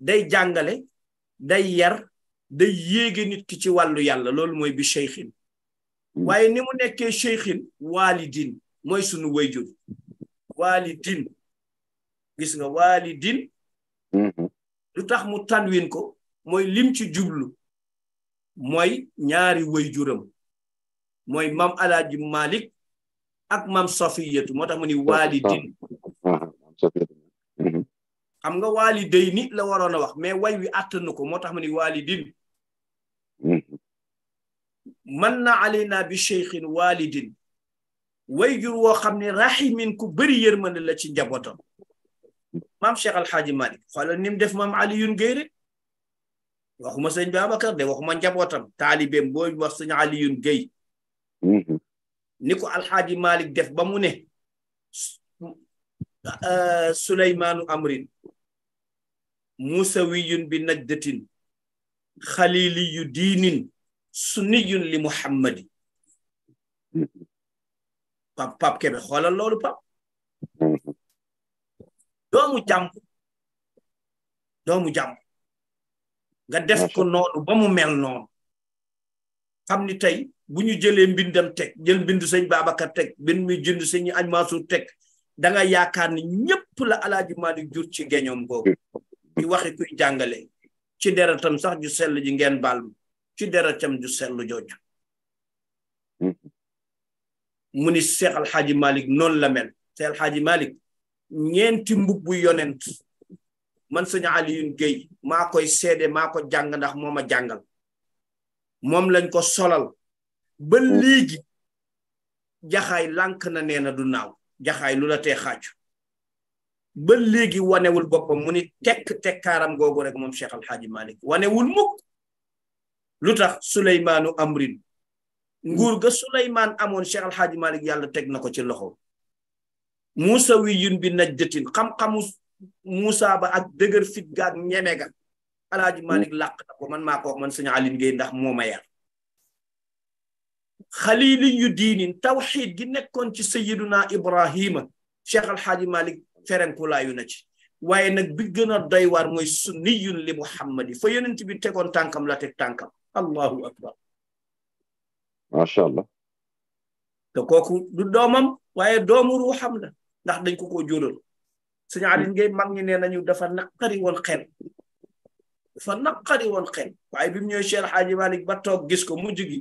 day jàngale day yar da yéege nit ki ci wàllu yàlla loolu mooy bi cheikhin mm. waaye ni mu nekkee cheikhin waalidin mooy sunu wayjur waalidin gis nga waalidin mm-hmm. lu tax mu tanwin ko mooy lim ci jublu mooy ñaari wayjuram mooy mam alaaji malik ak mam safiyatu moo tax mu ni waalidin ah, xam nga waliday walidayni la warona wax mais way wi atnako motax moo ni walidin man na alayna bi cheikhin walidin way jur wo xamni rahimin ku beuri yermal la ci njabootam mam cheikh alxaaji malik xala nim def mam ali yun rek waxuma seigne babakar de waxuma njabootam talibem booy wax seigne ali yun géy niko ko alxaaji malik def ba mu ne a suleymaanu amrin musawiyun bi najdatin xaliliyu diinin sunniyun li muhammadi pap pap kebe xoolal loolu pap doomu jàmb doomu jàmb nga def ko noonu ba mu mel noonu xam ni tey bu ñu jëlee mbindam teg jël mbindu sëñ Babacar teg mbind mi jënd sëñ Añ Mansour teg danga nga yaakaar ni ñëpp la alaaji Malick jur ci géñoom googu di waxi kuy jàngale ci deretam sax ju sell ji ngeen baal ma ci deretam ju sell jooju mu ni Seex Alxaaji Malick noonu la mel Seex Alxaaji Malick ñeenti mbubbu yonent man sëñ Alioune Guèye maa koy seede maa ko jàng ndax moo ma jàngal moom lañ ko solal ba léegi jaxaay lànk na nee na du naaw jaxaay lu la te xaj ba léegi wanewul boppam mu ni tekk tekkaaram googu rek moom Cheikh Alxaaji Malik wanewul mukk lu tax suleymaanu amrin nguur ga suleymaan amoon Cheikh Alxaaji Malik yàlla teg na ko ci loxo musa wi yun bi najdatin xam-xamu muusa ba ak dëgër fit gaag ñeme ga alxaaji Malik làq na ko man maa man sëñ Aline Gueye ndax moo ma yar xalili yu diinin tawxiid gi nekkoon ci sayiduna ibrahima cheikh alxaaji malik ferenkulaayu na ci waaye nag bi gën a doy waar mooy sunniyun li muhammadi fa yonent bi tegoon tànkam la teg tànkam allahu akbar macha allah te kooku du doomam waaye doomu ruuxam la ndax dañ ko koo jóolal sëñ Aliou Ngay mag ñi nee nañu dafa naqari woon xel dafa naqari woon xel waaye bi mu ñëwee Cheikh Hadji Malick ba toog gis ko mujj gi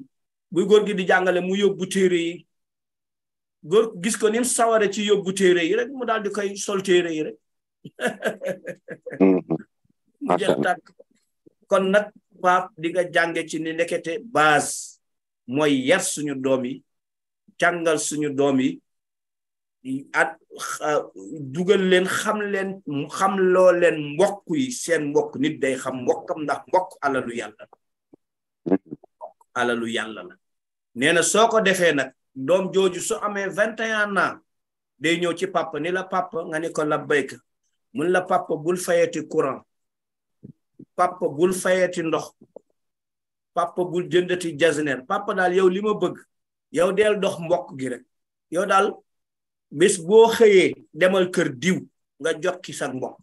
bu góor gi di jàngale mu yóbbu téere yi góor gis ko ni mu saware ci yóbbu téere yi rek mu daal di koy sol téere yi rek mm-hmm. mu kon nag paap di nga ci ni ndekete base mooy yar suñu doom yi jàngal suñu doom yi at euh, dugal leen xam leen xam loo leen mbokk yi seen mbokk nit day xam mbokkam ndax mbokk alalu yàlla alalu yàlla la nee na soo ko defee nag doom jooju su amee vingt et day ñëw ci papa ni la papa nga ni ko la béyka mun la papa bul fayati courant papa bul fayati ndox papa bul jëndati jasneer papa daal yow li ma bëgg yow del dox mbokk gi rek yow daal bis boo xëyee demal kër diw nga jot ki sa mbokk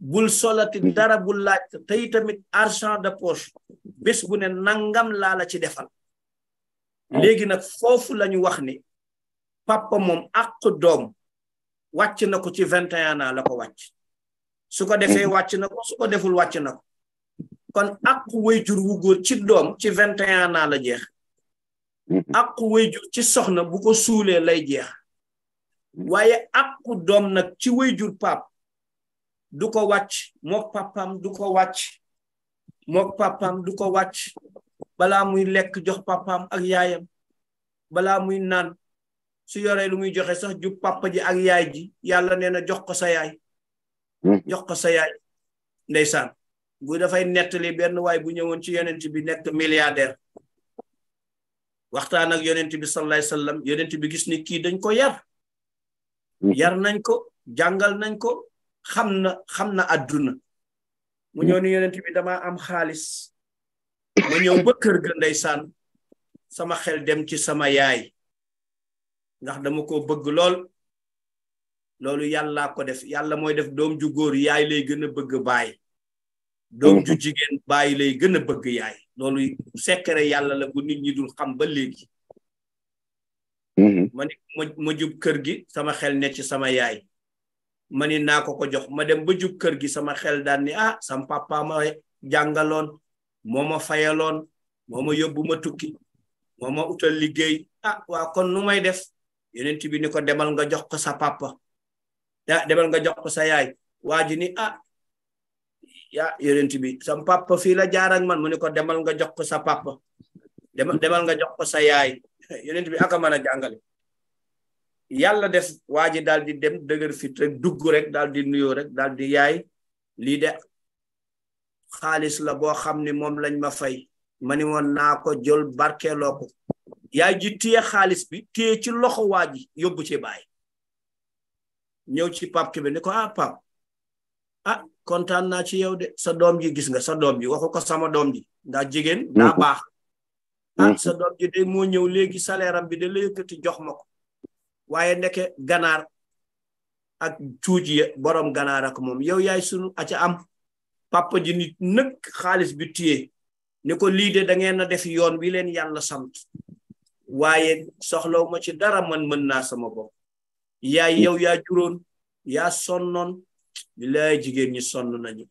bul solati mm-hmm. dara bul laaj tey tamit argent de poche bés bu ne nangam laa la ci defal mm-hmm. léegi nag foofu lañu wax ni papa moom ak doom wàcc na ko ci vingt et un ans la ko wàcc su ko defee mm-hmm. wàcc na ko deful wàcc na ko kon ak wayjur wu góor ci doom ci vingt et un ans la jeex ak wayjur ci soxna bu ko suulee lay jeex waaye ak doom nag ci wayjur pap du ko wàcc mook papam du ko wàcc mook du ko wàcc balaa muy lekk jox papam ak yaayam balaa muy naan su yore lu muy joxe sax ju papa ji ak yaay ji yàlla nee na jox ko sa yaay hmm. jox ko sa yaay ndeysaan bu dafay nettali benn waay bu ñëwoon ci yonent bi nekk milliardaire waxtaan ak yonent bi sallallahu alayhi wasallam yonent bi gis ni kii dañ ko yar hmm. yar nañ ko jàngal nañ ko xam na xam na àdduna mu ñëw ni yonent bi damaa am xaalis ma ñëw ba kër ga ndeysaan sama xel dem ci sama yaay ndax dama ko bëgg lool loolu yàlla ko def yàlla mooy def doom ju góor yaay lay gën a bëgg baay doom ju jigéen baay lay gën a bëgg yaay loolu yàlla la bu nit ñi dul xam ba léegi mm-hmm. ma ni ma jub kër gi sama xel ne ci sama yaay manin na ko ko jox ma dem ba jub kër gi sama xel daan ni ah sam papa ma jangalon moma fayalon moma yobuma tukki moma utal liggey ah wa kon numay def yonent bi ni ko demal nga jox ko sa papa da ya, demal nga jox ko sa yaay waji ni ah ya yonent bi sam papa jarang la jaar ak man mu ni ko demal nga jox ko sa papa demal demal nga jox ko sa yaay yonent bi aka ah, mana jangalé yalla des waji dal di dem dëgër fit rek duggu rek dal di nuyo rek dal di yaay li de khalis la bo xamni mom lañ ma fay mani won woon ko yaay ji tie khalis bi tie ci loxo yobu yóbbu ci bay ñew ci pap ki ni ko ah pap ah kontan na ci yow de sa dom ji gis nga sa dom ji waxu sama dom ji da jigen da bax ah mhm. sa dom ji de mo ñew legi salaire am bi de leekati jox mako waye nek ganaar ak tuuji borom ganaar ak mom yow yaay sunu aca am papa ji nit nek khalis bi téye ne ko li de da ngeen na def yoon bi len yalla sant waye soxlaw ma ci dara man man na sama bok yaay yow ya juron ya sonnon billahi jigen ñi sonn nañu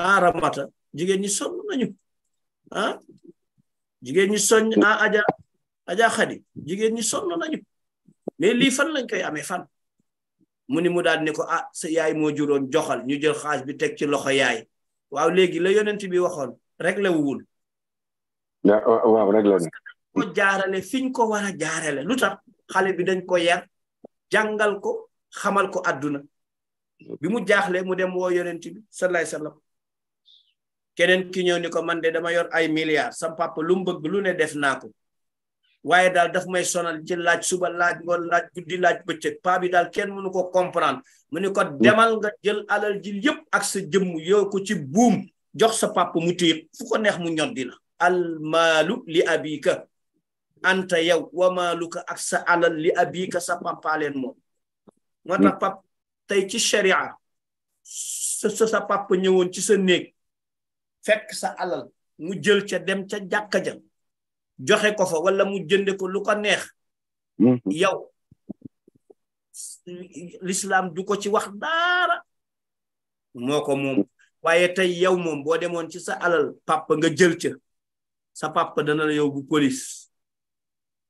ah ramata ñi sonn nañu ha ah, jigen ñi sonn a ah, aja aja khadi jigen ñi sonn nañu mais lii fan lañ koy amee fan mu ni mu daal ni ko ah yaay moo juróon joxal ñu jël xaaj bi teg ci loxo yaay waaw léegi la yonent bi waxoon rek la wuwul waaw rek la ko jaarale fiñ ko war a jaarale lu tax xale bi dañ ko yar jàngal ko xamal ko àdduna bi mu jaaxle mu dem woo yonent bi salaay salaam keneen ki ñoo ni ko man de dama yor ay milliards sam papa lu mu bëgg lu ne def naa ko waye dal daf may sonal ci laaj suba laaj ngol laaj guddi laaj bëccëg pa bi dal kenn mënu ko comprendre mu ni ko mm. demal nga jël alal ji yépp ak sa jëm yow ko ci boom jox sa papa mu fu ko neex mu ñor dina al malu li abika anta yow wa maluka ak sa alal li abika sa papa leen mo mata pap tay ci sharia sa sa papa ñewon ci sa neek fekk sa alal mu jël ca dem ca jakka joxe ko fa wala mu jënde ko lu ko neex hmm. yow l'islam du ko ci wax dara moko mom waye tay yow mom bo demone ci sa alal papa nga jël ci sa papa dana la yow bu police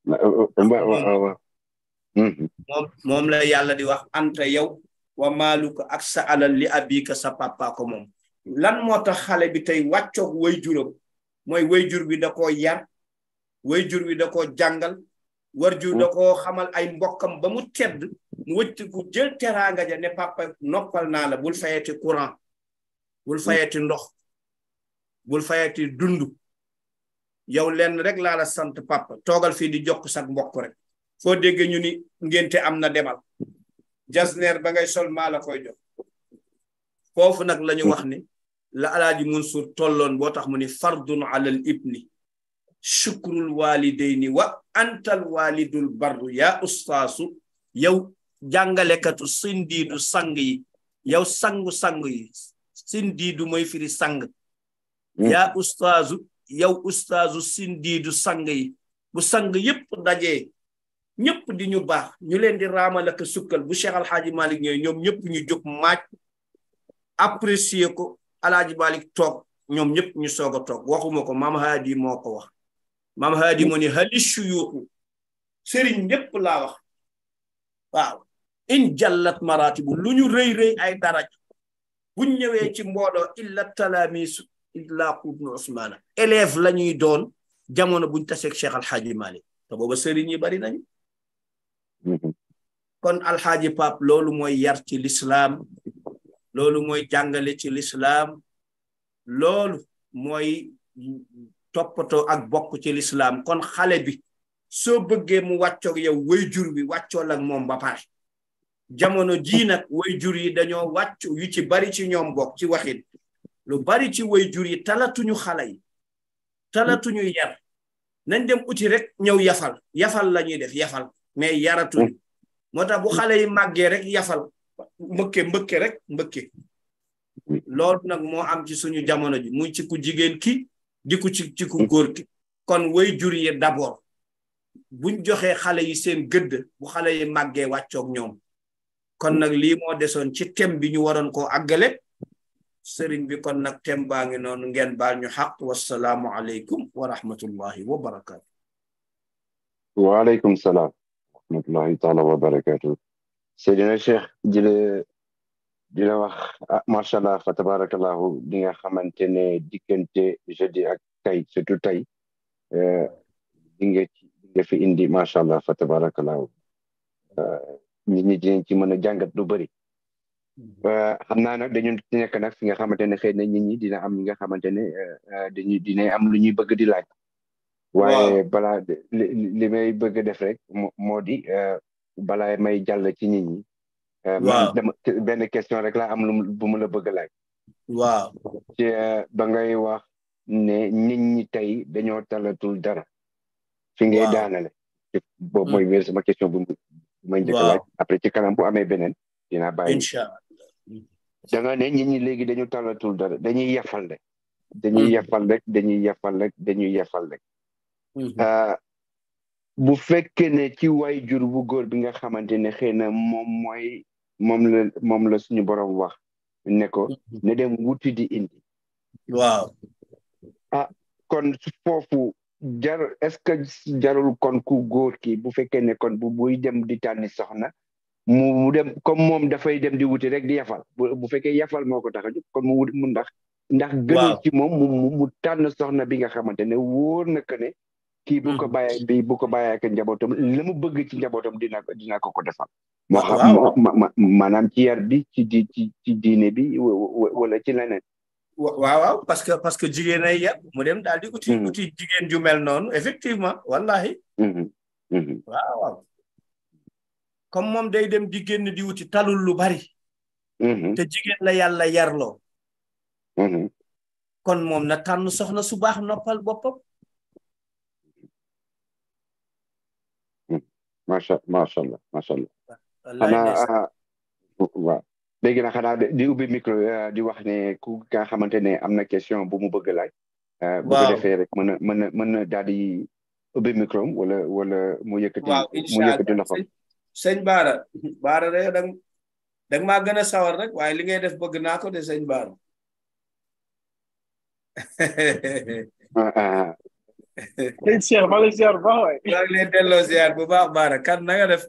mom hmm. la yalla di wax anta yow wa maluka ak sa alal li abika sa papa ko mom lan motax xale bi tay waccok way moy way jur bi da ko yar way jur wi da koo jàngal war jur da koo xamal ay mbokkam ba mu tedd mu wëcc ku jël teraanga ja ne papa noppal naa la bul fayati courant bul fayati ndox bul fayati dund yow lenn rek laa la sant papa toogal fii di jokk sa mbokk rek foo déggee ñu ni ngénte am na demal jasneer ba ngay sol maa la koy jox foofu nag lañu wax ni la alaaji Mansour tolloon boo tax mu ni fardun alal ibni shukrul walidayni wa antal walidul barru yaa ustaasu yow jàngalekatu sindiidu sang yi yow sangu-sangu yi sindiidu mooy firi sang hmm. yaa ustaasu yow ustaasu sindiidu sang yi bu sang yépp dajee ñëpp di ñu baax ñu leen di raamal ak sukkal bu Cheikh Alxaaji Malik ñooy ñoom ñëpp ñu jóg maaj apprécier ko Alaaji Malik toog ñu soog a toog waxuma ko maam Haadi moo ko wax maam haadi mu ni hali shuyuuxu sëriñ ñépp laa wax in jallat maratibu lu ñu rëy rëy ay daraj buñ ñëwee ci mbooloo illa talamis illa ibnu usmaana élève la ñuy doon jamono buñ taseeg cheikh alxaaji malik te booba sëriñ yi bari nañu mm-hmm. kon alxaaji pap loolu mooy yar ci lislaam loolu mooy jàngale ci lislaam loolu mooy toppatoo ak bokk ci lislaam kon xale bi soo bëggee mu wàccoog yow jur bi wàccool ak moom ba pare jamono jii nag wayjur yi dañoo wàcc yu ci bari ci ñoom bokk ci waxit lu bari ci jur yi talatuñu xale yi talatuñu yar nañ dem uti rek ñëw yafal yafal lañuy def yafal mais yaratuñu mm. moo tax bu xale yi màggee rek yafal mbëkke mbëkke rek mbëkke mm. loolu nag moo am ci suñu jamono ji muy ci ku jigéen ki di ko ci ci ku góor kon way jur yi d'abord buñ joxee xale yi seen gëdd bu xale yi màggee wàccoog ñoom kon nag lii moo desoon ci thème bi ñu waroon koo àggale sëriñ bi kon nag thème baa ngi noonu ngeen baal ñu xaq wasalaamu wa rahmatullahi wa barakaatu waaleykum salaam wa rahmatullahi taala wa barakaatu Seydina Cheikh jële di wax ah macha allah fa tabarakallahu di nga xamante ne diggante jeudi ak tey surtout tey eh, di nga ci fi indi macha allah fa tabarakallahu eh, nit ñi dinañ ci mën a jàngat lu bëri. Mm-hmm. Eh, xam naa nag dañu nag fi nga xamante ne xëy na nit ñi dina am ñi nga xamante ne dañuy dina am lu ñuy bëgg di laaj. waaye balaa li may bëgg def rek moo di balaa may jàll ci nit ñi. Eh, waaw benn question rek laa am lu bu mu la bëgg laaj. waaw. ci eh, ba ngay wax ne nit ñi tey dañoo talatul dara. fi ngay daanale. boobu hmm. mooy wér sama question bu après ci kanam bu amee beneen dinaa bàyyi. incha ne nit ñi léegi dañu talatul dara dañuy yafal rek. Hmm. dañuy yafal rek dañuy yafal dañuy yafal rek. Hmm. Eh, bu fekkee ne ci waay jur bu góor bi nga xamante ne xëy na moom mooy. moom la moom la suñu borom wax ne ko mhm. ne dem wuti di indi waaw ah kon foofu jar est-ce que jarul kon ku góor ki bu fekkee ne kon bu buy dem di tànni soxna mu dem comme moom dafay dem di wuti rek di yafal bu fekkee yafal moo ko tax kon mu wut mu ndax ndax gënal ci mu mu tànn soxna bi nga xamante ne wóor na ne ki bu ko baye bi bu ko baye ak njabootam lamu bëgg ci njabootam dina dina ko ko defal ci yar bi ci di ci diine bi wala ci leneen waaw waaw parce que parce que jigen ay yar mu dem dal di uti hmm. uti jigen ju mel non effectivement wallahi hmm, hmm, waaw waaw comme mom day dem di genn di wuti talul lu bari te jigen la yalla yarlo kon mom na tan soxna su bax noppal bopam ما شاء ما شاء الله ما شاء الله xanaa waaw léegi nag xanaa di ubbi micro di ya, wax ne ku nga xamante ne am na question bu mu bëgg laaj bu ko defee rek mën a mën a mën a daal di ubbi micro wala wala mu yëkkati mu yëkkati loxo sëñ baara baara rek dang dang maa gën a sawar rek waaye li ngay def bëgg sëñ Cheikh maa ngi bu baax waay. maa ngi lay delloo ziar na nga def.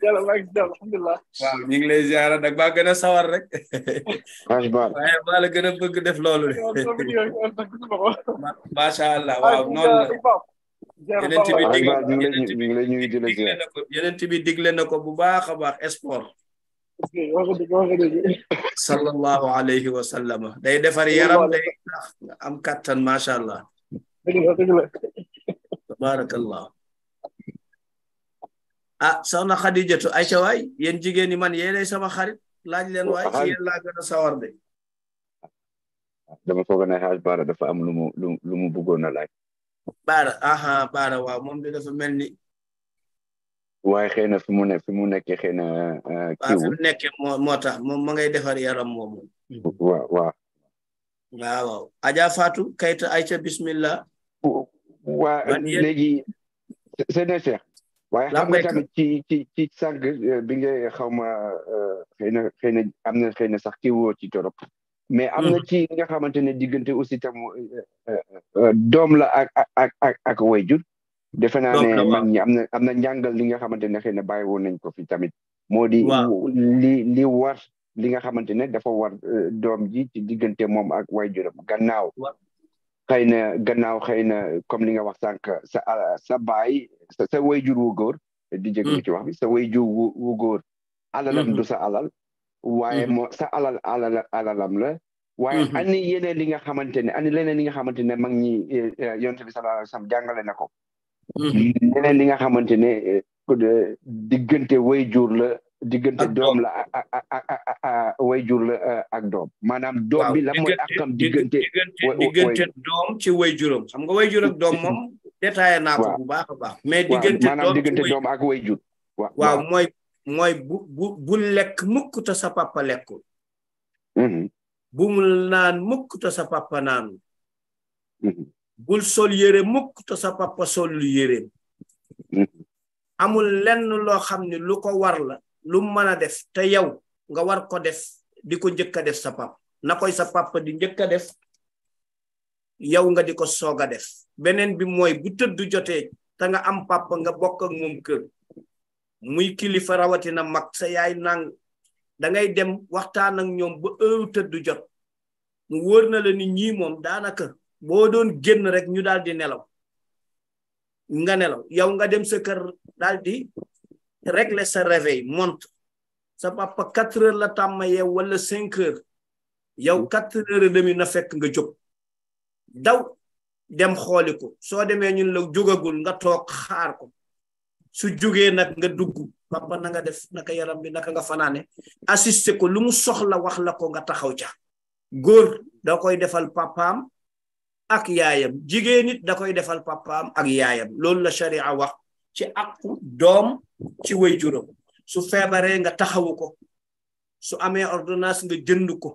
waaw ñu ngi lay ziar gën a sawar rek. waaye maa la gën a bëgg def loolu. macha allah waaw noonu la. yeneen bi digle na ko yeneen digle na bu baax a baax sport. sallallahu alayhi wa day defar yaram day am kattan macha allah. tabarakallah ah soxna Xadijatu ayca waay yéen jigéen ñi man yéenay sama xarit laaj leen waay ci yéen laa gën sawar de dama foog ne xaaj baara dafa am lu mu lu mu bëggoon a laaj baara aha baara waaw moom de dafa mel ni waaye xëy na fi mu ne fi mu nekke xëy na kiiw fi moo tax ma ngay defar yaram moomu waaw waaw waaw waaw Adja Fatou Kayta ayca bismillah waa léegi c'est nécessaire waaye xam nga tamit ci ci ci sànq euh, bi nga xaw ma euh, xëy na xëy na am na xëy sax kii woo ci torop mais am na mm-hmm. ci nga xamante ne diggante aussi tam euh, doom la ak ak ak ak jur defe naa ne mag am na am na njàngal li nga xamante ne xëy na bàyyi nañ ko fi tamit moo di li li war li nga xamante ne dafa war doom ji ci diggante moom ak wayjuram gannaaw xëy na gannaaw xëy na comme li nga wax sànq sa sa baay sa sa jur wu góor di jégalu mm. ci wax bi sa way wayjur wu góor alalam mm-hmm. du sa alal waaye mm-hmm. moo sa alal alal alalam la waaye mm-hmm. ani yeneen li nga xamante ne ani leneen li nga xamante ne mag ñi eh, eh, yonent bi sallallahu alayhi wa sallam jàngale na ko leneen li nga xamante ne eh, diggante wayjur la digënté doom la wayjur eh, ak doom manam doom bi la moy akam digënté digënté doom ci way xam nga wayjur ak doom mom détaillé na ko bu baax baax mais diggante doom digënté doom ak wayjur waaw moy moy bu bu bu mukk ta sa papa mm-hmm. bu bumul naan mukk ta sa papa naanul mm-hmm. bul sol yére mukk ta sa papa sol lu mm-hmm. amul lenn lo xamni lu ko war la lu mana def te yow nga war ko def di ko njëkk def sa pap nakoy sa pap di njëkk def yow nga di ko soog def benen bi moy bu tëdd jotee ta nga am pap nga bok ak keur muy kilifa na mak sa yaay nang da ngay dem waxtaan ak ñoom ba heure tëdd jot mu wër na la ni ñii moom daanaka bo doon genn rek ñu daldi nelaw nga nelaw yow nga dem sa kër daldi régler sa réveil montre sa papa 4 e e heures la tàmm yow wala 5 heures yow 4 heures demi na fek nga jóg daw dem xooli ko soo demee ñun la juga nga tok xaar ko su jógee nag nga dugg papa na nga def naka yaram bi naka nga fanaane assisté ko lu mu soxla wax la ko nga taxaw ca góor da koy e defal papam. ak yaayam jigé nit da koy defal papam. ak yaayam loolu la sharia wax ci àqu doom ci way juróom su feebaree nga taxawu ko su amee ordonnance nga jënd ko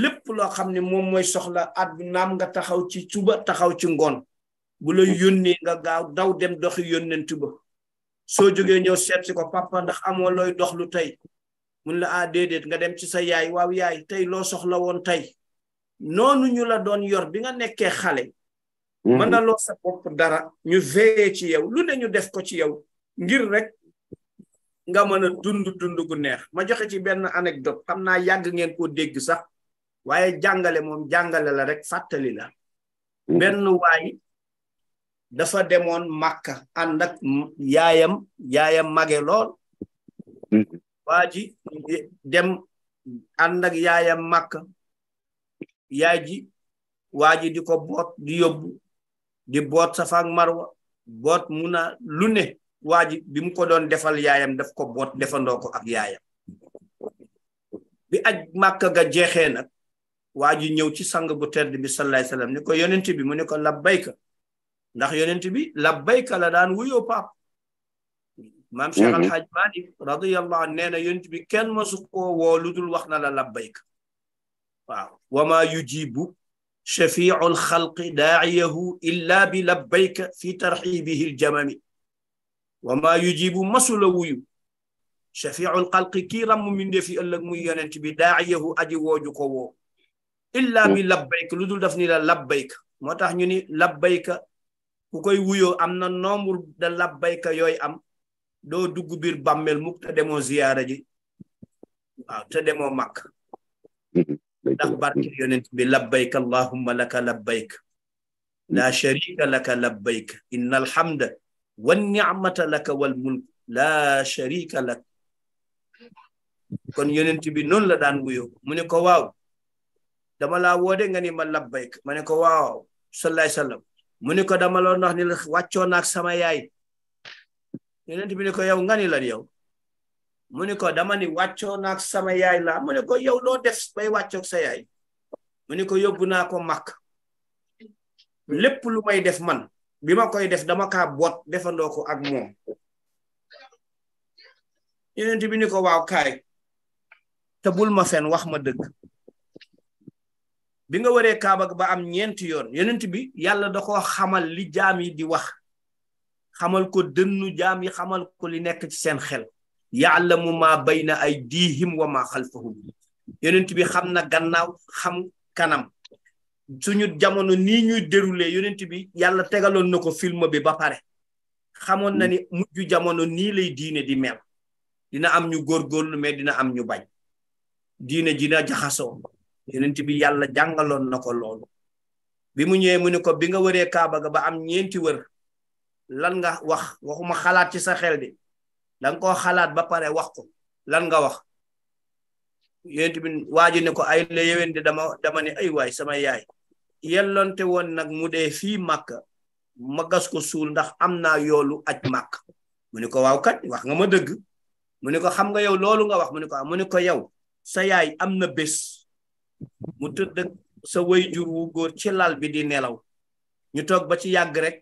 lépp loo xam ne moom mooy soxla àddunaam nga taxaw ci suba taxaw ci ngoon bu la yónnee nga gaaw daw dem doxi yónnent ba soo jógee ñëw seet si ko papa ndax amoo looy lu tey mun la a ah, déedéet nga dem ci sa yaay waaw yaay tey loo soxla woon tey noonu ñu la doon yor bi nga nekkee xale mënaloo mhm. sa bopp dara ñu veillé ci yow lu ne def ko ci yow ngir rek nga mën a dund dund gu neex ma joxe ci benn anecdote xam na yàgg ngeen koo dégg sax waaye jàngale moom jàngale la rek fàttali la mhm. benn waay dafa demoon màkka ànd ak yaayam yaayam mage lool mhm. waa ji dem ànd ak yaayam màkka yaay waa ji di ko boot di yóbbu di boot safa ak marwa boot muna lu ne waji bi mu ko doon defal yaayam daf ko boot defandoo ko ak yaayam bi aj makka ga jeexee nag waji ñëw ci sang bu tedd bi sallallahu alayhi wasallam ni ko yonent bi mu ne ko labbayka ndax yonent bi labbayka la daan wuyoo paap maam cheikh mhm. alhaaj malik radiyallahu anhu neena yonent bi kenn su ko wo ludul wax na la labbayka waaw wama yujibu شفيع الخلق داعيه إلا بلبيك في ترحيبه الجمم وما يجيب مسلوي شفيع الخلق كيرم من في ألك ميانة بداعيه أجي وجوكو إلا بلبيك لدول دفني لبيك moo tax ñu ni labbayka ku koy wuyoo am na nombre de labbayka yooyu am doo dugg biir bàmmeel mukk te demoo ziyaara ji waaw te demoo màkk لبيك لبيك اللهم لك لبيك لا شريك لك لبيك إن الحمد والنعمة لك والملك لا شريك لك كن يونت بي نون لا دان ويو موني كو واو داما لا وودي غاني ما لبيك ماني كو واو صلى الله عليه وسلم موني كو داما لا نخ ني واتيو ناك سما ياي يونت بي نيكو ياو غاني لا ياو mu ni ko dama ni wàccoo naak sama yaay laa mu ni ko yow doo def bay wàccoog sa yaay mu ni ko yóbbu naa ko màkk lépp lu may def man bi ma koy def dama ka bot defandoo ko ak moom yonent bi ni ko waaw kaay te bul ma fen wax ma dëgg bi nga waree kaaba ba am ñeenti yoon yonent bi yàlla da koo xamal li jaam yi di wax xamal ko dënnu jaam yi xamal ko li nekk ci seen xel yaalamu maa bayna ay diihim wa maa xalfahum yonent bi xam na gannaaw xam kanam suñu jamono nii ñuy dérouler yonent bi yàlla tegaloon na ko film bi ba pare xamoon na ni mujj jamono nii lay diine di mel dina am ñu góorgóorlu mais dina am ñu bañ diine dina jaxasoo yonent bi yàlla jàngaloon na ko loolu bi mu ñëwee mu ne ko bi nga wëree Kaaba ga ba am ñeenti wër lan nga wax waxuma xalaat ci sa xel de da nga koo xalaat ba pare wax ko lan nga wax yéen tamit waa ji ne ko ay la yéwén dama dama ne ay waay sama yaay yellonte woon nag mu dee fii màkk ma gas ko suul ndax am naa yoolu aj màkk mu ne ko waaw kat wax nga ma dëgg mu ne ko xam nga yow loolu nga wax mu ne ko ah, mu ne ko yow sa yaay am na bés mu tëdd sa way jur wu góor ci lal bi di nelaw ñu toog ba ci yàgg rek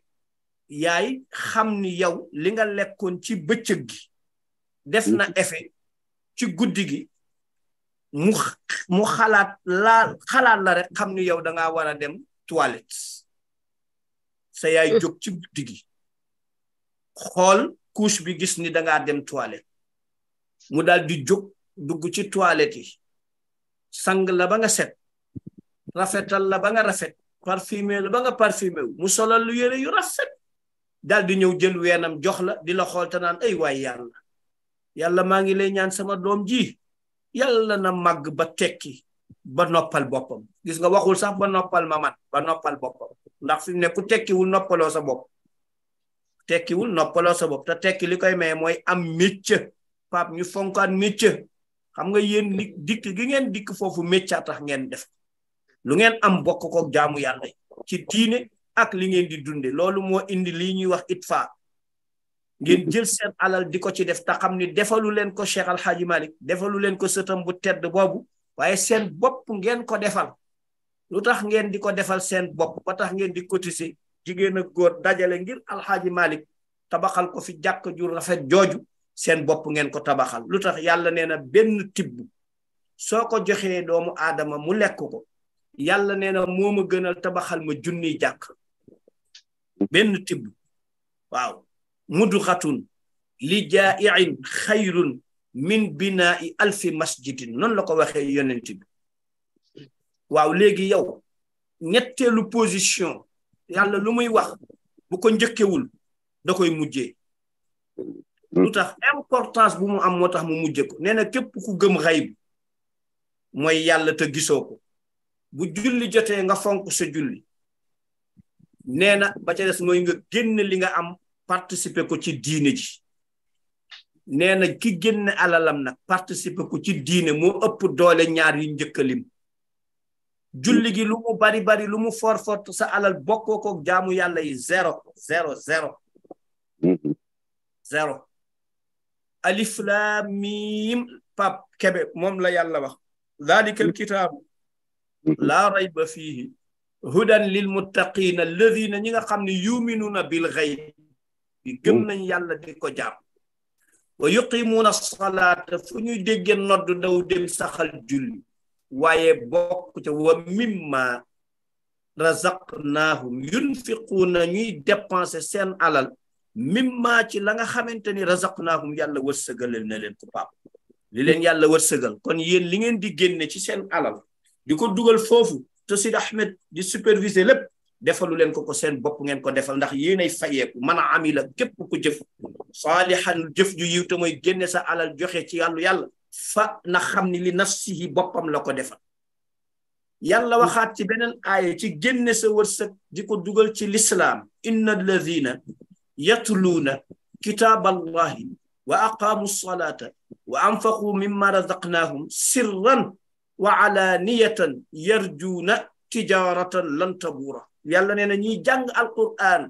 yaay xam ni yow li nga lekkoon ci bëccëg gi def na mm-hmm. effet ci guddi gi mu mu xalaat la rek xam ni yow dangaa war a dem toilette sa yaay mm-hmm. jóg ci guddi gi xool couche bi gis ni dangaa dem toilette mu daal di jóg dugg ci toilette yi sang laba nga set rafetal la ba nga rafet parfumé la nga parfumé mu solal lu yu rafet dal di ñew jël wénam jox la di la xool te naan ay way yalla yalla ma ngi lay ñaan sama doom ji yalla na mag ba tekki ba noppal bopam gis nga waxul sax ba noppal ma man ba noppal bopam ndax fi ne ku wul noppalo sa tekki wul noppalo sa bop ta tekki likoy may moy am mécc pap ñu fonkan mécc xam nga yeen dik gi ngeen dik fofu tax ngeen def lu ngeen am bokko ko jaamu yalla ci ak li ngeen di dundé loolu moo indi li ñuy wax itfa ngeen mm-hmm. jël seen alal di ko ci def ta xam ni defalu leen ko Cheikh Al Hadji malik defalu leen ko sëtam bu tedd boobu waaye seen bopp ngeen ko defal lu tax ngeen di ko defal seen bopp ba tax ngeen di cotiser jigéen ak góor dajale ngir Al Hadji Malik tabaxal ko fi jàkk ju rafet joju seen bopp ngeen ko tabaxal lu tax yàlla nee na benn tibb soo ko joxee doomu aadama mu lekk ko yàlla nee na moo ma gënal tabaxal ma junniy jàkk benn tibb waaw muddu xatun li jaa'in xayrun min binaa'i alfi masjidin noonu la ko waxee yonent bi waaw léegi yow ñetteelu position yàlla lu muy wax bu ko njëkkewul da koy mujjee lu tax importance bu mu am moo tax mu mujje ko nee na képp ku gëm xay bi mooy yàlla te gisoo ko bu julli jotee nga fonk sa julli neena ba ca des mooy nga génn li nga am participer ko ci diine ji neena ki génn alalam nag participer ko ci diine moo ëpp doole ñaar yu njëkkalim julli gi lu mu bari bari lu mu for for sa alal bokkoo ko jaamu yàlla yi zero zero zero mm-hmm. zero alif lam mim pap kebe moom la yàlla wax ذلك الكتاب mm-hmm. la rayba fihi هدى للمتقين الذين نيغا خامني يؤمنون بالغيب بي گم نان يالا ديكو جام ويقيمون الصلاه فني دج نود داو ديم ساخال جولي واي بوك تي ومما رزقناهم ينفقون ني ديبانسي سين علال مما تي لاغا خامنتني رزقناهم يالا وسغل نلن كو باب لي لين يالا وسغل كون يين لي نين دي گيني سين علال ديكو دوجال فوفو te Sid Ahmed di superviser lépp defalu leen ko ko seen bopp ngeen ko defal ndax yéenay fayeeku man amila képp ku jëf saalihan jëf ju yiw te mooy génne sa alal joxe ci yàllu yàlla fa na xam ni li nafsihi boppam la ko defal yàlla waxaat ci beneen aaya ci génne sa wërsëg di ko ci lislaam inna alladina yatluuna kitab wa aqamu salata wa anfaqu mimma razaqnahum sirran wa alaniyatan yarjuuna tijaratan lan tabuura yàlla nee na ñuy jàng alquran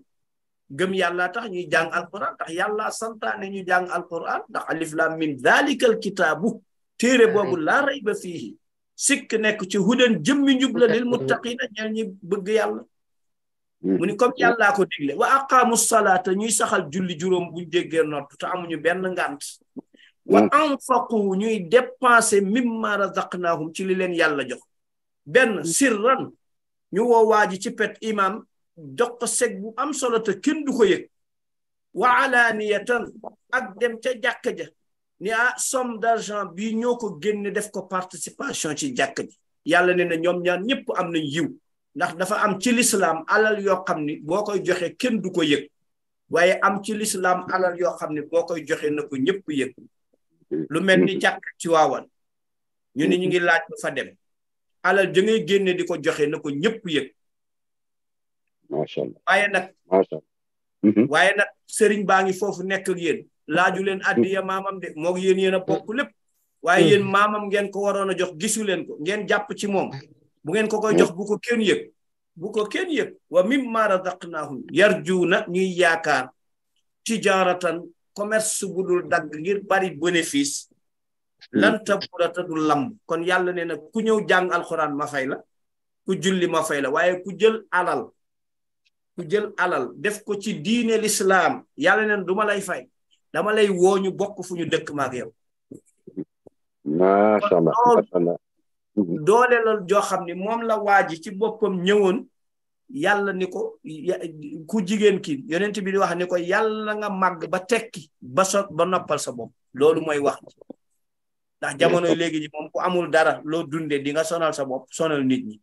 gëm yàlla tax ñuy jàng alquran tax yàlla santaane ñu jàng alquran ndax alif lam mim dhalika alkitaabu téere boobu laa rayba fiihi nekk ci hudan jëmmi njub la lil muttaqina ñeel ñi bëgg yàlla hmm. mu ni comme yàllaa ko digle wa aqaamu salaata ñuy saxal julli juróom buñ déggee nott te amuñu benn ngant wa mm. anfaqu ñuy dépenser mimma razaqnaahum ci li leen yàlla jox benn mm. sirran ñu woo waa ji ci pet imam jox ko seg bu am solo te kenn du ko yëg wa alaaniyatan ak dem ca jàkk ja ni ah somme d'argent bii ñoo ko génne def ko participation ci jàkk ji yàlla ne na ñoom ñaan ñëpp am nañ yiw ndax dafa am ci lislaam alal yoo xam ni boo koy joxe kenn du ko yëg waaye am ci lislaam alal yoo xam ne boo koy joxee na ko ñëpp yëg lu melni ni ci wawal ñu ni ñu ngi laaj lu fa dem alal ja ngay génne di ko joxe na ko ñëpp yëg waaye nag mhm. waaye nag sëriñ baa ngi foofu nekk ak yéen laaju leen addiya maamam de moog yéen yéen a bokk lépp waaye yéen mhm. maamam ngeen ko waroon a jox gisu ko ngeen jàpp ci moom bu ngeen ko koy jox bu ko kenn yëg bu ko kenn yëg wa mimma razaqnahum yarjuna ñuy yaakaar tijaratan commerce bu dul dagg ngir bari bénéfice lanta burata du lamb kon yàlla nee na ku ñëw jàng alxuraan ma fay la ku julli ma fay la waaye ku jël alal ku jël alal def ko ci diine lislaam yàlla neen du ma fay dama lay woo ñu bokk fu ñu dëkk maak yow macha allah doole la joo xam ne moom la waa ji ci boppam ñëwoon yàlla ni ko ku jigéen ki yonent bi di wax ni ko yàlla nga màgg ba tekki ba so ba noppal sa bopp loolu mooy wax ndax jamono léegi ji moom amul dara loo dundee di nga sonal sa bopp sonal nit ñi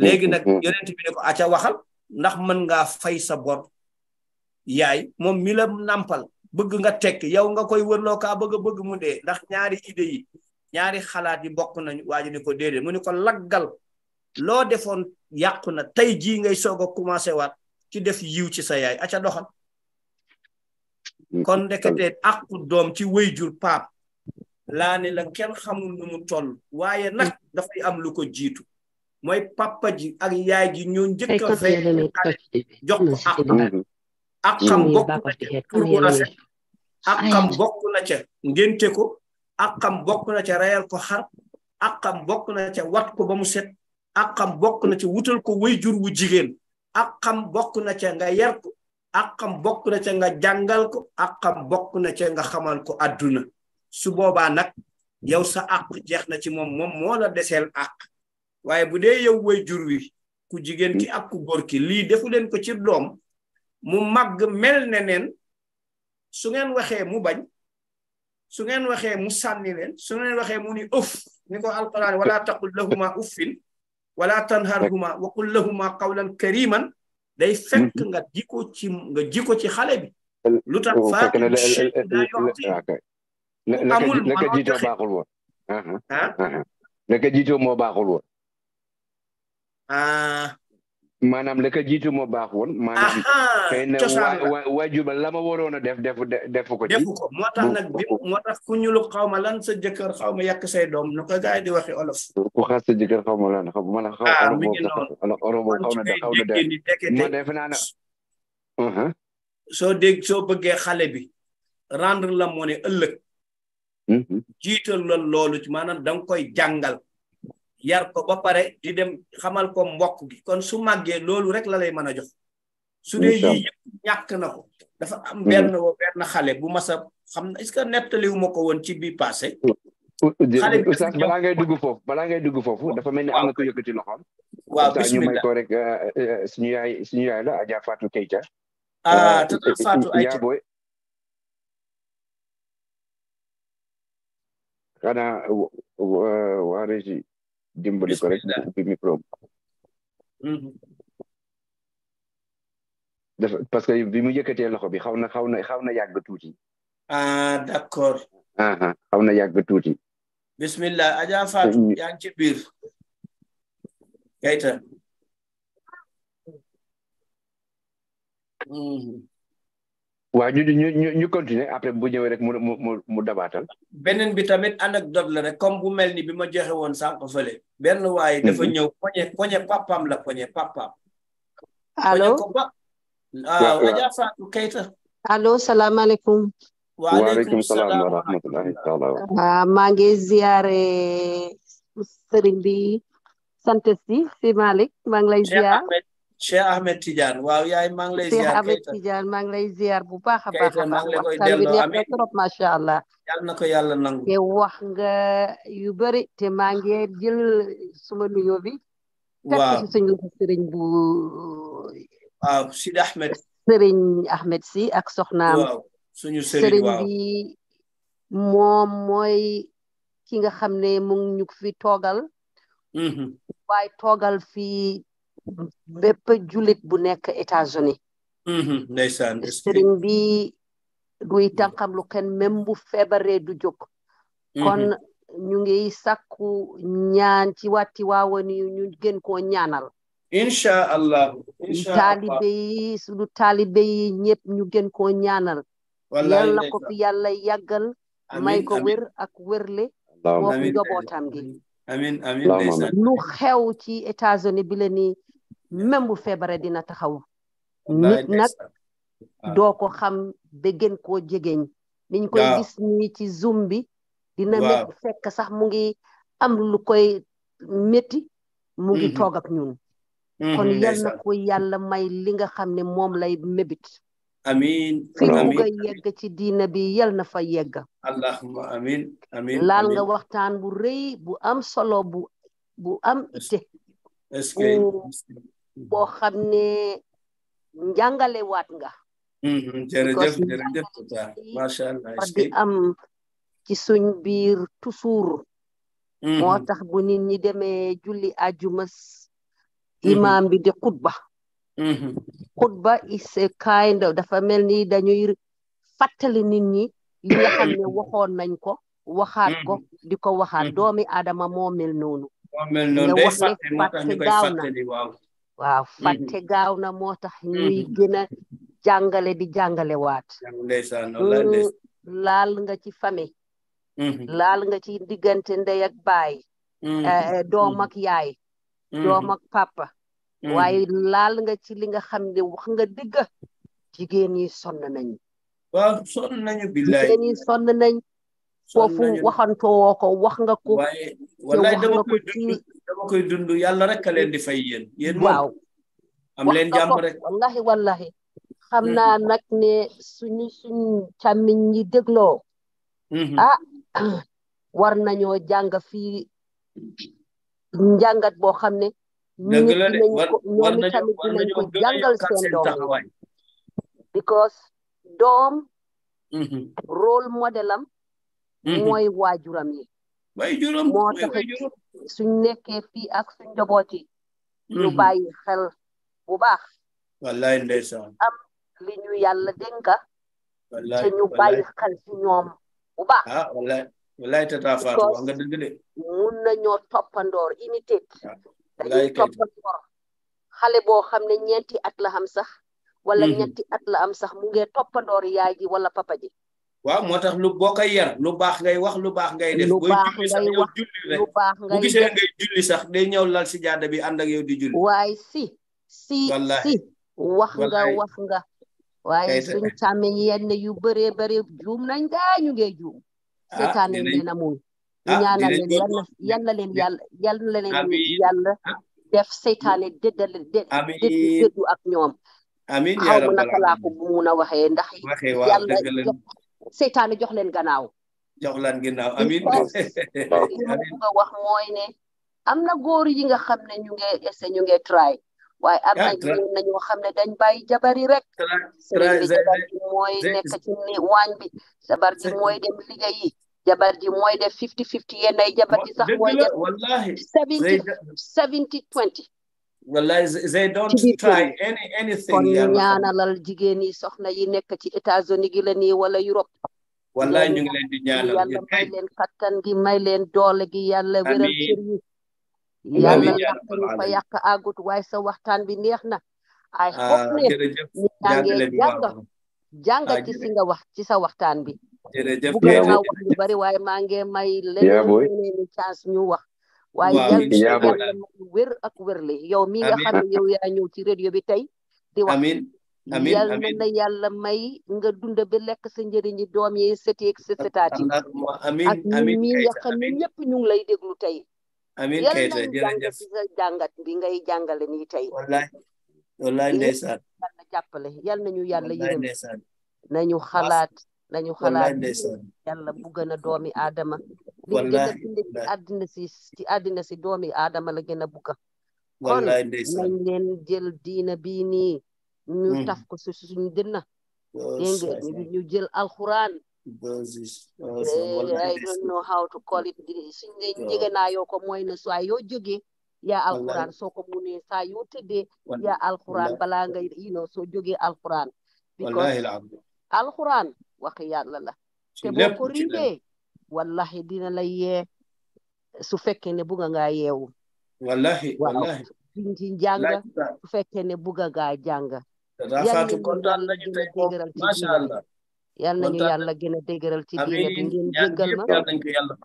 léegi nag mm-hmm. yonent bi ne ko waxal ndax mën ngaa fay sa bor yaay moom mi la nàmpal bëgg nga tekk yow nga koy wërloo kaa bëgg bëgg mu dee ndax ñaari idée yi ñaari xalaat yi bokk nañu waa ji ni ko déedéet mu ni ko laggal loo defoon yàqu na tey jii ngay soog a commencé waat ci def yiw ci sa yaay aca doxal kon ndekete àqu doom ci wéyjur paap laa ne la kenn xamul nu mu tol waaye nag dafay am lu ko jiitu mooy papa ji ak yaay ji ñun njëkk a fay jox ak xam bokk na ca tur ak xam bokk na ca ngénte ko ak bokk na ca reyal ko xar ak xam bokk na ca wat ko ba mu set ak xam na ci wutal ko way jur wu jigen ak xam na ci nga yar ko ak xam na ci nga jangal ko ak xam na ci nga xamal ko aduna su boba nak yow sa ak jeex na ci mom mom mo la deseel ak waye bu de yow way jur wi ku jigen ki ak ku gor ki li defu len ko ci dom mu mag mel nenen musan su ngeen waxe mu bañ su ngeen waxe mu sanni len su ngeen waxe mu ni uff ni alquran wala taqul lahuma uffin wala tanharhuma wa qul lahuma qawlan kariman day fekk mm-hmm. nga ji ko ci nga ji ko ci xale bi lu tax faa amul naka jiitoo baaxul woon ah uh-huh. uh-huh. naka jiitoo moo baaxul woon ah. maanaam la ko jiitu moo baax woon. maanaam xëy na waajur ba la ma waroon a def defu defu ko. defu ko moo tax xaw ma lan sa jëkkër xaw ma yàq say doom nu ko gars yi di waxi olof. ku xas sa jëkkër xaw ma lan xaw ma xaw ah, ma olof boobu xaw na def naa na. Uh-huh. soo dégg bëggee xale bi rendre la moo ne ëllëg. Mm-hmm. jiital la loolu ci maanaam da koy jàngal. yar ko ba pare di dem xamal ko mbokk gi kon su magge lolou rek la lay meuna jox su dee yi ñak nako na dafa am benn wo benn xalé bu massa xam na est-ce que netali wu mako won ci bi passé xale bi ngay dugg foofu bala ngay dugg foofu dafa melni am na ko yëkkati loxoom waaw ñu may ko rek suñu yaay suñu yaay la Adja Fatou Keita ah tata Fatou ay xanaa wa régie dimbali ko mm-hmm. parce que bi mu yëkkatee loxo bi xaw na xaw na xaw na yàgg tuuti ah d'accord xaw na yàgg tuuti bismillah Adja Fatou yaa ngi waaw ñu ñu ñu ñu continuer après bu ñëwee rek mu mu mu dabaatal. beneen bi tamit anecdote la rek comme bu mel ni bi ma joxe woon sànq fële. benn waaye mhm. dafa ñëw poñe poñe papam la poñe papam. allo poñe ko ba. Ah, waaw Adja Fatou Keita. allo salaamaaleykum. waaleykum salaam wa rahmatulahi taala. waaw maa ngi ziare sëriñ bi sant si si Malick maa ngi lay ziar. Cheikh Ahmed Tidiane waaw yaay maa ngi lay ziar Cheikh Ahmed Tidiane maa ngi lay ziar bu baakha baax a baax koy delo allah Yalla nako Yalla yàlla Ke wax nga yu bari te maa jël suma nuyo bi waaw ci bu waaw Ahmed sëriñ Ahmed si ak soxnaam waaw suñu sëriñ bi mom moy ki nga xam mo ngi ñu fi togal fi bépp julit bu nekk États-Unis mm-hmm. ndeysaan sëriñ bi duy tànqam lu kenn même bu feebaree du jóg mm-hmm. kon ñu ngi sàkku ñaan ci wàtti waawoon ñu gën koo ñaanal incha allah taalibe yi ñu gën koo ñaanal yàlla ko fi yàlla yàggal may ko wér ak wérle boobu njobootam gi lu xew ci États-Unis bi la nii même bu feebaree dina taxaw nit nag doo ko xam ba gën koo jegeñ niñ koy gis nii ci zoom bi dina métti fekk sax mu ngi am lu koy métti mu ngi mm-hmm. toog ak ñun mm-hmm, kon yal na ko may li nga xam ne moom lay mébit amin fi mu nga ci diina bi yal na fa yegg allahumma laal nga waxtaan bu rëy bu am solo bu bu am ite boo xam ne njàngale waat nga mm-hmm. jërëjëf jërëjëf di am ci suñ biir tusuur mm-hmm. moo tax bu nit ñi demee julli àjjuma mm-hmm. imaam bi di xutba xutba mm-hmm. is a kind dafa mel ni dañuy fàttali nit ñi li ne mm-hmm. waxoon nañ ko waxaat ko mm-hmm. di ko waxaat doomi aadama moo mel noonu nga gaaw na waaw fàtte gaaw na moo tax ñuy gën a jàngale di jàngale waat mm, laal nga ci famille laal nga ci diggante ndey baay doom yaay eh, eh, doom ak Mm. waaye laal nga ci li nga xam ne wax nga dëgg jigéen ñi sonn nañ waaw sonn nañu nañ foofu waxantoo woo wax nga ko wallaay dama koy dund rek a leen di fay yéen yéen waaw wallahi wallahi xam mm. naa nag ne suñu suñ càmmiñ ñi dégloo mm-hmm. ah war nañoo jàng fii njàngat boo xam ne dëgg la de war nañu ko jàngal seen doom because doom rôle modèle mooy waajuram yi moo tax suñ nekkee fii ak suñ njaboot yi ñu mhm. bàyyi xel bu baax wallaay ndeysaan am li ñu yàlla dénka te ñu bàyyi xel ci ñoom bu baax wallaay wallaay ah, tata Fatou de mun nañoo toppandoor imitate ah. xale boo xam ne ñeenti at la am sax wala mhm. ñetti at la am sax mu ngee toppandoor yaay ji wala papa ji waaw moo tax lu boo koy lu baax ngay wax lu baax ngay def booy julli sax yow julli ngay sax day ñëw lal si jaada bi ànd ak yow di julli waaye si si si wax nga wax nga waaye suñ càmmiñ yenn yu bëree bëri juum nañ gaa ñu ngee juum ah, seetaan nañ leen a muñ Ah, yàlla leen yàlla leen yàlla yàlla leen yàlla ah. def seytaane déddale déddu ak ñoom amiin xaw ma mun a waxee ndax yàlla jox seytaane jox leen gannaaw jox leen ne am na góor yi nga xam ne ñu ngi essayé ñu ngi try waaye am ah, na jigéen xam ne dañ bàyyi jabari rek sëriñ bi jabar ji mooy nekk waañ bi jabar ji mooy dem liggéeyi jabar ji mooy def fifty fifty yenn ay jabar ji sax mooy def seventy twenty wallahi anything kon ñaanalal jigéen yi soxna yi nekk ci États-Unis gi la nii wala Europe wallahi may leen kattan gi may leen doole gi yàlla wéral cër yi yàlla ñu fa yàq àggut waaye sa waxtaan bi neex na ay xob ne ñu jàngee jàng jànga ah, ci wax ci sa waxtaan bi jërëjëf bu bari waaye maa ngi may leneen chance ñu wax waaye yàlla wér ak wérle yow mi nga yow yaa ñëw ci radio bi tey di wax may nga dunda ba lekk sa njëriñi doom yi sëti ak sa sëtaat yi mi nga xam ne ñëpp ñu ngi lay déglu tey amiin na jàngat bi ngay jàngale nii tey wallaay nañu yàlla xalaat lañu xalaat yalla bu gëna doomi adama li gën ci adina si ci doomi adama la gëna bu ka kon nañ leen jël diina bii nii ñu hmm. taf ko si suñu dënna oh, ñu jël eh, I don't know how to call it suñ ne oh. njëganaayoo ko mooy ne soit yoo jógee yaa alxuraan soo ko munee saa yoo tëddee yaa alxuraan balaa you know because waxi yàlla la te boo ko riidee wallahi dina la su fekkee ne buga ngaa yeewu wallahi wallahi ci njàng su fekkee ne bugga ngaa jàng kontaan nañu tey moom yal nañu yàlla gën a dégëral ci diine bi ngeen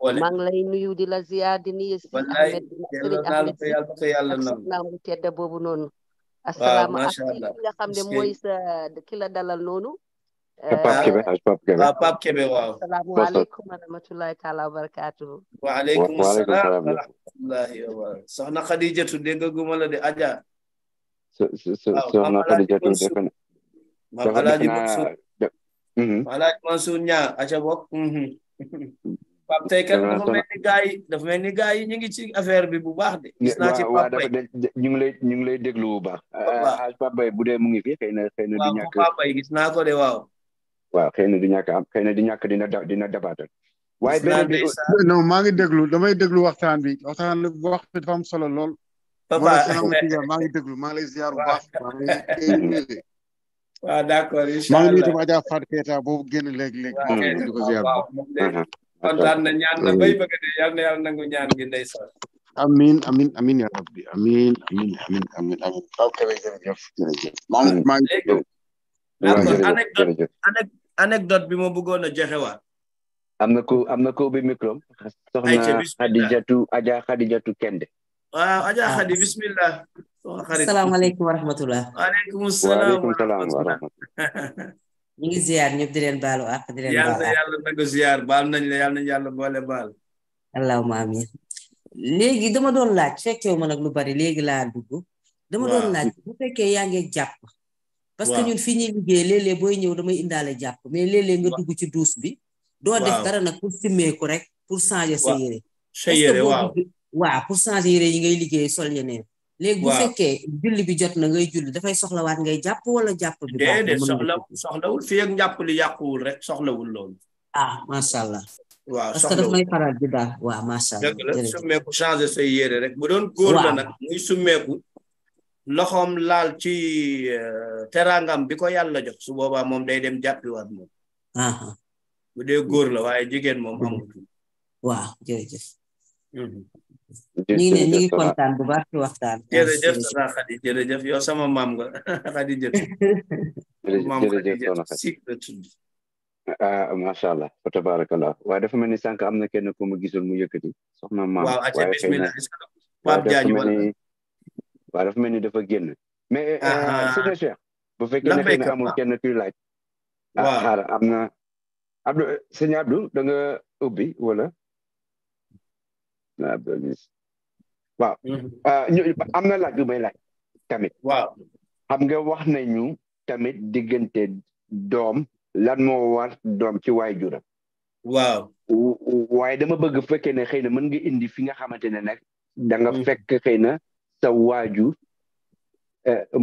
ma maa lay nuyu di la ziyaar di si Ahmed Sëriñ Ahmed si ak soxna boobu noonu asalaama ak ki xam ne mooy sa ki dalal noonu پاپکێ پاپکێ سەحنا خەدیجە تو دێگە گومە لە دێ ئەجا مەلاج مەسوود نیا ئەچە بۆ Papteken gaay dafa mel ni gaay ñu ngi ci affaire bi bu baax de gis naa ci pap bay ñu ngi lay ñu ngi lay déglu bu eh, baax pap bay bu dee mu ngi fi xëy na xëy na di ñàkk pap bay gis naa ko de waaw waaw xëy na du ñàkk am xëy na du ñàkk dina dina dabaatal. waaye beneen bi non maa ngi déglu damay déglu waxtaan bi waxtaan bi wax am solo lool. papa maa ngi déglu maa ngi lay ziar bu baax. waaw d' accord incha allah maa amin amin amin amin amin amin amin amin. waaw kay anecdote bi mo bëggoon a joxe waat am na ko am na ko bi micro soxna Xadijatu Aja Xadijatu Kende waaw Aja Xadi bismillah salaamaaleykum wa rahmatullah waaleykum salaam wa rahmatullah ñu ngi ziar ñëpp di leen baalu ak di leen baalu yalla yalla nangu ziar baal nañ la yalla nañ yàlla boole baal allahumma amin légui dama doon laaj fekkewu ma nag lu bari légui laa dugg dama doon laaj bu fekkee yaa jàpp parce que ñun fii ñuy liggéey léeg-léeg booy ñëw damay indaale jàpp mais léeg-léeg nga dugg ci duus bi doo def dara nag pour simmeeku rek pour changer sa yére sa waaw waaw yére yi ngay liggéey sol yeneen léegi bu fekkee jot na ngay julli dafay soxlawaat ngay jàpp wala jàpp bi déedéet soxla wul fii ak njàpp li yàquwul rek soxlawul loolu ah macha allah waaw parce que daf may faral di daal waaw macha allah rek bu doon góor la nag muy summeeku loxom laal ci eh, terangam bi ko yàlla jox su boobaa moom day dem jàppiwaat moom mhm. bu dee góor la waaye jigéen moom amatul waaw jërëjëf ñu ngi ne ñu ngi kontaan bu baax ci waxtaan jërëjëf sa xadi jërëjëf yow sama maam nga xadi jëf maam ah, ah masha allah fa tabarakallah waaye dafa mel ni sànq am na kenn ku ma gisul mu yëkkati soxna maam waaw acca bismillah waaw jaaju wala waaw dafa melni dafa genn mais c'est cher bu fekké ne xëy na amul kenn kuy laaj waaw amna Abdou sëñ Abdou da nga ubi wala na abdou waaw am amna laaj bu may laaj tamit waaw xam nga wax nañu tamit digënté dom lan mo war dom ci waay juram waaw waaye dama bëgg fekkee ne xëy na mën nga indi fi nga xamante ne nag da nga hmm. fekk xëy na sa eh, manam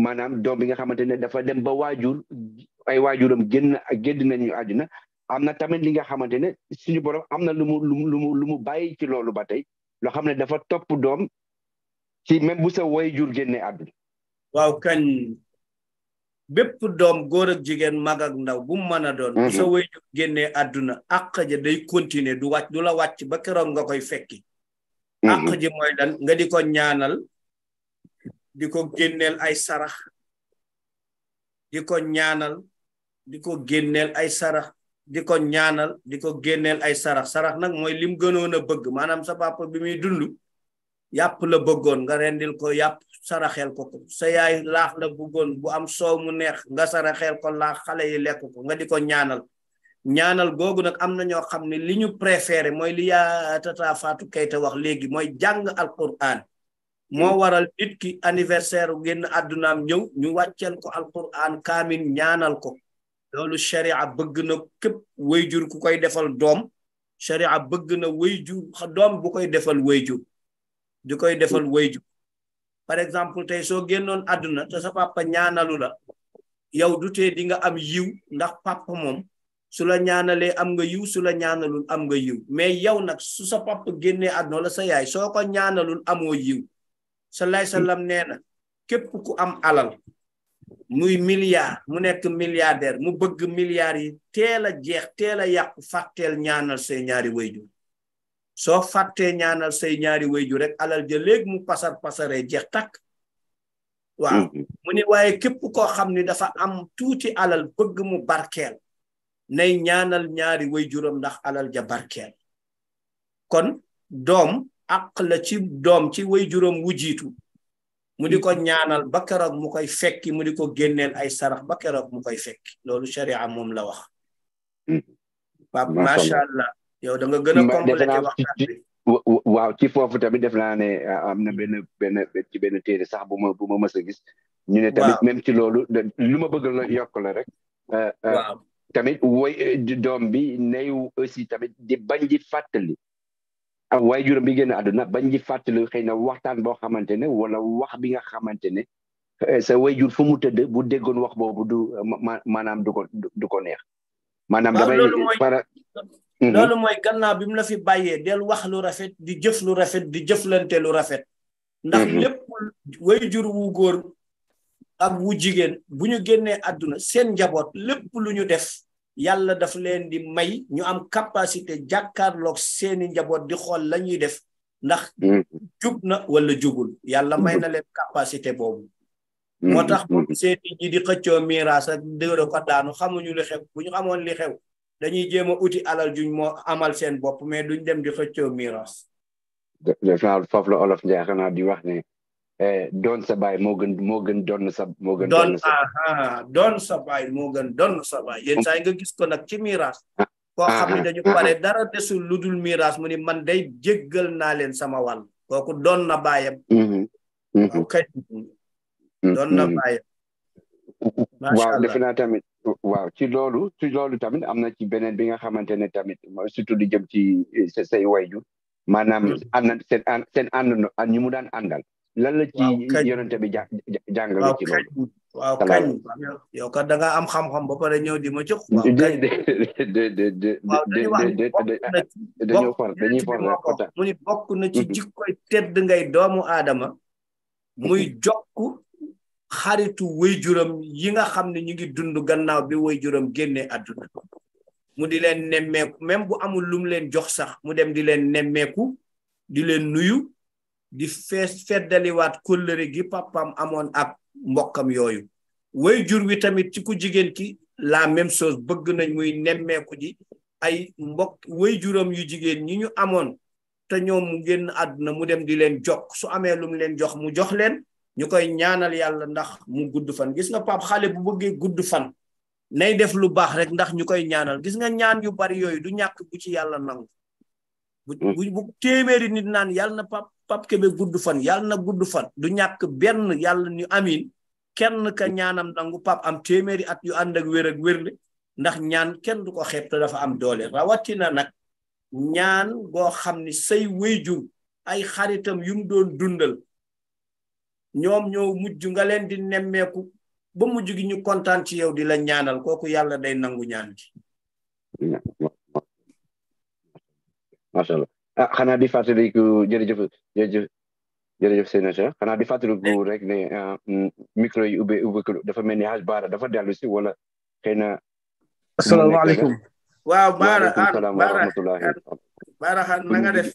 maanaam doom bi nga xamantene dafa dem ba eh, wajur ay waajuram génn genn nañu aduna amna na li nga xamantene suñu borom lumu lumu lu mu lu mu lu mu bàyyi ci lolu batay lo xamne dafa top dom ci même bu sa waajur genné aduna waaw kan bepp dom goor ak jigen mag ak ndaw bu mu mën mhm. a bu sa waajur genné aduna àq ja day continuer du wacc du la wacc ba kërom nga koy fekki. Mhm. ji moy lan nga diko ñaanal diko gennel ay sarax diko ñaanal diko gennel ay sarax Sarah ñaanal diko gennel ay sarax sarax nak moy lim gënoon bëgg manam sa papa bi muy dund yap la bëggoon nga rendil ko yap saraxel ko ko sa yaay laax la bëggoon bu am soow mu neex nga saraxel ko la xalé yi lekk ko nga diko ñaanal ñaanal gogu nak am na xamni liñu préféré li ya tata Fatou kayta wax léegi moy jang alquran moo waral nit ki anniversaire génn àddunaam ñëw ñu wàcceel ko alquran kaamin ñaanal ko loolu sharia bëgg na képp wayjur ku koy defal doom sharia bëgg na wayjur doom bu koy defal wayjur di koy defal wayjur par exemple tey soo génnoon àdduna te sa papa ñaanalu la yow du tee di nga am yiw ndax papa moom su la ñaanalee am nga yiw su la ñaanalul am nga yiw mais yow nag su sa papa génnee àdduna la sa yaay soo ko ñaanalul amoo yiw sallallahu alayhi wasallam neena képp ku am alal muy milliard mu nekk milliardaire mu bëgg milliards yi teel a jeex teel a yàqu fàtteel ñaanal say ñaari wayjur soo fàttee ñaanal say ñaari wayjur rek alal ja léegi mu pasar pasaree jeex takk waaw mm-hmm. mu ne waaye képp koo xam ni dafa am tuuti alal bëgg mu barkeel nay ñaanal ñaari wayjuram ndax alal ja barkeel kon dom. àq ci doom ci way juróom wu mu di ko mm. ñaanal ba keroog mu koy fekki mu di ko génneel ay sarax ba keroog mu koy fekki loolu sharia moom la wax waaw mm. macha allah yow da nga gën a complété waxtaan waaw ci foofu tamit def naa ne am na benn benn ci benn téere sax bu ma bu mës a gis ñu ne tamit même ci loolu lu ma bëgg la yokk la rek waaw tamit woy eh, doom bi neyu aussi tamit di bañ di fàttali ak waajuram bi génn àdduna bañ di fàttali xëy na waxtaan boo xamante ne wala wax bi nga xamante ne eh, sa waajur fu mu tëdd bu déggoon wax boobu du maanaam du ko du ko neex maanaam damay para mhm. loolu mooy gannaaw bi mu la fi bàyyee del wax lu rafet di jëf lu rafet di jëflante lu rafet ndax mhm. lépp waajur wu góor ak wu jigéen bu ñu génnee àdduna seen njaboot lépp lu ñu def yàlla daf leen di may ñu am capacité jàkkaarloog seeni njaboot di xool la ñuy def ndax jub na wala jubul yàlla may na leen capacité boobu moo tax seeni ji di xëccoo miraas ak dëgëra ko daanu xamuñu li xew bu ñu xamoon li xew dañuy jéem a uti alal juñ moo amal seen bopp mais duñ dem di xëccoo miraas def foofu la olof njaay di wax ne doon sa baay moo gën moo gën doon sa moo gën doon aha don sa baay moo gën doon sa nga gis ko nag ci miras koo xam ne dañu pare dara desul ludul miras mu ni man day jéggal naa leen sama wàll kooku don na baayam kay doon na baayam waaw defe naa tamit waaw ci loolu ci loolu tamit am na ci beneen bi nga xamante ne tamit surtout di jëm ci say wayju maanaam ànd seen seen ànd ñu mu daan àndal lan la ci yonente bi jàngale ci loolu waaw yow kat da nga am xam-xam ba pare ñëw di ma jox waaw kañ dañoo dañuy for ni bokk na ci mm-hmm. jikkoy tedd ngay doomu aadama muy mm-hmm. jokk xaritu waajuram yi nga xam ne ñu ngi dund gannaaw bi waajuram génne àdduna mu di leen nemmeeku même bu amul lu mu leen jox sax mu dem di leen nemmeeku di leen nuyu di fees feddaliwaat kóllëre gi papam amoon ak mbokkam yooyu way jur wi tamit ci ku jigéen ki la même chose bëgg nañ muy nemmeeku ji ay mbokk way juram yu jigéen ñi ñu amoon te ñoom mu génn àdduna mu dem di leen jokk su amee lu mu leen jox mu jox leen ñu koy ñaanal yàlla ndax mu gudd fan gis nga pap xale bu bëggee gudd fan nay def lu baax rek ndax ñu koy ñaanal gis nga ñaan yu bari yooyu du ñàkk bu ci yàlla nangu Mm. bu bu téeméeri nit naan yàlla na pap pap Kébé gudd fan yàlla na gudd fan du ñàkk benn yàlla ñu amin kenn ka ñaanam nangu pap am téeméeri at yu ànd ak wér ak wérle ndax ñaan kenn du ko xeeb dafa am doole rawatina nag ñaan goo xam ni say wéyjur ay xaritam yum doon dundal ñoom ñoo mujj nga di nemmeeku ba mujj gi ñu kontaan ci yow di la ñaanal kooku yàlla day nangu ñaan gi mm. Ah, di jadi jadi マシャル。あ、花火ファテル行く、ジェリジョフ、ジェリジョフ、ジェリジョフセナシャ。花火ファテル行く、レクネ、ミクロイウベウベクル、ダファメニハジバラ、ダファデアルシウォラ、ヘナ。サラムアレコム。Waaw Baara Aan Baara Baara Aan wala nga def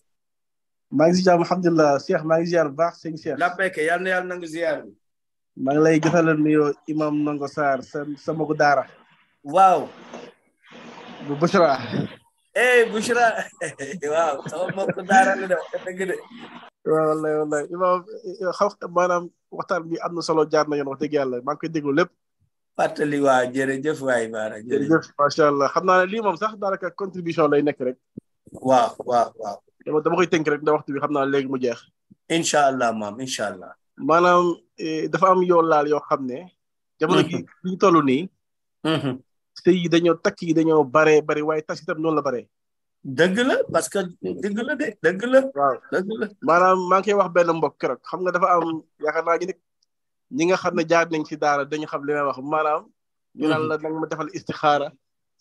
maa ngi si jàmm alhamdulilah Cheikh wala ngi ziar bu baax sëñ Cheikh la bekke yàlla na yàlla nangu ziar bi maa ngi lay jëfalal nuyoo imam nango Sarr sa sama ko daara waaw bu Bouchra eh Bouchra waaw sama mbokk maanaam waxtaan bi am na solo jaar na yoon wax dëgg yàlla maa ngi koy déglu lépp. fàttali waa jërëjëf waay Baara jërëjëf macha allah xam naa ne lii moom sax daanaka contribution lay nekk rek. waaw waaw waaw. dama koy tënk rek da waxtu bi xam naa léegi mu jeex. incha allah maam incha allah. maanaam dafa am yoo laal yoo xam ne. jamono gi ñu toll nii. sëy yi dañoo takk yi dañoo bare bari waaye tas itam noonu la bare. dëgg la parce que dëgg la de dëgg la. waaw maanaam maa ngi koy wax benn mbokk keroog xam nga dafa am yaakaar naa ñi nga xam ne jaar nañ ci daara dañu xam li may wax maanaam. ñu naan la nag ma defal istixaara.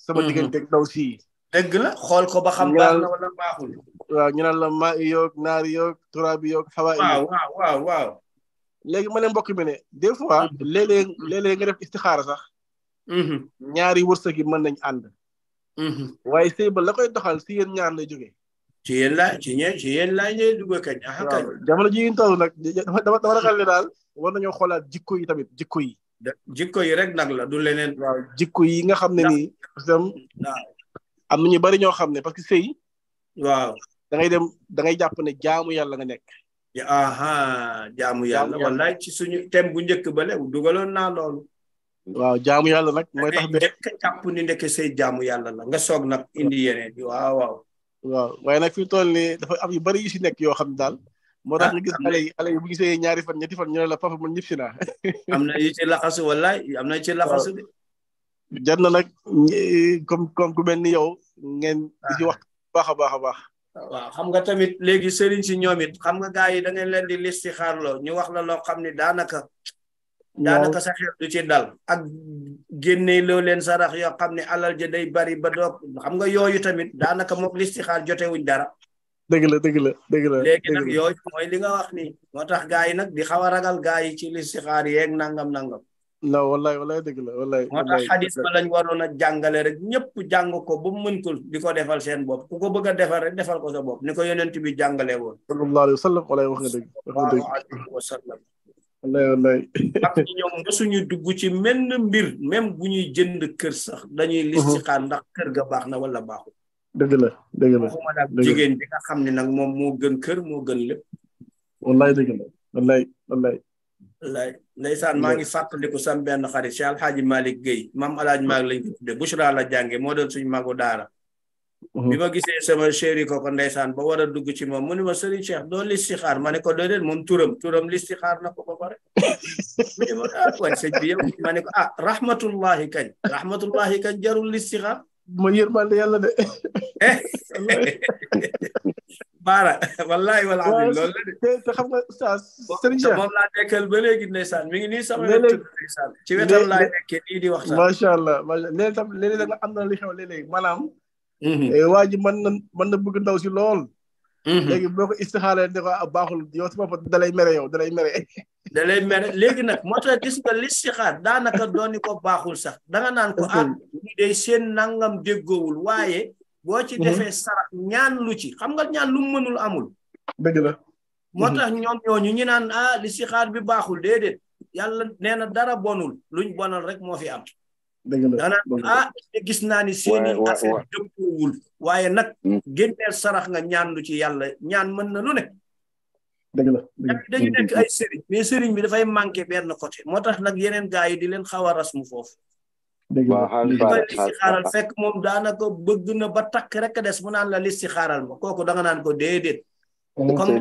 sama mhm. digganteeg ndaw sii. dëgg la xool ko ba xam baax na wala baaxul. waaw ñu naan la maa i yoog naar yoog turaab yoog. xawaa i yoog waaw waaw waaw. léegi ma ne mbokk mi ne des fois mhm. léeg nga def istixaara sax. Mm-hmm. ñaari wërsëg yi man nañ ànd. Mm-hmm. waaye sëy ba la koy doxal si yéen ñaar lay jóge ci yéen laa ci ñe ci yéen laa ñee dugg kañ. ah kañ jamono ji ñu toll ne daal war nañoo xoolaat jikko yi tamit jikko yi. jikko yi rek nag la du leneen. waaw jikko yi nga xam ne nii. waaw am na ñu bari ñoo xam ne parce que sey waaw da dem da ngay jàpp ne jaamu yàlla nga nekk. jamu jaamu yàlla ci suñu thème bu njëkk ba léegi dugaloon naa loolu. waaw jaamu yàlla nag mooy tax ba jàpp ni ndeke se jaamu yàlla na nga soog nag indi yeneen yi waaw waaw waaw waaye nag fi toll nii dafa am yu bari yu si nekk yoo xam daal moo tax ah, nga gis xale yi xale yi bu gisee ñaari fan ñetti fan ñu ne la papa man ñëpp si am na yu ci laxasu wallaay am na yu ci de jar na nag comme comme ku mel ni yow ngeen di ci ah. wax baax a baax a baax waaw xam nga tamit léegi sëriñ si ñoom it xam nga gars yi da ngeen leen di listixaarloo ñu wax la loo xam ne daanaka daanaka sa xel du ci dal ak génne loo leen sarax yoo xam ne alal ja day bari ba doog xam nga yooyu tamit daanaka mook listixaar jotewuñ dara dëgg la dëgg la dëgg la léegi nag yooyu mooy li nga wax ni moo tax gaa yi nag di xaw a ragal gaa yi ci listixaar yeeg nangam nangam la wallaay wallaay dëgg la wallaay moo tax xadis ba lañ waroon a jàngale rek ñëpp jàng ko ba mu mënkul di ko defal seen bopp ku ko bëgg a defal rek defal ko sa bopp ni ko yonent bi jàngale woon sallallahu alayhi wa sallam wallaay wax nga dëgg wax wallay wallay parce ñoom mosuñu dugg ci menn mbir même bu ñuy jënd kër sax dañuy listixaar uh-huh. ndax kër ga baax na wala baaxul dëgg la dëgg la waxuma jigéen bi nga xam ne nag moom moo gën kër moo gën lépp wallay dëgg la wallay wallay saan maa ngi fàttaliku sam benn xarit si alxaaji Malick Guèye maam alaaji Malick lañ ko tudde Bushra la jànge moo doon suñu mago daara bi ma gisee sama chéri kooku ba wara a dugg ci moom mu ni ma Serigne Cheikh doo listixaar ma ne ko déedéet moom turam turam listixaar na ko ba pare mu ne ma ah waaye sëñ bi ma ne ko ah, rahmatullahi kañ rahmatullahi kañ jarul ma yërmande yàlla de baara wallahi wala loolu la de te xam mi ngi nii sama ndeysaan ci wetam am na Mm-hmm. Eh, waa ji man na mën na bëgg ndaw si lool. Mm-hmm. léegi boo ko a ah, baaxul yow si dalay mere yow dalay mere. dalay mere léegi nag moo tax gis nga listixaar daanaka dooni ko baaxul sax danga naan ko ah. ñu day seen nangam déggoowul waaye. boo ci mm-hmm. defee sarax ñaan lu ci xam nga ñaan lu mënul amul. dëgg la. moo tax ñoom ñooñu ñu naan ah listixaar bi baaxul déedéet yàlla nee na dara bonul luñ bonal rek moo fi am. dëgg la ah gis naa ni seeni affaire dëppoowul waaye nag hmm. génneel sarax nga ñaan lu ci yàlla ñaan mën na lu ne dëgg la dañu nekk ay sëriñ mais sëriñ bi dafay manqué benn côté moo tax nag yeneen gaa yi di leen xaw a rasmu foofu dëgg la listi xaaral moom daanaka bëgg na ba takk rek des mu naan la listi xaaral ma kooku da nga naan ko déedéet ah, comme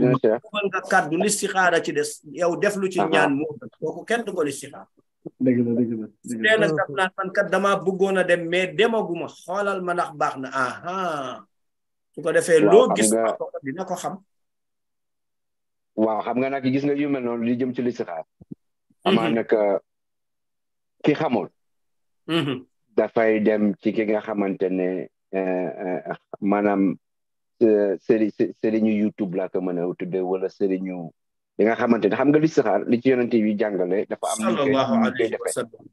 mën nga kàddu listi ci des yow def lu ci ah, ah. ñaan moo kooku kenn du ko listi dëgg la dëgg la nee na daf naan man kat damaa bëggoon a dem mais demaguma xoolal ma ndax baax aha su ko defee loo gis dina ko xam waaw xam nga nag gis nga yu mel noonu li jëm ci listixaar amaa mhm. nag euh, ki xamul mhm. dafay dem ci ki nga xamante ne euh, euh, maanaam sëriñ YouTube laa ko mën a tuddee wala sëriñu bi nga xamante ne xam nga listixaar li ci yonente yi jàngale dafa am nuñ koy defee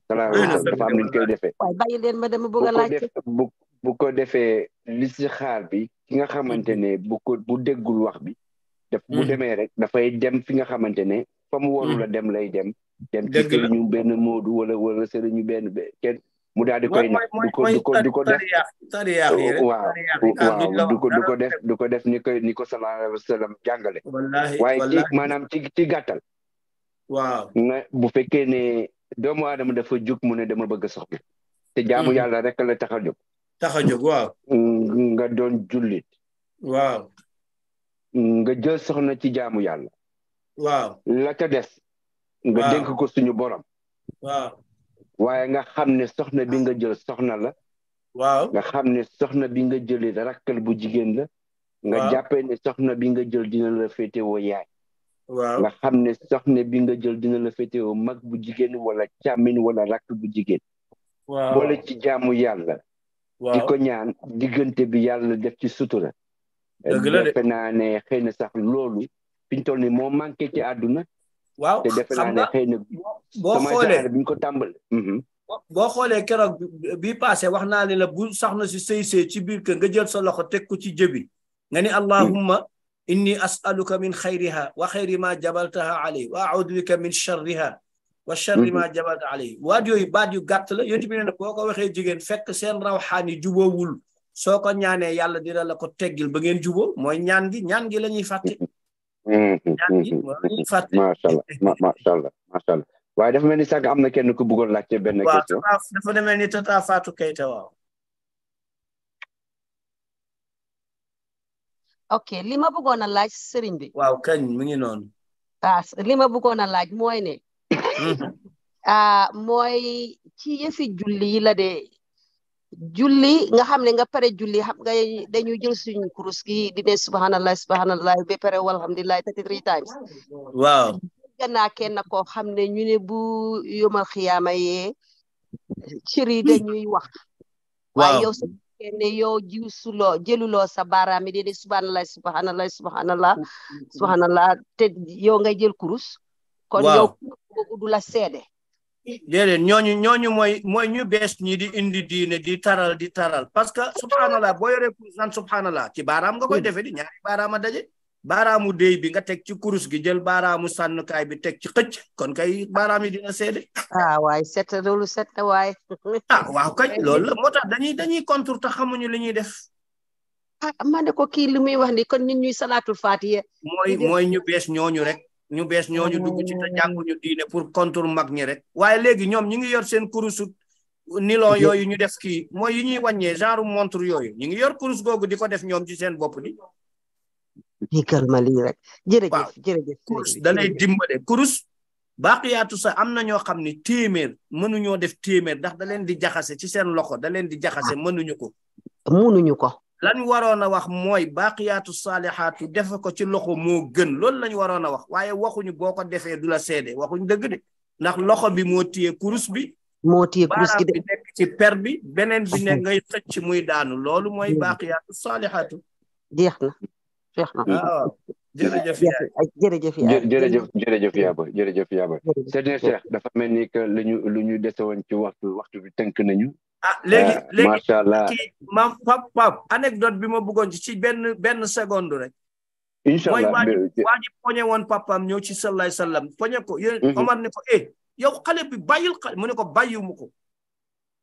sallallahu dafa am nuñ koy defee waaw bu bu ko defee listixaar bi ki nga xamante ne bu ko bu déggul wax bi daf mu mm. demee rek dafay dem fi nga xamante ne fa mu warul a mm. dem lay dem dem ci sëriñu benn moodu wala wala sëriñu benn kenn mu daal di koy du ko du ko def uh, waaw waaw ko du def du ko def ni koy ni ko sallallahu alayhi wa sallam ci maanaam ci ci gàttal waaw bu fekkee ne doomu aadama dafa jóg mu ne dama bëgg a soxla te jaamu mm. yàlla rek la tax a jóg tax a jóg waaw mm, nga doon jullit waaw mm, nga jël soxna ci jaamu yàlla waaw la ca des nga dénk ko suñu borom waaye nga xam ne soxna bi nga ah. jël soxna la. waaw nga xam ne soxna bi nga jëli rakkal bu jigéen la. nga jàppee ne soxna bi nga jël dina la féetewoo yaay. waaw nga xam ne soxna bi nga jël dina la féetewoo mag bu jigéen wala càmmin wala rakk bu jigéen. waaw ci jaamu yàlla. waaw di ko ñaan diggante bi yàlla def ci sutura. la naa ne xëy na sax loolu. fi ñu toll nii moo manqué ci àdduna waaw xam nga boo xoolee biñ ko tàmbal boo xoolee keroog bi passé wax naa ne la bu soxna si sëy sëy ci biir kër nga jël sa loxo teg ko ci jëbi nga ni allahumma inni as'aluka min khayriha wa khayri ma jabaltaha alayhi wa a'udhu bika min sharriha wa sharri ma jabalta alayhi waat yooyu baat yu gàtt la yonent bi ne boo ko waxee jigéen fekk seen rawxaan yi juboowul soo ko ñaanee yàlla dina la ko teggil ba ngeen juboo mooy ñaan gi ñaan gi la ñuy fàtte Mm-hmm. Mm-hmm. macha allah macha allah macha allah waaye dafa mel ni sànq am na kenn ku bëggoon laajte benn question. waaw dafa demee ni ok li ma bëggoon a laaj sëriñ bi. waaw kañ mi ngi noonu. ah li ma bëggoon a laaj mooy ne. Mm-hmm. ah julli nga xam ne nga pare julli xam nga dañu jël suñ kurus gi di ne subhanallah subhanallah ba pare walhamdulilah thirty three times waaw gannaa kenn koo xam ne ñu ne bu yomal xiyaama yee cëri ñuy wax waaye yow sa ne yow jiwsuloo jëluloo sa baaraam yi di ne subhanallah subhanallah subhanallah subhanallah te yow nga jël kurus kon yow boobu du la seede déedéet ñooñu ñooñu mooy mooy ñu bees ñi di indi diine di taral di taral parce que subhanallah boo yoree kurus naan subhanallah ci baaraam nga koy defee di ñaari a daje baaraamu déy bi nga teg ci kurus gi jël baaraamu sànnukaay bi teg ci xëcc kon kay baaraam yi dina seede ah waay set loolu set na waay ah waaw kay loolu la moo tax dañuy dañuy contre te xamuñu li ñuy def ah ma ko kii li muy wax ni kon nit ñuy salaatul faatiya mooy mooy ñu bees ñooñu rek ñu bees ñooñu dugg ci te jànguñu diine pour contour mag ñi rek waaye léegi ñoom ñi ngi yor seen kurusu nilon yooyu ñu def kii mooy yi ñuy wàññee genre montre yooyu ñu ngi yor kurus googu di ko def ñoom ci seen bopp ni jëkkër ma lii rek jërëjëf jërëjëf kurus da dimbale kurus baaqiyaatu sa am na ñoo xam ne téeméer mënuñoo def téeméer ndax da leen di jaxase ci seen loxo da leen di jaxase ah. mënuñu ko mënuñu ko lañ waroon a wax mooy baaqiyaatu saalihaatu defe ko ci loxo moo gën loolu lañ waroon a wax waaye waxuñu boo ko defee du la seede waxuñu dëgg ndax loxo bi moo téye kurus bi moo téye kurus gi nekk ci per bi beneen bi ne ngay xëcc muy daanu loolu mooy baaqiyaatu saalihaatu jeex na jeex na waaw jërëjëf jërëjëf jërëjëf jërëjëf yaa ba jërëjëf yaa ba sëñ Cheikh dafa mel ni que lu ñu lu ñu dese woon ci waxtu waxtu bi tënk nañu ah léegi euh, léegi macha allah maam pap pap anecdote bi ma bëggoon ci benn benn seconde rek incha allah mooy waa ji woon papam ñëw ci sallallahu alayhi wasallam poñe ko yéen mhm. Omar ne ko eh yow xale bi bàyyil xale mu ne ko bàyyiw mu ko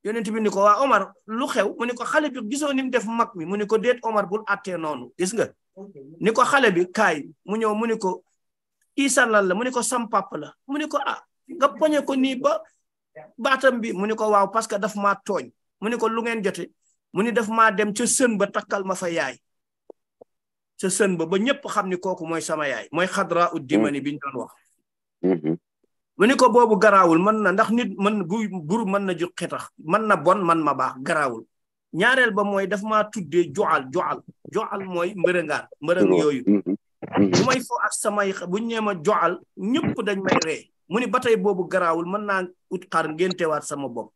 yonent bi ko waa Omar lu xew mu ne ko xale bi gisoo ni mu def mag mi mu ne ko déet Omar bul attee noonu gis nga niko ko xale bi kay mu ñew mu niko isa lan la mu niko sam papa la mu niko ah nga poñe ko ni ba batam bi mu niko waaw parce que daf ma togn mu niko lu ngeen jotté mu ni daf ma dem ci seun ba takal ma fa yaay ci seun ba ba ñepp xam ni kooku sama yaay uddimani biñ doon wax mm-hmm. mu niko bobu man na ndax nit man bu bur man na ju xetax man na bon man ma baax ñaarel ba moy daf ma tuddé joal joal joal moy mbërëngaan mbërëng yoyu bu mm-hmm. mm-hmm. may fo ak samay bu ñema ma joal ñepp dañ may ré muni batay bobu grawul man na ut xar wat sama bop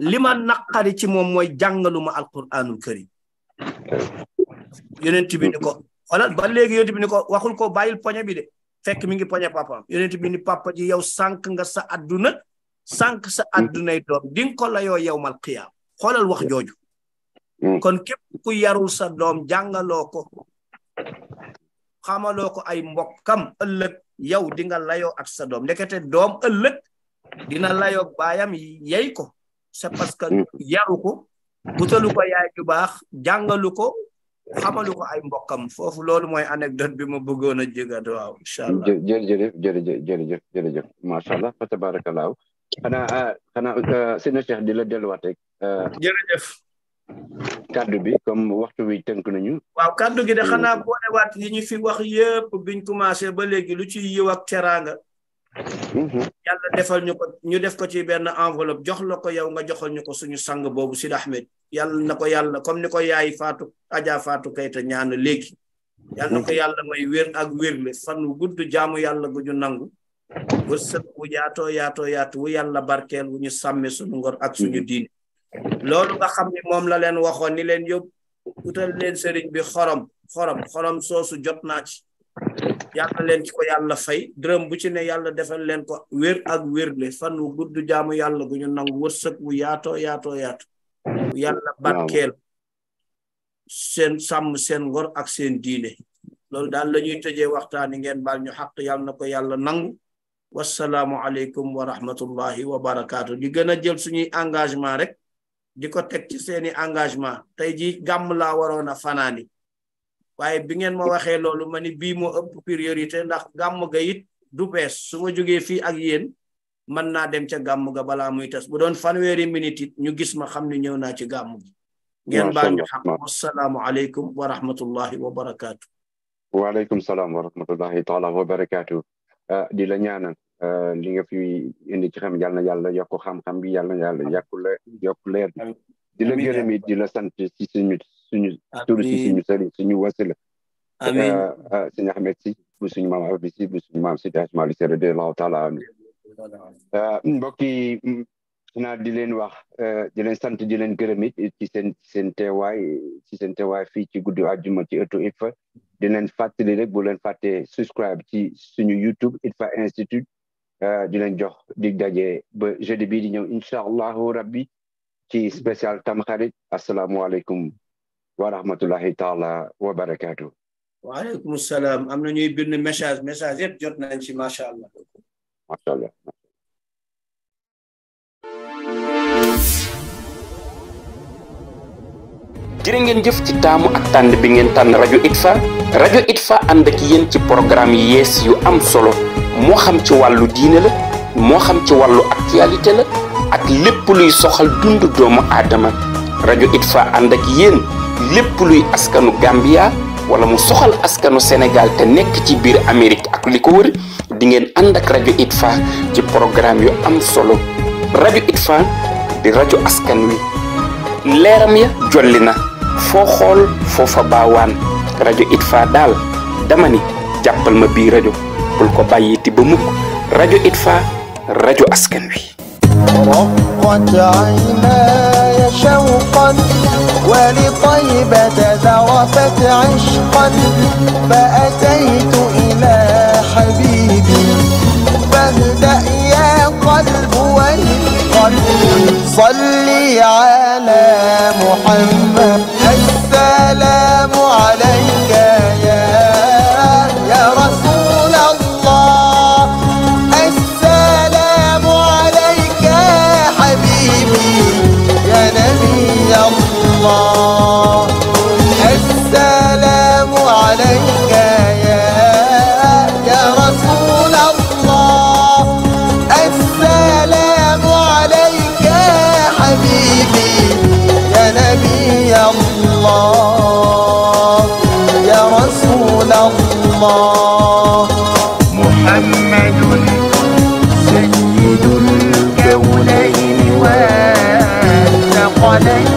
lima nakari ci mom moy jangaluma alquranul karim yonent bi ni ko xoolal ba léegi yonent bi ni ko waxul ko bayil poñe bi de fekk mi ngi poñe papa yonent bi ni papa ji yow sank nga sa aduna sank sa mm-hmm. àddunay dom ding ko layo mal xolal wax jojo Mm. kon képp ku yarul sa doom jàngaloo ko xamaloo ko ay mbokkam ëllëg yow di nga layoo ak sa doom ndekete doom ëllëg dina layoo baayam yey ko c'est parce que mm. yaru ko butalu ko yaay ju baax jàngalu ko xamalu ko ay mbokkam foofu loolu mooy anecdote bi ma bëggoon a jégat waaw incha allah jërëjëf jërëjëf jërëjëf jërëjëf macha allah fa tabarakallaahu xanaa ah, xanaa ah, sina cheikh di la delluwaat rek ah. jërëjëf kaddu bi comme waxtu wi tënk nañu. waaw kàddu gi de mm. xanaa boolewaat yi ñu fi wax yépp biñ commencé ba léegi lu ci yiw ak teraanga. Mm-hmm. yàlla defal ñu ko ñu def ko ci benn enveloppe jox la ko yow nga joxal ñu ko suñu sang boobu si Ahmed yàlla na ko yàlla comme ni ko yaay Fatou Adja Fatou Keita ñaan léegi. yàlla na ko mm-hmm. yàlla may wér ak wérle fan wu gudd jaamu yàlla gu ñu nangu. wërsëg wu yaatoo yaatoo yaatu wu yàlla barkeel wu ñu sàmme suñu ngor ak suñu mm-hmm. diine. loolu nga xam ni moom la leen waxoon ni leen yóbbu utal leen sëriñ bi xorom xorom xorom soosu jot naa ci yàlla leen ci ko yàlla fay dërëm bu ci ne yàlla defal leen ko wér ak wérle fan wu gudd jaamu yàlla gu ñu nangu wërsëg wu yaato yaato yaato yàlla barkeel seen sàmm seen ngor ak seen diine loolu daal lañuy ñuy tëjee waxtaani ngeen baal ñu xaq yàlla na ko yàlla nangu wasalaamu alekum wa rahmatullahi wa barakaatu di gën a jël suñuy engagement rek di tek ci seeni engagement tay ji gam la warona fanani waye bi ngeen ma waxe lolou mani bi mo upp priorité ndax gam ga it du pees su ma jógee ak yeen man na dem ca gam ga bala muy tas bu don fanweri minute ñu gis ma xamni ñew na ci gam gi ngeen ba ñu xam assalamu alaykum wa rahmatullahi wa wa alaykum wa rahmatullahi taala wa barakatuh ah, di la ñaanal Euh, li nga fi indi ci xam yal na yàlla yokk xam-xam bi yal na yàlla yokk la yokk leer bi di la gërëm di la sant si suñu suñu tur si suñu sëriñ suñu wasila amiin euh, euh, suñu Ahmed si bu suñu maam abi si bu maam si Taj Malik Si radiyallahu taala anhu mbokk yi mm, naa di leen wax di leen sant di leen gërëm it ci seen seen teewaay ci seen teewaay fii ci guddi àjjuma ci ëttu ITFA di leen fàttali rek bu leen fàttee subscribe ci suñu YouTube fa Institute Eh, di leen jox dig dajé ba jeudi bi di ñew inshallah rabbi ci spécial assalamu alaykum wa rahmatullahi taala wa barakatuh wa alaykum assalam amna ñuy bind message message yépp jot nañ ci macha allah macha allah jërë ngeen jëf ci taamu ak tànn bi ngeen tànn rajo itfa rajo itfa ànd ak yéen ci programme yees yu am solo moo xam ci wàllu diine la moo xam ci wàllu actualité la ak lépp luy soxal dund doomu aadama rajo Itfa ànd ak yéen lépp luy askanu Gambia wala mu soxal askanu Sénégal te nekk ci biir Amérique ak li ko wër di ngeen ànd ak rajo Itfa ci programme yu am solo rajo Itfa di rajo askan wi leeram ya jolli na foo xool foofa baawaan rajo Itfa daal dama ni jàppal ma bii rajo bul ko bàyyi ti ba mukk radio Itfa radio askan wi رقت عيناي شوقا ولطيبة عشقا فأتيت إلى حبيبي قلب صلي على محمد my name.